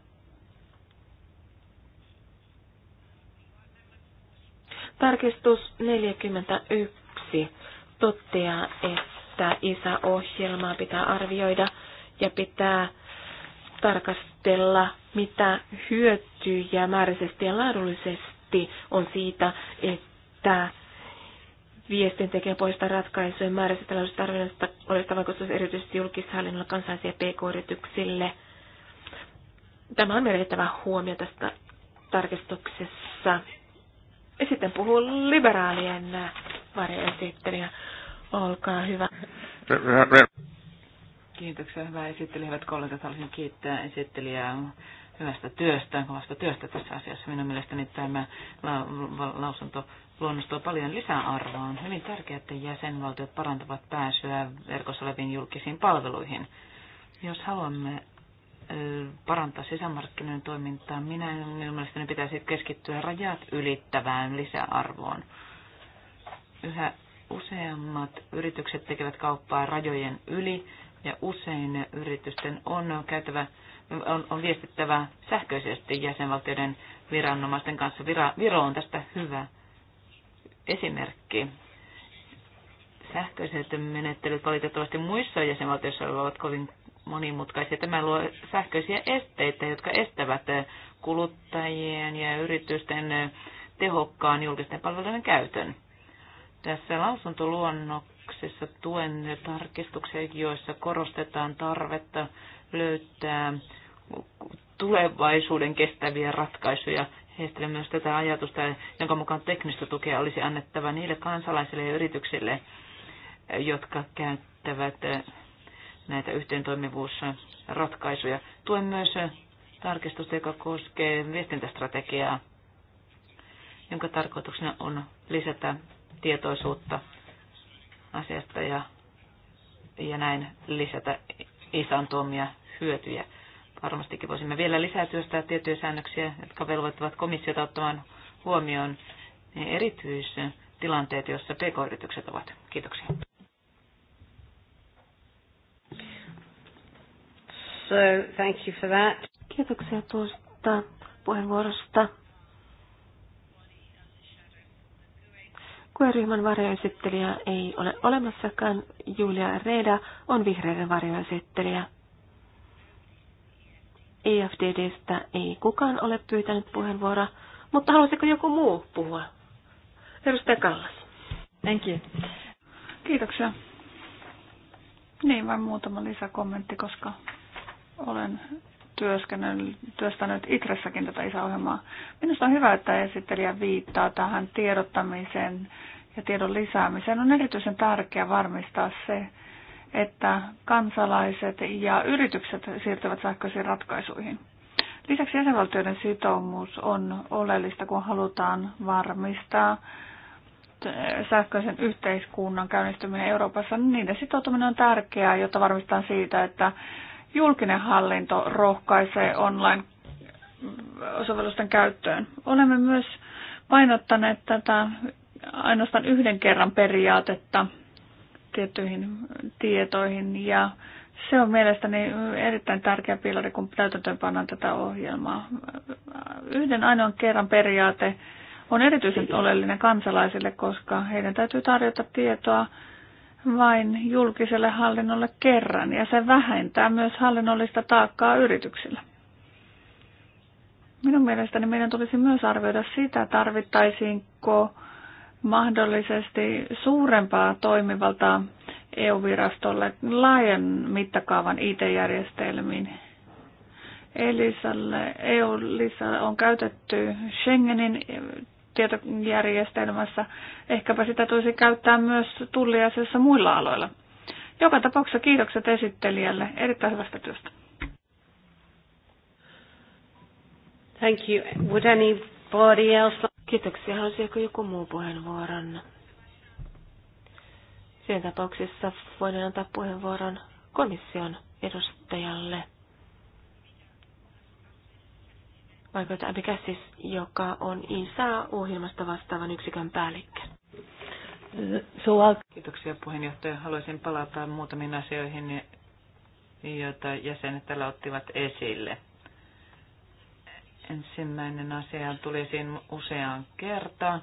Tarkistus 41 toteaa, että tätä ISA-ohjelmaa pitää arvioida ja pitää tarkastella, mitä hyötyjä määräisesti ja laadullisesti on siitä, että tekee poista ratkaisujen määrästä taloudellisesta arvioinnista olevista vaikutuksista erityisesti julkishallinnolla kansalaisia pk-yrityksille. Tämä on merkittävä huomio tästä tarkistuksessa. Ja sitten puhuu liberaalien varjoesittelijä. Olkaa hyvä. Kiitoksia, hyvä esittely. Hyvät kollegat, haluaisin kiittää esittelijää hyvästä työstä, kovasta työstä tässä asiassa. Minun mielestäni tämä lausunto luonnostuu paljon lisäarvoa. On hyvin tärkeää, että jäsenvaltiot parantavat pääsyä verkossa oleviin julkisiin palveluihin. Jos haluamme parantaa sisämarkkinoiden toimintaa, minä minun mielestäni pitäisi keskittyä rajat ylittävään lisäarvoon. Yhä Useammat yritykset tekevät kauppaa rajojen yli ja usein yritysten on käytävä on, on viestittävä sähköisesti jäsenvaltioiden viranomaisten kanssa. Vira, Viro on tästä hyvä esimerkki. Sähköiset menettelyt valitettavasti muissa jäsenvaltioissa ovat kovin monimutkaisia. Tämä luo sähköisiä esteitä, jotka estävät kuluttajien ja yritysten tehokkaan julkisten palveluiden käytön. Tässä lausuntoluonnoksessa tuen tarkistuksia, joissa korostetaan tarvetta löytää tulevaisuuden kestäviä ratkaisuja. Heistelen myös tätä ajatusta, jonka mukaan teknistä tukea olisi annettava niille kansalaisille ja yrityksille, jotka käyttävät näitä yhteentoimivuusratkaisuja. Tuen myös tarkistusta, joka koskee viestintästrategiaa, jonka tarkoituksena on lisätä tietoisuutta asiasta ja, ja näin lisätä isän tuomia hyötyjä. Varmastikin voisimme vielä lisää työstää tiettyjä säännöksiä, jotka velvoittavat komissiota ottamaan huomioon ne erityistilanteet, joissa pk-yritykset ovat. Kiitoksia. So, thank you for that. Kiitoksia tuosta puheenvuorosta. gue varjoesittelijä ei ole olemassakaan. Julia Reda on vihreiden varjoesittelijä. EFDDstä ei kukaan ole pyytänyt puheenvuoroa, mutta haluaisiko joku muu puhua? Edustaja Kallas. Thank you. Kiitoksia. Niin, vain muutama lisäkommentti, koska olen työstänyt Itressäkin tätä isäohjelmaa. Minusta on hyvä, että esittelijä viittaa tähän tiedottamiseen ja tiedon lisäämiseen. On erityisen tärkeää varmistaa se, että kansalaiset ja yritykset siirtyvät sähköisiin ratkaisuihin. Lisäksi jäsenvaltioiden sitoumus on oleellista, kun halutaan varmistaa sähköisen yhteiskunnan käynnistyminen Euroopassa. Niiden sitoutuminen on tärkeää, jotta varmistetaan siitä, että julkinen hallinto rohkaisee online-sovellusten käyttöön. Olemme myös painottaneet tätä ainoastaan yhden kerran periaatetta tiettyihin tietoihin ja se on mielestäni erittäin tärkeä pilari, kun täytäntöön pannaan tätä ohjelmaa. Yhden ainoan kerran periaate on erityisen oleellinen kansalaisille, koska heidän täytyy tarjota tietoa vain julkiselle hallinnolle kerran ja se vähentää myös hallinnollista taakkaa yrityksillä. Minun mielestäni meidän tulisi myös arvioida sitä, tarvittaisiinko mahdollisesti suurempaa toimivaltaa EU-virastolle laajan mittakaavan IT-järjestelmiin. Elisalle, EU-lisalle on käytetty Schengenin tietojärjestelmässä. Ehkäpä sitä tulisi käyttää myös tulliasiassa muilla aloilla. Joka tapauksessa kiitokset esittelijälle erittäin hyvästä työstä. Thank you. Would anybody else... Kiitoksia. Haluaisiko joku muu puheenvuoron? Siinä tapauksessa voin antaa puheenvuoron komission edustajalle. Margaret Abigassis, joka on INSA-ohjelmasta vastaavan yksikön päällikkö. Uh, Kiitoksia puheenjohtaja. Haluaisin palata muutamiin asioihin, joita jäsenet täällä ottivat esille. Ensimmäinen asia tuli esiin useaan kertaan.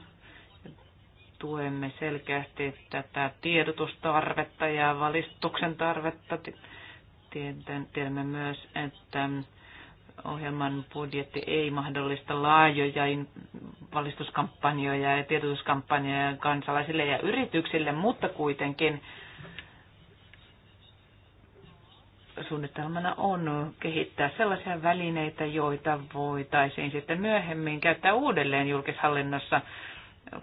Tuemme selkeästi tätä tiedotustarvetta ja valistuksen tarvetta. Tiedämme myös, että ohjelman budjetti ei mahdollista laajoja valistuskampanjoja ja tiedotuskampanjoja kansalaisille ja yrityksille, mutta kuitenkin suunnitelmana on kehittää sellaisia välineitä, joita voitaisiin sitten myöhemmin käyttää uudelleen julkishallinnossa,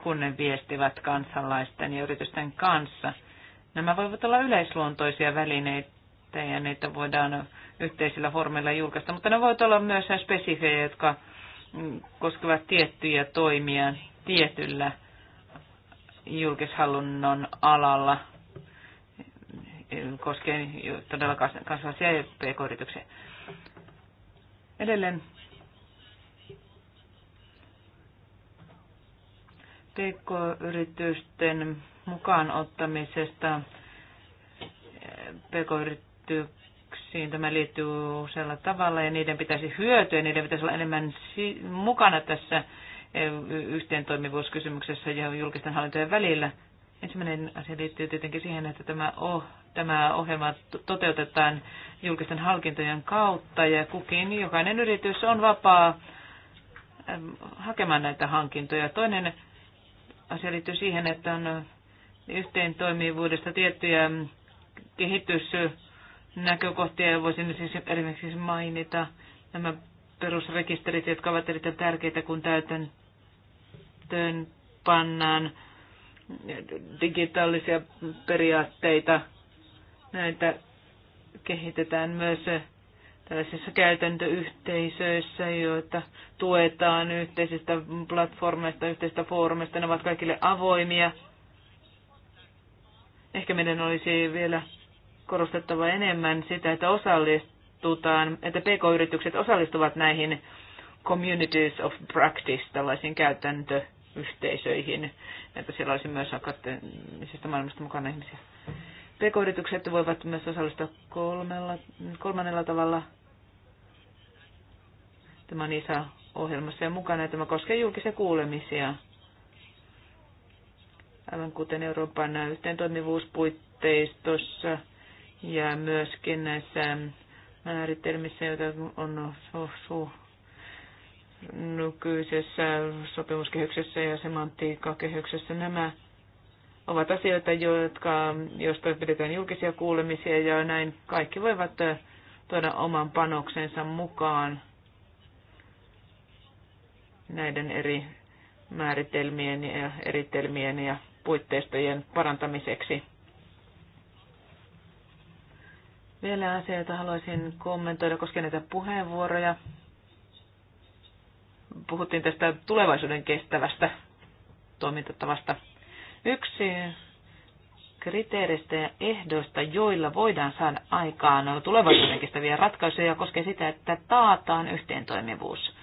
kun ne viestivät kansalaisten ja yritysten kanssa. Nämä voivat olla yleisluontoisia välineitä ja niitä voidaan yhteisillä formeilla julkaista, mutta ne voivat olla myös spesifejä, jotka koskevat tiettyjä toimia tietyllä julkishallinnon alalla koskien todella kansalaisia ja pk-yrityksiä. Edelleen pk-yritysten mukaan ottamisesta pk yrityksiin tämä liittyy usealla tavalla ja niiden pitäisi hyötyä, niiden pitäisi olla enemmän mukana tässä e, toimivuuskysymyksessä ja julkisten hallintojen välillä. Ensimmäinen asia liittyy tietenkin siihen, että tämä, oh, tämä ohjelma toteutetaan julkisten hankintojen kautta ja kukin, jokainen yritys on vapaa e, hakemaan näitä hankintoja. Toinen asia liittyy siihen, että on yhteen toimivuudesta tiettyjä kehitys näkökohtia. voisin siis esimerkiksi mainita nämä perusrekisterit, jotka ovat erittäin tärkeitä, kun täytäntöön pannaan digitaalisia periaatteita. Näitä kehitetään myös tällaisissa käytäntöyhteisöissä, joita tuetaan yhteisistä platformeista, yhteisistä foorumeista. Ne ovat kaikille avoimia. Ehkä meidän olisi vielä korostettava enemmän sitä, että osallistutaan, että pk-yritykset osallistuvat näihin communities of practice, tällaisiin käytäntöyhteisöihin, että siellä olisi myös akateemisesta maailmasta mukana ihmisiä. PK-yritykset voivat myös osallistua kolmella, kolmannella tavalla. Tämä on isä ohjelmassa ja mukana että tämä koskee julkisia kuulemisia. Aivan kuten Euroopan toimivuuspuitteistossa ja myöskin näissä määritelmissä, joita on su, su, nykyisessä sopimuskehyksessä ja semantiikkakehyksessä. Nämä ovat asioita, jotka, joista pidetään julkisia kuulemisia ja näin kaikki voivat tuoda oman panoksensa mukaan näiden eri määritelmien ja eritelmien ja puitteistojen parantamiseksi. Vielä asia, jota haluaisin kommentoida koskien näitä puheenvuoroja. Puhuttiin tästä tulevaisuuden kestävästä toimintatavasta. Yksi kriteereistä ja ehdoista, joilla voidaan saada aikaan tulevaisuuden kestäviä ratkaisuja, koskee sitä, että taataan yhteentoimivuus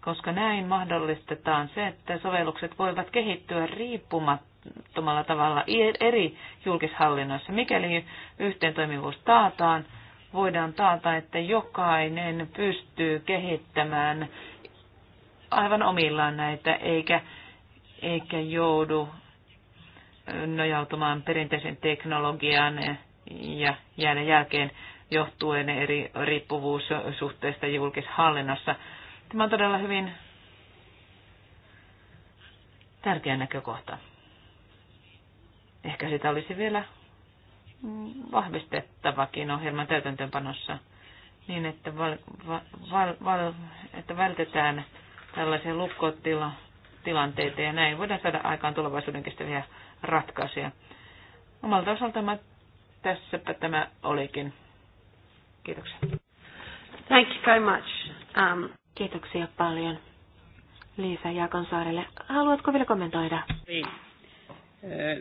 koska näin mahdollistetaan se, että sovellukset voivat kehittyä riippumattomalla tavalla eri julkishallinnoissa. Mikäli yhteentoimivuus taataan, voidaan taata, että jokainen pystyy kehittämään aivan omillaan näitä, eikä, eikä joudu nojautumaan perinteisen teknologian ja jäädä jälkeen johtuen eri riippuvuussuhteista julkishallinnossa Tämä on todella hyvin tärkeä näkökohta. Ehkä sitä olisi vielä vahvistettavakin ohjelman täytäntöönpanossa niin, että, val, val, val, että vältetään tällaisia lukkotilanteita ja näin voidaan saada aikaan tulevaisuuden kestäviä ratkaisuja. Omalta osalta mä, tässäpä tämä olikin. Kiitoksia. Thank you very much. Um... Kiitoksia paljon Liisa Jaakonsaarelle. Haluatko vielä kommentoida? Niin. Eh,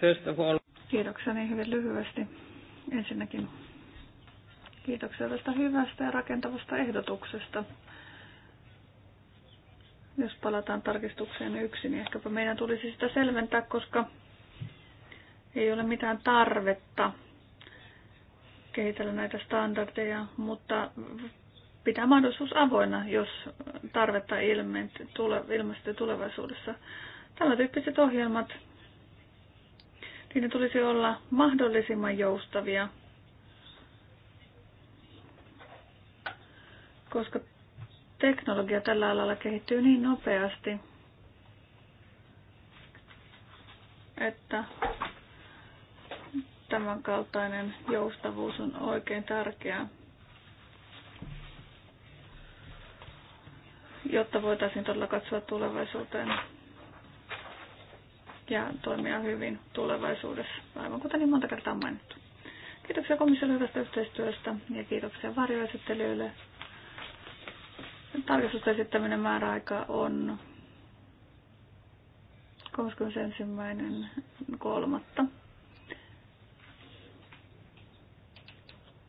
first of all. Kiitokseni niin hyvin lyhyesti. Ensinnäkin kiitoksia tästä hyvästä ja rakentavasta ehdotuksesta. Jos palataan tarkistukseen yksin, niin ehkäpä meidän tulisi sitä selventää, koska ei ole mitään tarvetta kehitellä näitä standardeja, mutta pitää mahdollisuus avoinna, jos tarvetta ilmestyy tulevaisuudessa. Tällä tyyppiset ohjelmat, niiden tulisi olla mahdollisimman joustavia, koska teknologia tällä alalla kehittyy niin nopeasti, että tämän joustavuus on oikein tärkeää. jotta voitaisiin todella katsoa tulevaisuuteen ja toimia hyvin tulevaisuudessa, aivan kuten niin monta kertaa mainittu. Kiitoksia komissiolle hyvästä yhteistyöstä ja kiitoksia varjoesittelijöille. Tarkastusta esittäminen määräaika on 31.3.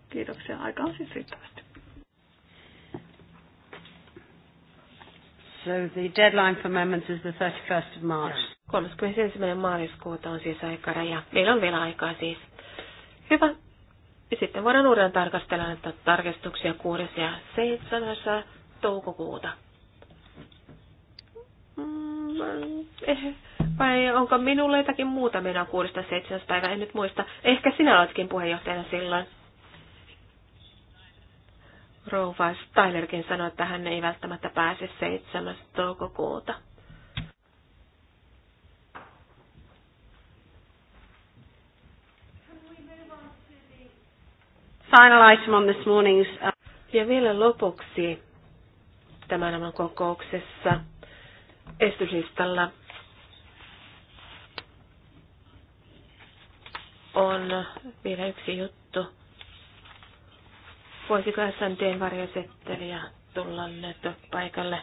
Kiitoksia. Aika on siis riittävästi. So the deadline for amendments is the 31st of March. 31. maaliskuuta on siis aikaraja. Meillä on vielä aikaa siis. Hyvä. Sitten voidaan uudelleen tarkastella näitä tarkistuksia 6. ja 7. toukokuuta. Mm, eh, vai onko minulle jotakin muuta minä 6. ja 7. päivä? En nyt muista. Ehkä sinä oletkin puheenjohtajana silloin rouva Stylerkin sanoi, että hän ei välttämättä pääse 7. toukokuuta. Final item on this morning's... Uh, ja vielä lopuksi tämän aamun kokouksessa estyslistalla on vielä yksi juttu Voisiko SNTn varjosettelijä tulla nyt paikalle?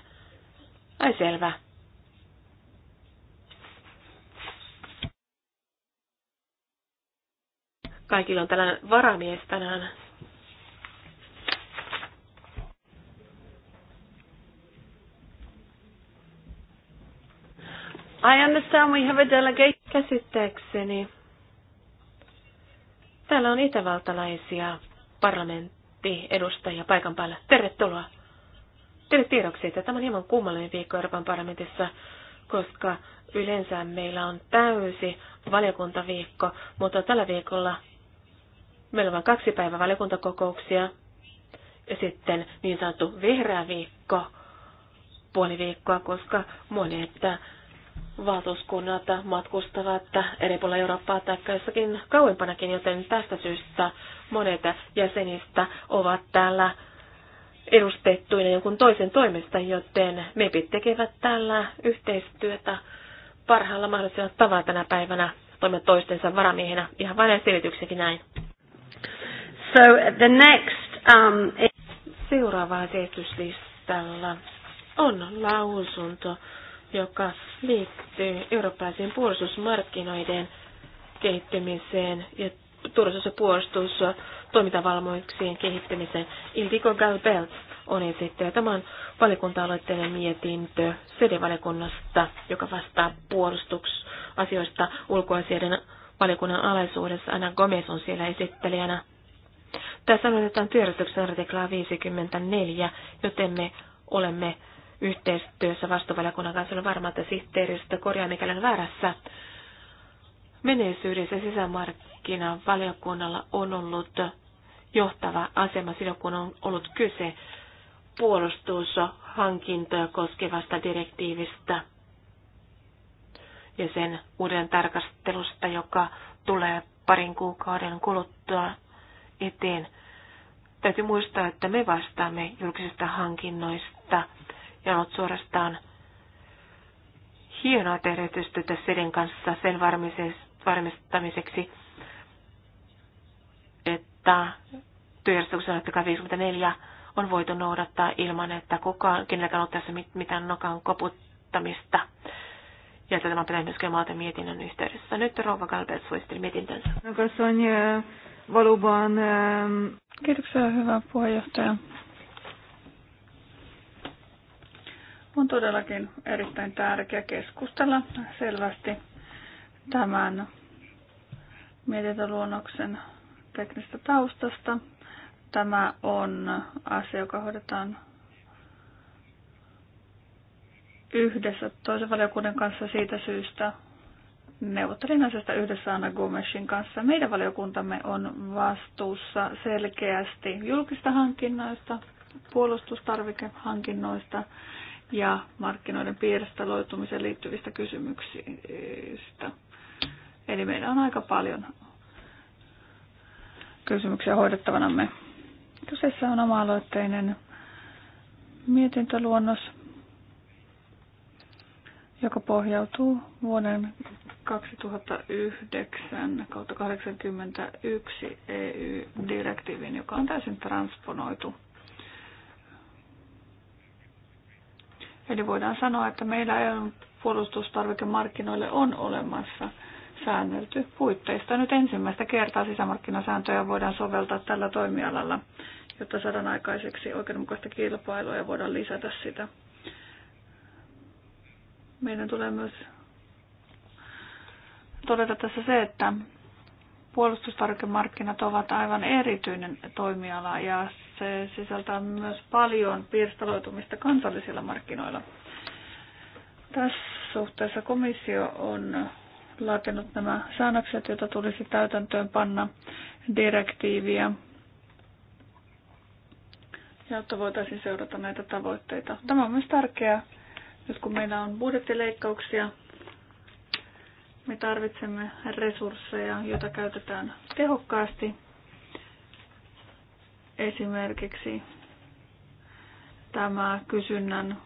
Ai selvä. Kaikilla on tällainen varamies tänään. I understand we have a delegate. Käsittääkseni. Täällä on itävaltalaisia parlamentti edustaja paikan päällä. Tervetuloa. Teille tiedoksi, että tämä on hieman kummallinen viikko Euroopan parlamentissa, koska yleensä meillä on täysi valiokuntaviikko, mutta tällä viikolla meillä on vain kaksi päivää valiokuntakokouksia ja sitten niin sanottu vihreä viikko, puoli viikkoa, koska monet valtuuskunnat matkustavat eri puolilla Eurooppaa tai jossakin kauempanakin, joten tästä syystä monet jäsenistä ovat täällä edustettuina jonkun toisen toimesta, joten MEPit tekevät täällä yhteistyötä parhaalla mahdollisella tavalla tänä päivänä toimia toistensa varamiehenä, ihan vain selityksikin näin. So the next, um, Seuraava esityslistalla on lausunto joka liittyy eurooppalaisiin puolustusmarkkinoiden kehittymiseen ja turvallisuus- ja puolustus toimintavalmoiksien kehittämiseen. Indigo Galbelt on esittäjä. Tämä on valikunta-aloitteinen mietintö CD-valikunnasta, joka vastaa puolustusasioista ulkoasioiden valikunnan alaisuudessa. Anna Gomez on siellä esittelijänä. Tässä noudatetaan työjärjestyksen artiklaa 54, joten me olemme yhteistyössä vastuuvaliokunnan kanssa. on varma, että sihteeristö korjaa mikäli väärässä. Menneisyydessä sisämarkkinan valiokunnalla on ollut johtava asema silloin, kun on ollut kyse puolustushankintoja koskevasta direktiivistä ja sen uuden tarkastelusta, joka tulee parin kuukauden kuluttua eteen. Täytyy muistaa, että me vastaamme julkisista hankinnoista ja on suorastaan hienoa tehdä yhteistyötä Seden kanssa sen varmistamiseksi, että työjärjestyksen 54 on voitu noudattaa ilman, että kukaan, kenelläkään on tässä mitään nokan koputtamista. Ja tämä pitää myöskin maata mietinnön yhteydessä. Nyt Rouva Kalpeet suositteli mietintönsä. Kiitoksia, hyvä puheenjohtaja. on todellakin erittäin tärkeä keskustella selvästi tämän mietintöluonnoksen teknistä taustasta. Tämä on asia, joka hoidetaan yhdessä toisen valiokunnan kanssa siitä syystä. Neuvottelin asiasta yhdessä Anna Gomesin kanssa. Meidän valiokuntamme on vastuussa selkeästi julkista hankinnoista, puolustustarvikehankinnoista ja markkinoiden pirstaloitumiseen liittyvistä kysymyksistä. Eli meillä on aika paljon kysymyksiä hoidettavanamme. Kyseessä on oma-aloitteinen mietintöluonnos, joka pohjautuu vuoden 2009 81 EU-direktiiviin, joka on täysin transponoitu Eli voidaan sanoa, että meillä EUn puolustustarvikemarkkinoille on olemassa säännelty puitteista. Nyt ensimmäistä kertaa sisämarkkinasääntöjä voidaan soveltaa tällä toimialalla, jotta saadaan aikaiseksi oikeudenmukaista kilpailua ja voidaan lisätä sitä. Meidän tulee myös todeta tässä se, että puolustustarvikemarkkinat ovat aivan erityinen toimiala ja se sisältää myös paljon pirstaloitumista kansallisilla markkinoilla. Tässä suhteessa komissio on laatinut nämä säännökset, joita tulisi täytäntöön panna direktiiviä, jotta voitaisiin seurata näitä tavoitteita. Tämä on myös tärkeää, nyt kun meillä on budjettileikkauksia, me tarvitsemme resursseja, joita käytetään tehokkaasti Esimerkiksi tämä kysynnän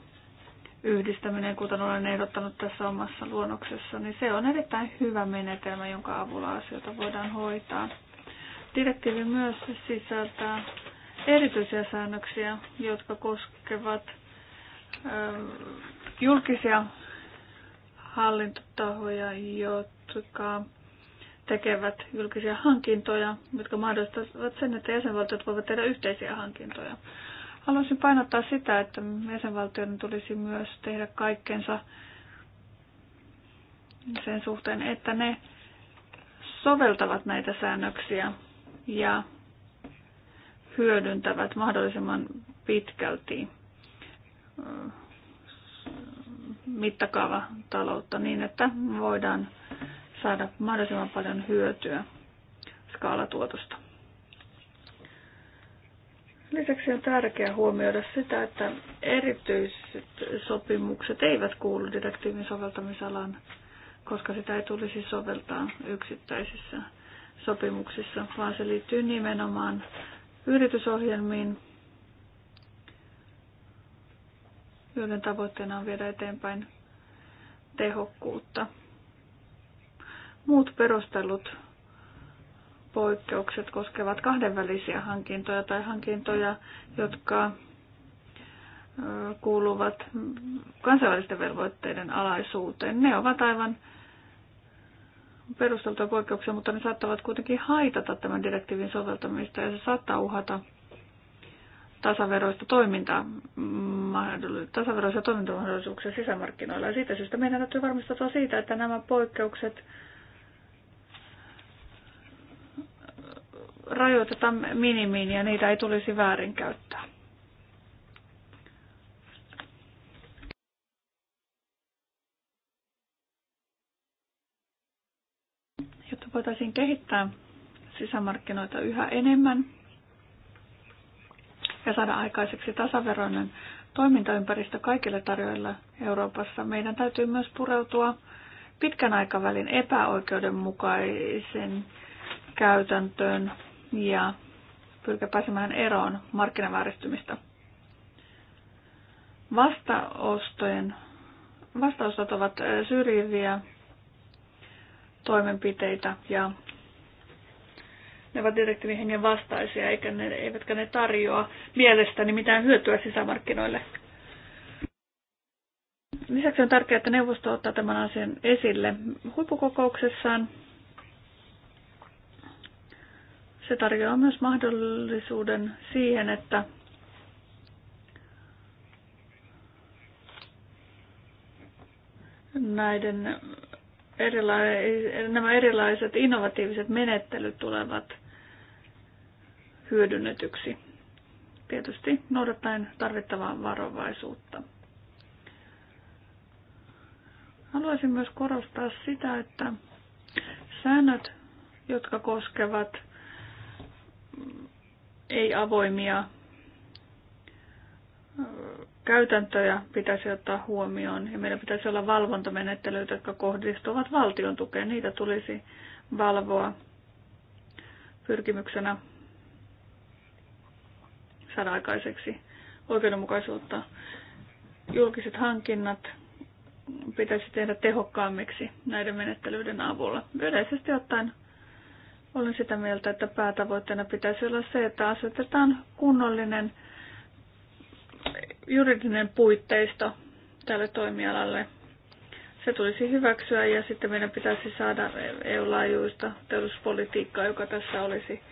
yhdistäminen, kuten olen ehdottanut tässä omassa luonnoksessa, niin se on erittäin hyvä menetelmä, jonka avulla asioita voidaan hoitaa. Direktiivi myös sisältää erityisiä säännöksiä, jotka koskevat ähm, julkisia hallintotahoja, jotka tekevät julkisia hankintoja, jotka mahdollistavat sen, että jäsenvaltiot voivat tehdä yhteisiä hankintoja. Haluaisin painottaa sitä, että jäsenvaltioiden tulisi myös tehdä kaikkensa sen suhteen, että ne soveltavat näitä säännöksiä ja hyödyntävät mahdollisimman pitkälti äh, mittakaava taloutta niin, että voidaan saada mahdollisimman paljon hyötyä skaalatuotosta. Lisäksi on tärkeää huomioida sitä, että erityiset sopimukset eivät kuulu direktiivin soveltamisalaan, koska sitä ei tulisi soveltaa yksittäisissä sopimuksissa, vaan se liittyy nimenomaan yritysohjelmiin, joiden tavoitteena on viedä eteenpäin tehokkuutta Muut perustelut poikkeukset koskevat kahdenvälisiä hankintoja tai hankintoja, jotka kuuluvat kansainvälisten velvoitteiden alaisuuteen. Ne ovat aivan perusteltuja poikkeuksia, mutta ne saattavat kuitenkin haitata tämän direktiivin soveltamista ja se saattaa uhata tasaveroista toimintaa, tasaveroisia toimintamahdollisuuksia sisämarkkinoilla. Ja siitä syystä meidän täytyy varmistaa siitä, että nämä poikkeukset rajoiteta minimiin ja niitä ei tulisi väärinkäyttää. Jotta voitaisiin kehittää sisämarkkinoita yhä enemmän ja saada aikaiseksi tasaveroinen toimintaympäristö kaikille tarjoilla Euroopassa, meidän täytyy myös pureutua pitkän aikavälin epäoikeudenmukaisen käytäntöön ja pyrkää pääsemään eroon markkinavääristymistä. Vastaostojen, vastaostot ovat syrjiviä toimenpiteitä ja ne ovat direktiivin hengen vastaisia, eikä ne, eivätkä ne tarjoa mielestäni mitään hyötyä sisämarkkinoille. Lisäksi on tärkeää, että neuvosto ottaa tämän asian esille huippukokouksessaan se tarjoaa myös mahdollisuuden siihen, että näiden erilaiset, nämä erilaiset innovatiiviset menettelyt tulevat hyödynnetyksi. Tietysti noudattaen tarvittavaa varovaisuutta. Haluaisin myös korostaa sitä, että säännöt, jotka koskevat ei avoimia käytäntöjä pitäisi ottaa huomioon ja meillä pitäisi olla valvontamenettelyitä, jotka kohdistuvat valtion tukeen. Niitä tulisi valvoa pyrkimyksenä saada aikaiseksi oikeudenmukaisuutta. Julkiset hankinnat pitäisi tehdä tehokkaammiksi näiden menettelyiden avulla. Yleisesti ottaen olen sitä mieltä, että päätavoitteena pitäisi olla se, että asetetaan kunnollinen juridinen puitteisto tälle toimialalle. Se tulisi hyväksyä ja sitten meidän pitäisi saada EU-laajuista teollisuuspolitiikkaa, joka tässä olisi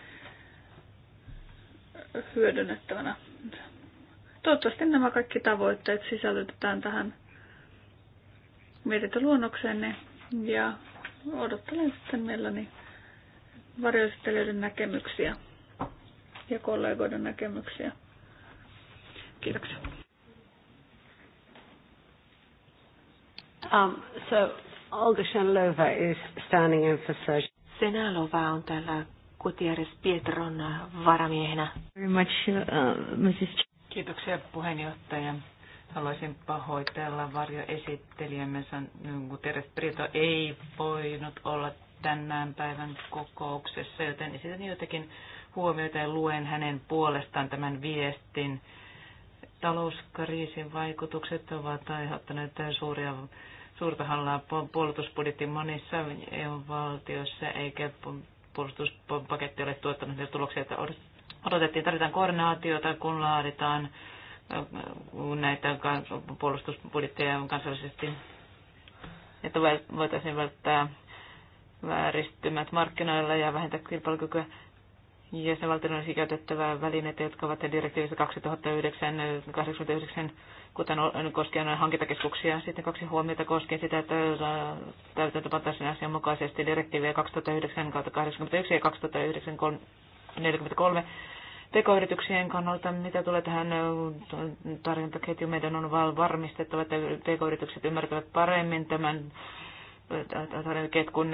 hyödynnettävänä. Toivottavasti nämä kaikki tavoitteet sisällytetään tähän mietintöluonnokseen ja odottelen sitten mielelläni varjoistelijoiden näkemyksiä ja kollegoiden näkemyksiä. Kiitoksia. Um, so Olga Shenlova is standing in for search. Senalova on täällä Gutierrez Pietron varamiehenä. Very much, uh, Mrs. Kiitoksia puheenjohtaja. Haluaisin pahoitella varjoesittelijämme Gutierrez Prieto ei voinut olla tämän päivän kokouksessa, joten esitän joitakin huomioita ja luen hänen puolestaan tämän viestin. Talouskriisin vaikutukset ovat aiheuttaneet suuria suurta hallaa puolustusbudjetin monissa EU-valtioissa, eikä puolustuspaketti ole tuottanut niitä tuloksia, että odotettiin. Tarvitaan koordinaatiota, kun laaditaan näitä puolustusbudjetteja kansallisesti, että voitaisiin välttää vääristymät markkinoilla ja vähentää kilpailukykyä. Jäsenvaltioiden olisi käytettävää välineitä, jotka ovat direktiivissä 2009 2009 kuten koskien hankintakeskuksia. Sitten kaksi huomiota koskien sitä, että asian mukaisesti direktiiviä 2009-81 ja 2009-43 pk-yrityksien kannalta, mitä tulee tähän tarjontaketjuun, meidän on varmistettava, että pk-yritykset ymmärtävät paremmin tämän tarvikkeet, kun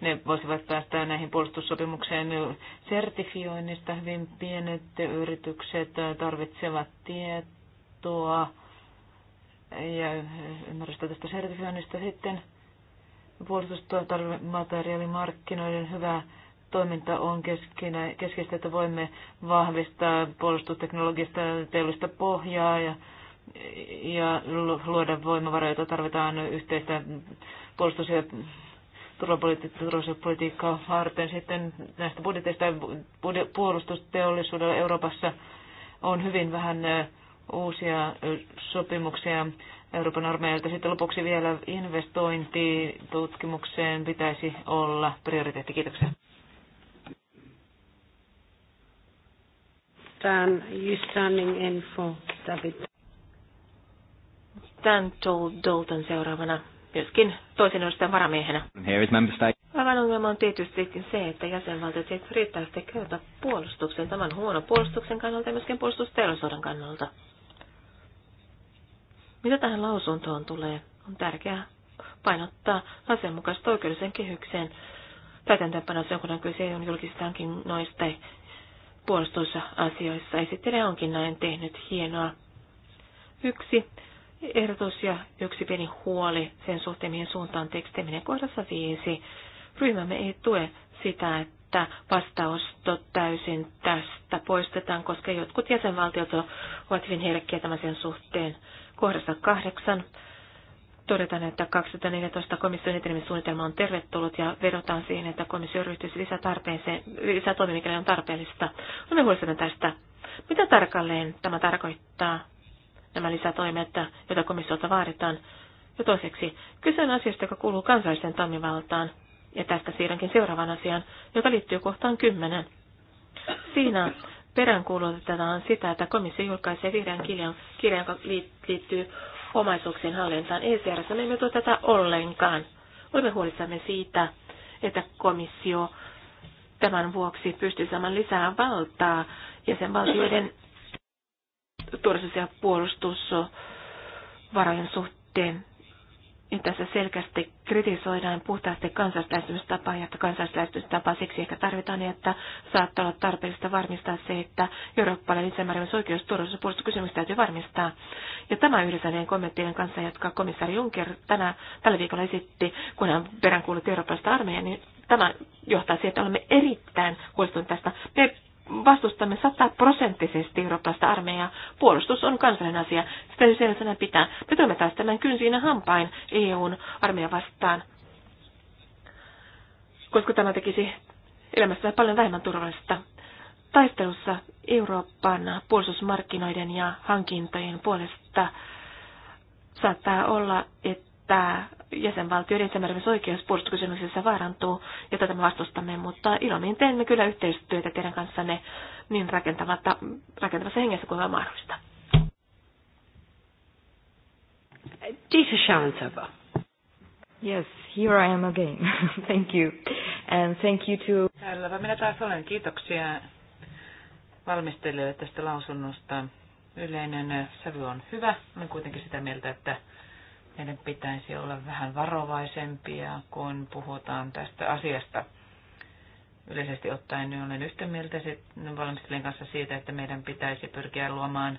ne voisivat päästä näihin puolustussopimukseen sertifioinnista. Hyvin pienet yritykset tarvitsevat tietoa ja ymmärrystä tästä sertifioinnista sitten puolustusmateriaalimarkkinoiden hyvä toiminta on keskeistä, että voimme vahvistaa puolustusteknologista teollista pohjaa ja ja luoda voimavaroja, joita tarvitaan yhteistä puolustus- ja turvallisuuspolitiikkaa varten. Sitten näistä budjeteista puolustusteollisuudella Euroopassa on hyvin vähän uusia sopimuksia Euroopan armeijalta. Sitten lopuksi vielä investointi tutkimukseen pitäisi olla prioriteetti. Kiitoksia. Dan, you standing in for David. Dan Dalton seuraavana myöskin toisen edustajan varamiehenä. Aivan ongelma on tietysti se, että jäsenvaltiot eivät riittävästi käytä puolustuksen, tämän huono puolustuksen kannalta ja myöskin puolustusteollisuuden kannalta. Mitä tähän lausuntoon tulee, on tärkeää painottaa asianmukaista oikeudellisen kehykseen täytäntöönpanossa, kun kyse on julkistaankin noista puolustusasioissa. Esittelijä onkin näin tehnyt hienoa. Yksi ehdotus ja yksi pieni huoli sen suhteen, mihin suuntaan tekstiminen kohdassa viisi. Ryhmämme ei tue sitä, että vastausto täysin tästä poistetaan, koska jotkut jäsenvaltiot ovat hyvin herkkiä tämän sen suhteen. Kohdassa kahdeksan todetaan, että 2014 komission etenemissuunnitelma on tervetullut ja vedotaan siihen, että komissio ryhtyisi lisätarpeeseen, lisätoimi, mikä on tarpeellista. Olemme huolissamme tästä. Mitä tarkalleen tämä tarkoittaa? nämä lisätoimet, joita komissiolta vaaditaan. Ja toiseksi, kyse on asiasta, joka kuuluu kansalliseen toimivaltaan, ja tästä siirränkin seuraavan asian, joka liittyy kohtaan 10. Siinä peräänkuulutetaan sitä, että komissio julkaisee vihreän kirjan, kirjan joka liittyy omaisuuksien hallintaan. ECRssä me emme tue tätä ollenkaan. Olemme huolissamme siitä, että komissio tämän vuoksi pystyy saamaan lisää valtaa jäsenvaltioiden turvallisuus- ja puolustusvarojen suhteen. Ja tässä selkeästi kritisoidaan puhtaasti kansallislähestymistapaa ja että kansallislähestymistapaa siksi ehkä tarvitaan, että saattaa olla tarpeellista varmistaa se, että eurooppalainen itsemääräämisen oikeus turvallisuus- ja puolustuskysymys täytyy varmistaa. Ja tämä yhdessä näiden kommenttien kanssa, jotka komissaari Juncker tänä, tällä viikolla esitti, kun hän peräänkuulutti eurooppalaista armeijaa, niin tämä johtaa siihen, että olemme erittäin huolestuneet tästä. Me vastustamme sataprosenttisesti eurooppalaista armeijaa. Puolustus on kansallinen asia. Sitä sellaisena pitää. Me toimme taas tämän kynsiinä hampain EUn armeija vastaan, koska tämä tekisi elämässä paljon vähemmän turvallista. Taistelussa Euroopan puolustusmarkkinoiden ja hankintojen puolesta saattaa olla, että että jäsenvaltioiden itsemääräämisoikeus puolustuskysymyksessä vaarantuu, ja tätä me vastustamme, mutta ilomiin teemme kyllä yhteistyötä teidän kanssanne niin rakentavassa, rakentavassa hengessä kuin mahdollista. Yes, here I am again. thank you. And thank you to... Tälläpä minä taas olen. Kiitoksia valmistelijoille tästä lausunnosta. Yleinen sävy on hyvä. Olen kuitenkin sitä mieltä, että meidän pitäisi olla vähän varovaisempia, kun puhutaan tästä asiasta. Yleisesti ottaen niin olen yhtä mieltä valmistelijan kanssa siitä, että meidän pitäisi pyrkiä luomaan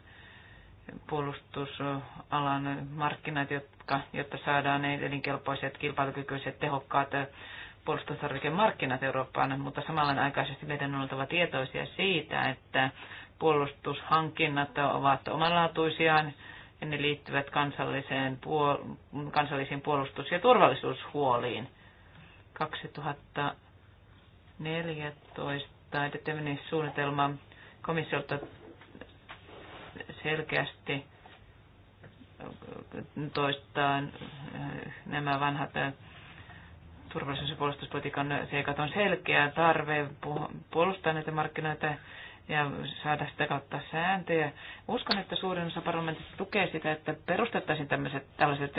puolustusalan markkinat, jotka, jotta saadaan elinkelpoiset, kilpailukykyiset, tehokkaat puolustustarvikemarkkinat Eurooppaan, mutta aikaisesti meidän on oltava tietoisia siitä, että puolustushankinnat ovat omanlaatuisiaan ne liittyvät kansalliseen puol- kansallisiin puolustus- ja turvallisuushuoliin. 2014 suunnitelma komissiolta selkeästi toistaan nämä vanhat turvallisuus- ja puolustuspolitiikan seikat on selkeä tarve puolustaa näitä markkinoita ja saada sitä kautta sääntöjä. Uskon, että suurin osa parlamentista tukee sitä, että perustettaisiin tämmöiset, tällaiset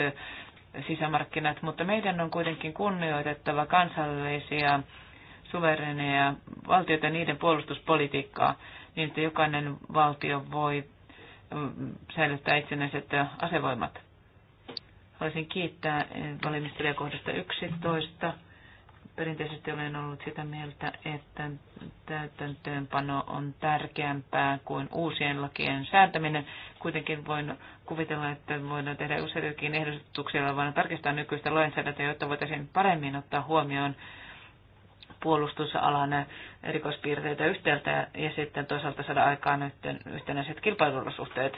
sisämarkkinat, mutta meidän on kuitenkin kunnioitettava kansallisia suvereneja valtioita ja niiden puolustuspolitiikkaa, niin että jokainen valtio voi säilyttää itsenäiset asevoimat. Haluaisin kiittää valmistelija kohdasta 11 Perinteisesti olen ollut sitä mieltä, että täytäntöönpano on tärkeämpää kuin uusien lakien säätäminen. Kuitenkin voin kuvitella, että voidaan tehdä useitakin ehdotuksia, vaan tarkistaa nykyistä lainsäädäntöä, jotta voitaisiin paremmin ottaa huomioon puolustusalan erikoispiirteitä yhtäältä ja sitten toisaalta saada aikaan yhtenäiset kilpailuolosuhteet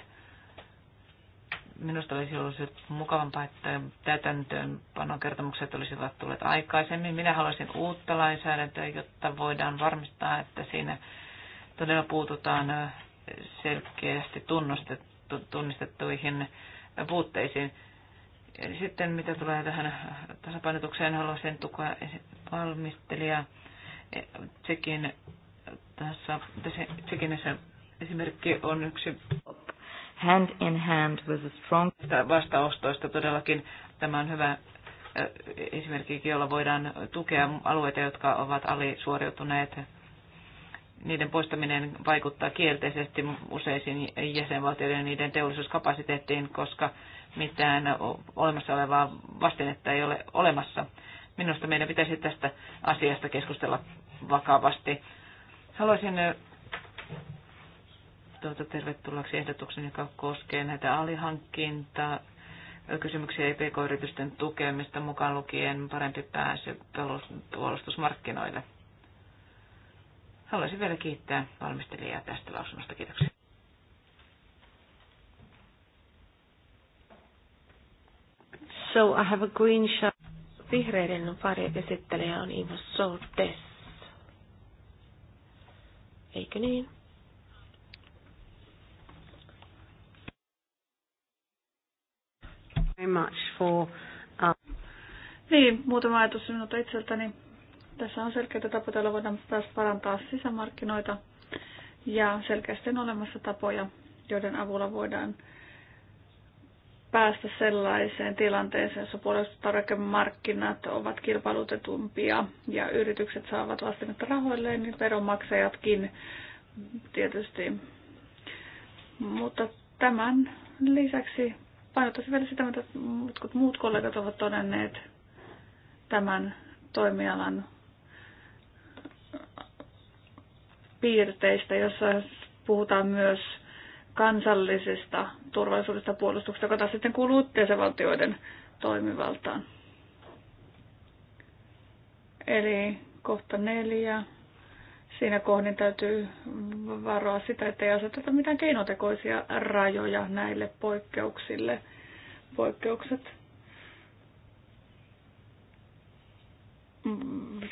Minusta olisi ollut mukavampaa, että kertomukset olisivat tulleet aikaisemmin. Minä haluaisin uutta lainsäädäntöä, jotta voidaan varmistaa, että siinä todella puututaan selkeästi tunnistettuihin puutteisiin. Sitten mitä tulee tähän tasapainotukseen, haluaisin tukea valmistelijaa. E, tsekin, tässä, tsekin esimerkki on yksi hand in hand with a strong... Vastaostoista todellakin tämä on hyvä esimerkki, jolla voidaan tukea alueita, jotka ovat alisuoriutuneet. Niiden poistaminen vaikuttaa kielteisesti useisiin jäsenvaltioiden ja niiden teollisuuskapasiteettiin, koska mitään olemassa olevaa vastennetta ei ole olemassa. Minusta meidän pitäisi tästä asiasta keskustella vakavasti. Haluaisin tuota, tervetulleeksi ehdotuksen, joka koskee näitä alihankintaa, kysymyksiä ja pk-yritysten tukemista mukaan lukien parempi pääsy puolustusmarkkinoille. Haluaisin vielä kiittää valmistelijaa tästä lausunnosta. Kiitoksia. So I have a green shot. Vihreiden varjoesittelijä on Ivo Soltes. Eikö niin? Very much for, uh, Niin, muutama ajatus minulta itseltäni. Tässä on selkeitä tapoja, joilla voidaan päästä parantaa sisämarkkinoita. Ja selkeästi on olemassa tapoja, joiden avulla voidaan päästä sellaiseen tilanteeseen, jossa puolustustarvikemarkkinat ovat kilpailutetumpia ja yritykset saavat vastinetta rahoilleen, niin veronmaksajatkin tietysti. Mutta tämän lisäksi Painottaisin vielä sitä, mitä muut kollegat ovat todenneet tämän toimialan piirteistä, jossa puhutaan myös kansallisesta turvallisuudesta puolustuksesta, joka taas sitten kuuluu valtioiden toimivaltaan. Eli kohta neljä siinä kohdin täytyy varoa sitä, että ei aseteta mitään keinotekoisia rajoja näille poikkeuksille. Poikkeukset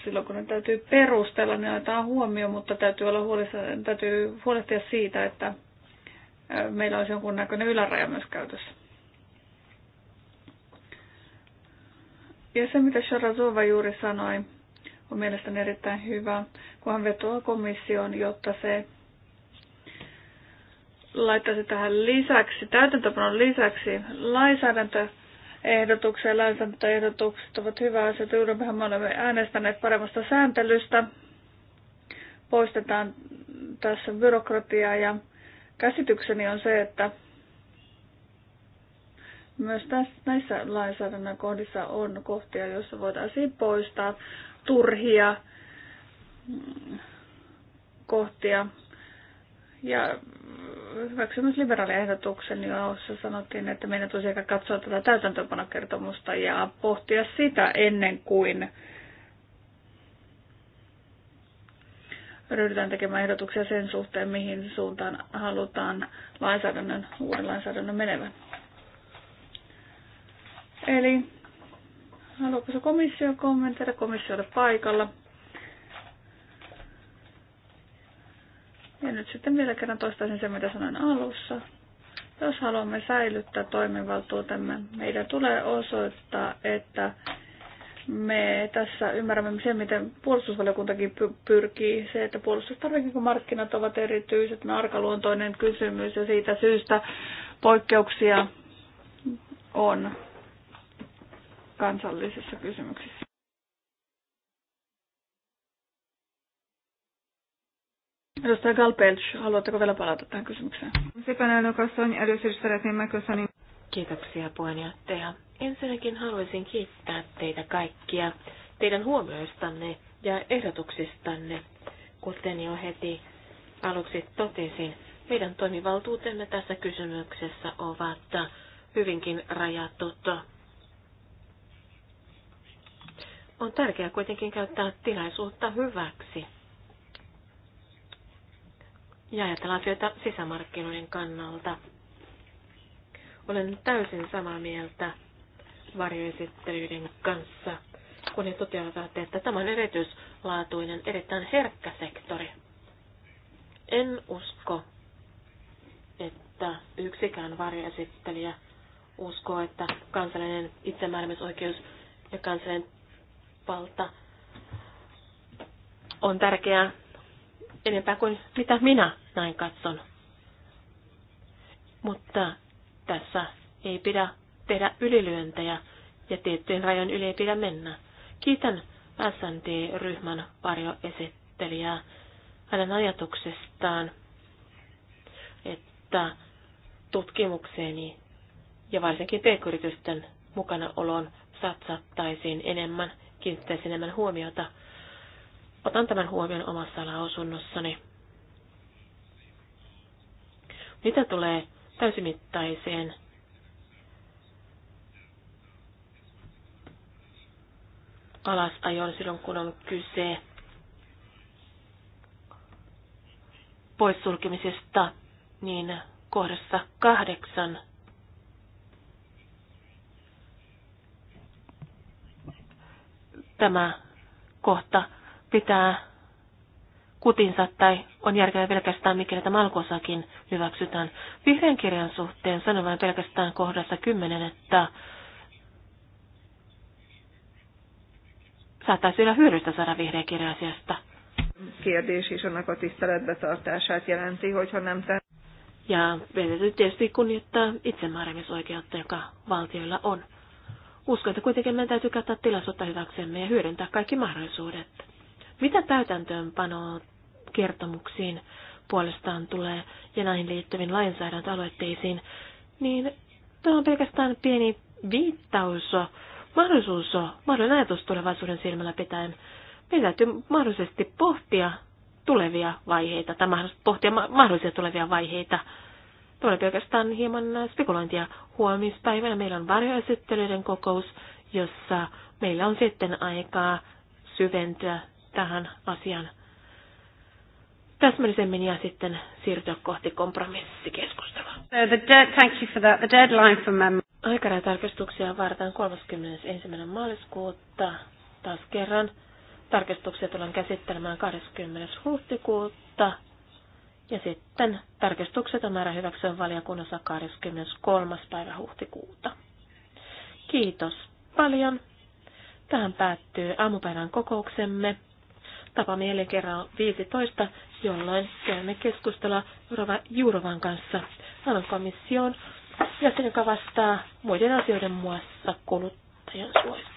silloin kun ne täytyy perustella, niin otetaan huomioon, mutta täytyy, olla huolissa, täytyy huolehtia siitä, että meillä olisi jonkunnäköinen yläraja myös käytössä. Ja se, mitä Sharazova juuri sanoi, on mielestäni erittäin hyvä, kun hän vetoaa komissioon, jotta se laittaisi tähän lisäksi, täytäntöpanon lisäksi lainsäädäntö ehdotuksia ja lainsäädäntöehdotukset ovat hyvä asia. Juurihan me olemme äänestäneet paremmasta sääntelystä. Poistetaan tässä byrokratiaa ja käsitykseni on se, että myös tässä, näissä lainsäädännön kohdissa on kohtia, joissa voitaisiin poistaa turhia kohtia. Ja hyväksy myös ehdotuksen, jossa sanottiin, että meidän tosiaan katsoa tätä täytäntöönpanokertomusta ja pohtia sitä ennen kuin ryhdytään tekemään ehdotuksia sen suhteen, mihin suuntaan halutaan lainsäädännön, uuden lainsäädännön menevän. Eli Haluatko se komissio kommentoida? Komissio on paikalla. Ja nyt sitten vielä kerran toistaisin se, mitä sanoin alussa. Jos haluamme säilyttää toimivaltuutemme, meidän tulee osoittaa, että me tässä ymmärrämme sen, miten puolustusvaliokuntakin pyrkii. Se, että markkinat ovat erityiset, me no arkaluontoinen kysymys ja siitä syystä poikkeuksia on kansallisissa kysymyksissä. Edustaja Galpelch, haluatteko vielä palata tähän kysymykseen? Kiitoksia puheenjohtaja. Ensinnäkin haluaisin kiittää teitä kaikkia teidän huomioistanne ja ehdotuksistanne. Kuten jo heti aluksi totesin, meidän toimivaltuutemme tässä kysymyksessä ovat hyvinkin rajatut on tärkeää kuitenkin käyttää tilaisuutta hyväksi ja ajatellaan asioita sisämarkkinoiden kannalta. Olen täysin samaa mieltä varjoesittelyiden kanssa, kun he toteavat, että tämä on erityislaatuinen, erittäin herkkä sektori. En usko, että yksikään varjoesittelijä uskoo, että kansallinen itsemääräämisoikeus ja kansallinen valta on tärkeää enempää kuin mitä minä näin katson. Mutta tässä ei pidä tehdä ylilyöntejä ja tiettyjen rajojen yli ei pidä mennä. Kiitän SND-ryhmän varjoesittelijää hänen ajatuksestaan, että tutkimukseeni ja varsinkin pk-yritysten mukanaoloon satsattaisiin enemmän – kiinnittäisi enemmän huomiota. Otan tämän huomion omassa lausunnossani. Mitä tulee täysimittaiseen alasajoon silloin, kun on kyse poissulkemisesta, niin kohdassa kahdeksan tämä kohta pitää kutinsa tai on järkevää pelkästään, mikäli tämä alkuosakin hyväksytään. Vihreän kirjan suhteen sanon vain pelkästään kohdassa 10, että saattaisi olla hyödystä saada vihreä kirja asiasta. Ja meidän tietysti kunnioittaa itsemääräämisoikeutta, joka valtioilla on. Uskon, että kuitenkin meidän täytyy käyttää tilaisuutta hyväksemme ja hyödyntää kaikki mahdollisuudet. Mitä täytäntöönpano kertomuksiin puolestaan tulee ja näihin liittyviin lainsäädäntöaloitteisiin, niin tämä on pelkästään pieni viittaus, mahdollisuus, mahdollinen ajatus tulevaisuuden silmällä pitäen. Meidän täytyy mahdollisesti pohtia tulevia vaiheita tai pohtia mahdollisia tulevia vaiheita Tuo oli oikeastaan hieman spekulointia. Huomispäivänä meillä on varjoesittelyiden kokous, jossa meillä on sitten aikaa syventyä tähän asian täsmällisemmin ja sitten siirtyä kohti kompromissikeskustelua. The dead, thank you for that. The deadline for mem- Aikarajatarkistuksia varten 31. maaliskuuta taas kerran. Tarkistuksia tullaan käsittelemään 20. huhtikuuta ja sitten tarkistukset on määrä hyväksyä valiokunnassa 23. päivä huhtikuuta. Kiitos paljon. Tähän päättyy aamupäivän kokouksemme. Tapa mieleen kerran 15, jolloin käymme keskustella Juurovan Jurovan kanssa. alan komission komission sen, joka vastaa muiden asioiden muassa kuluttajan suojasta.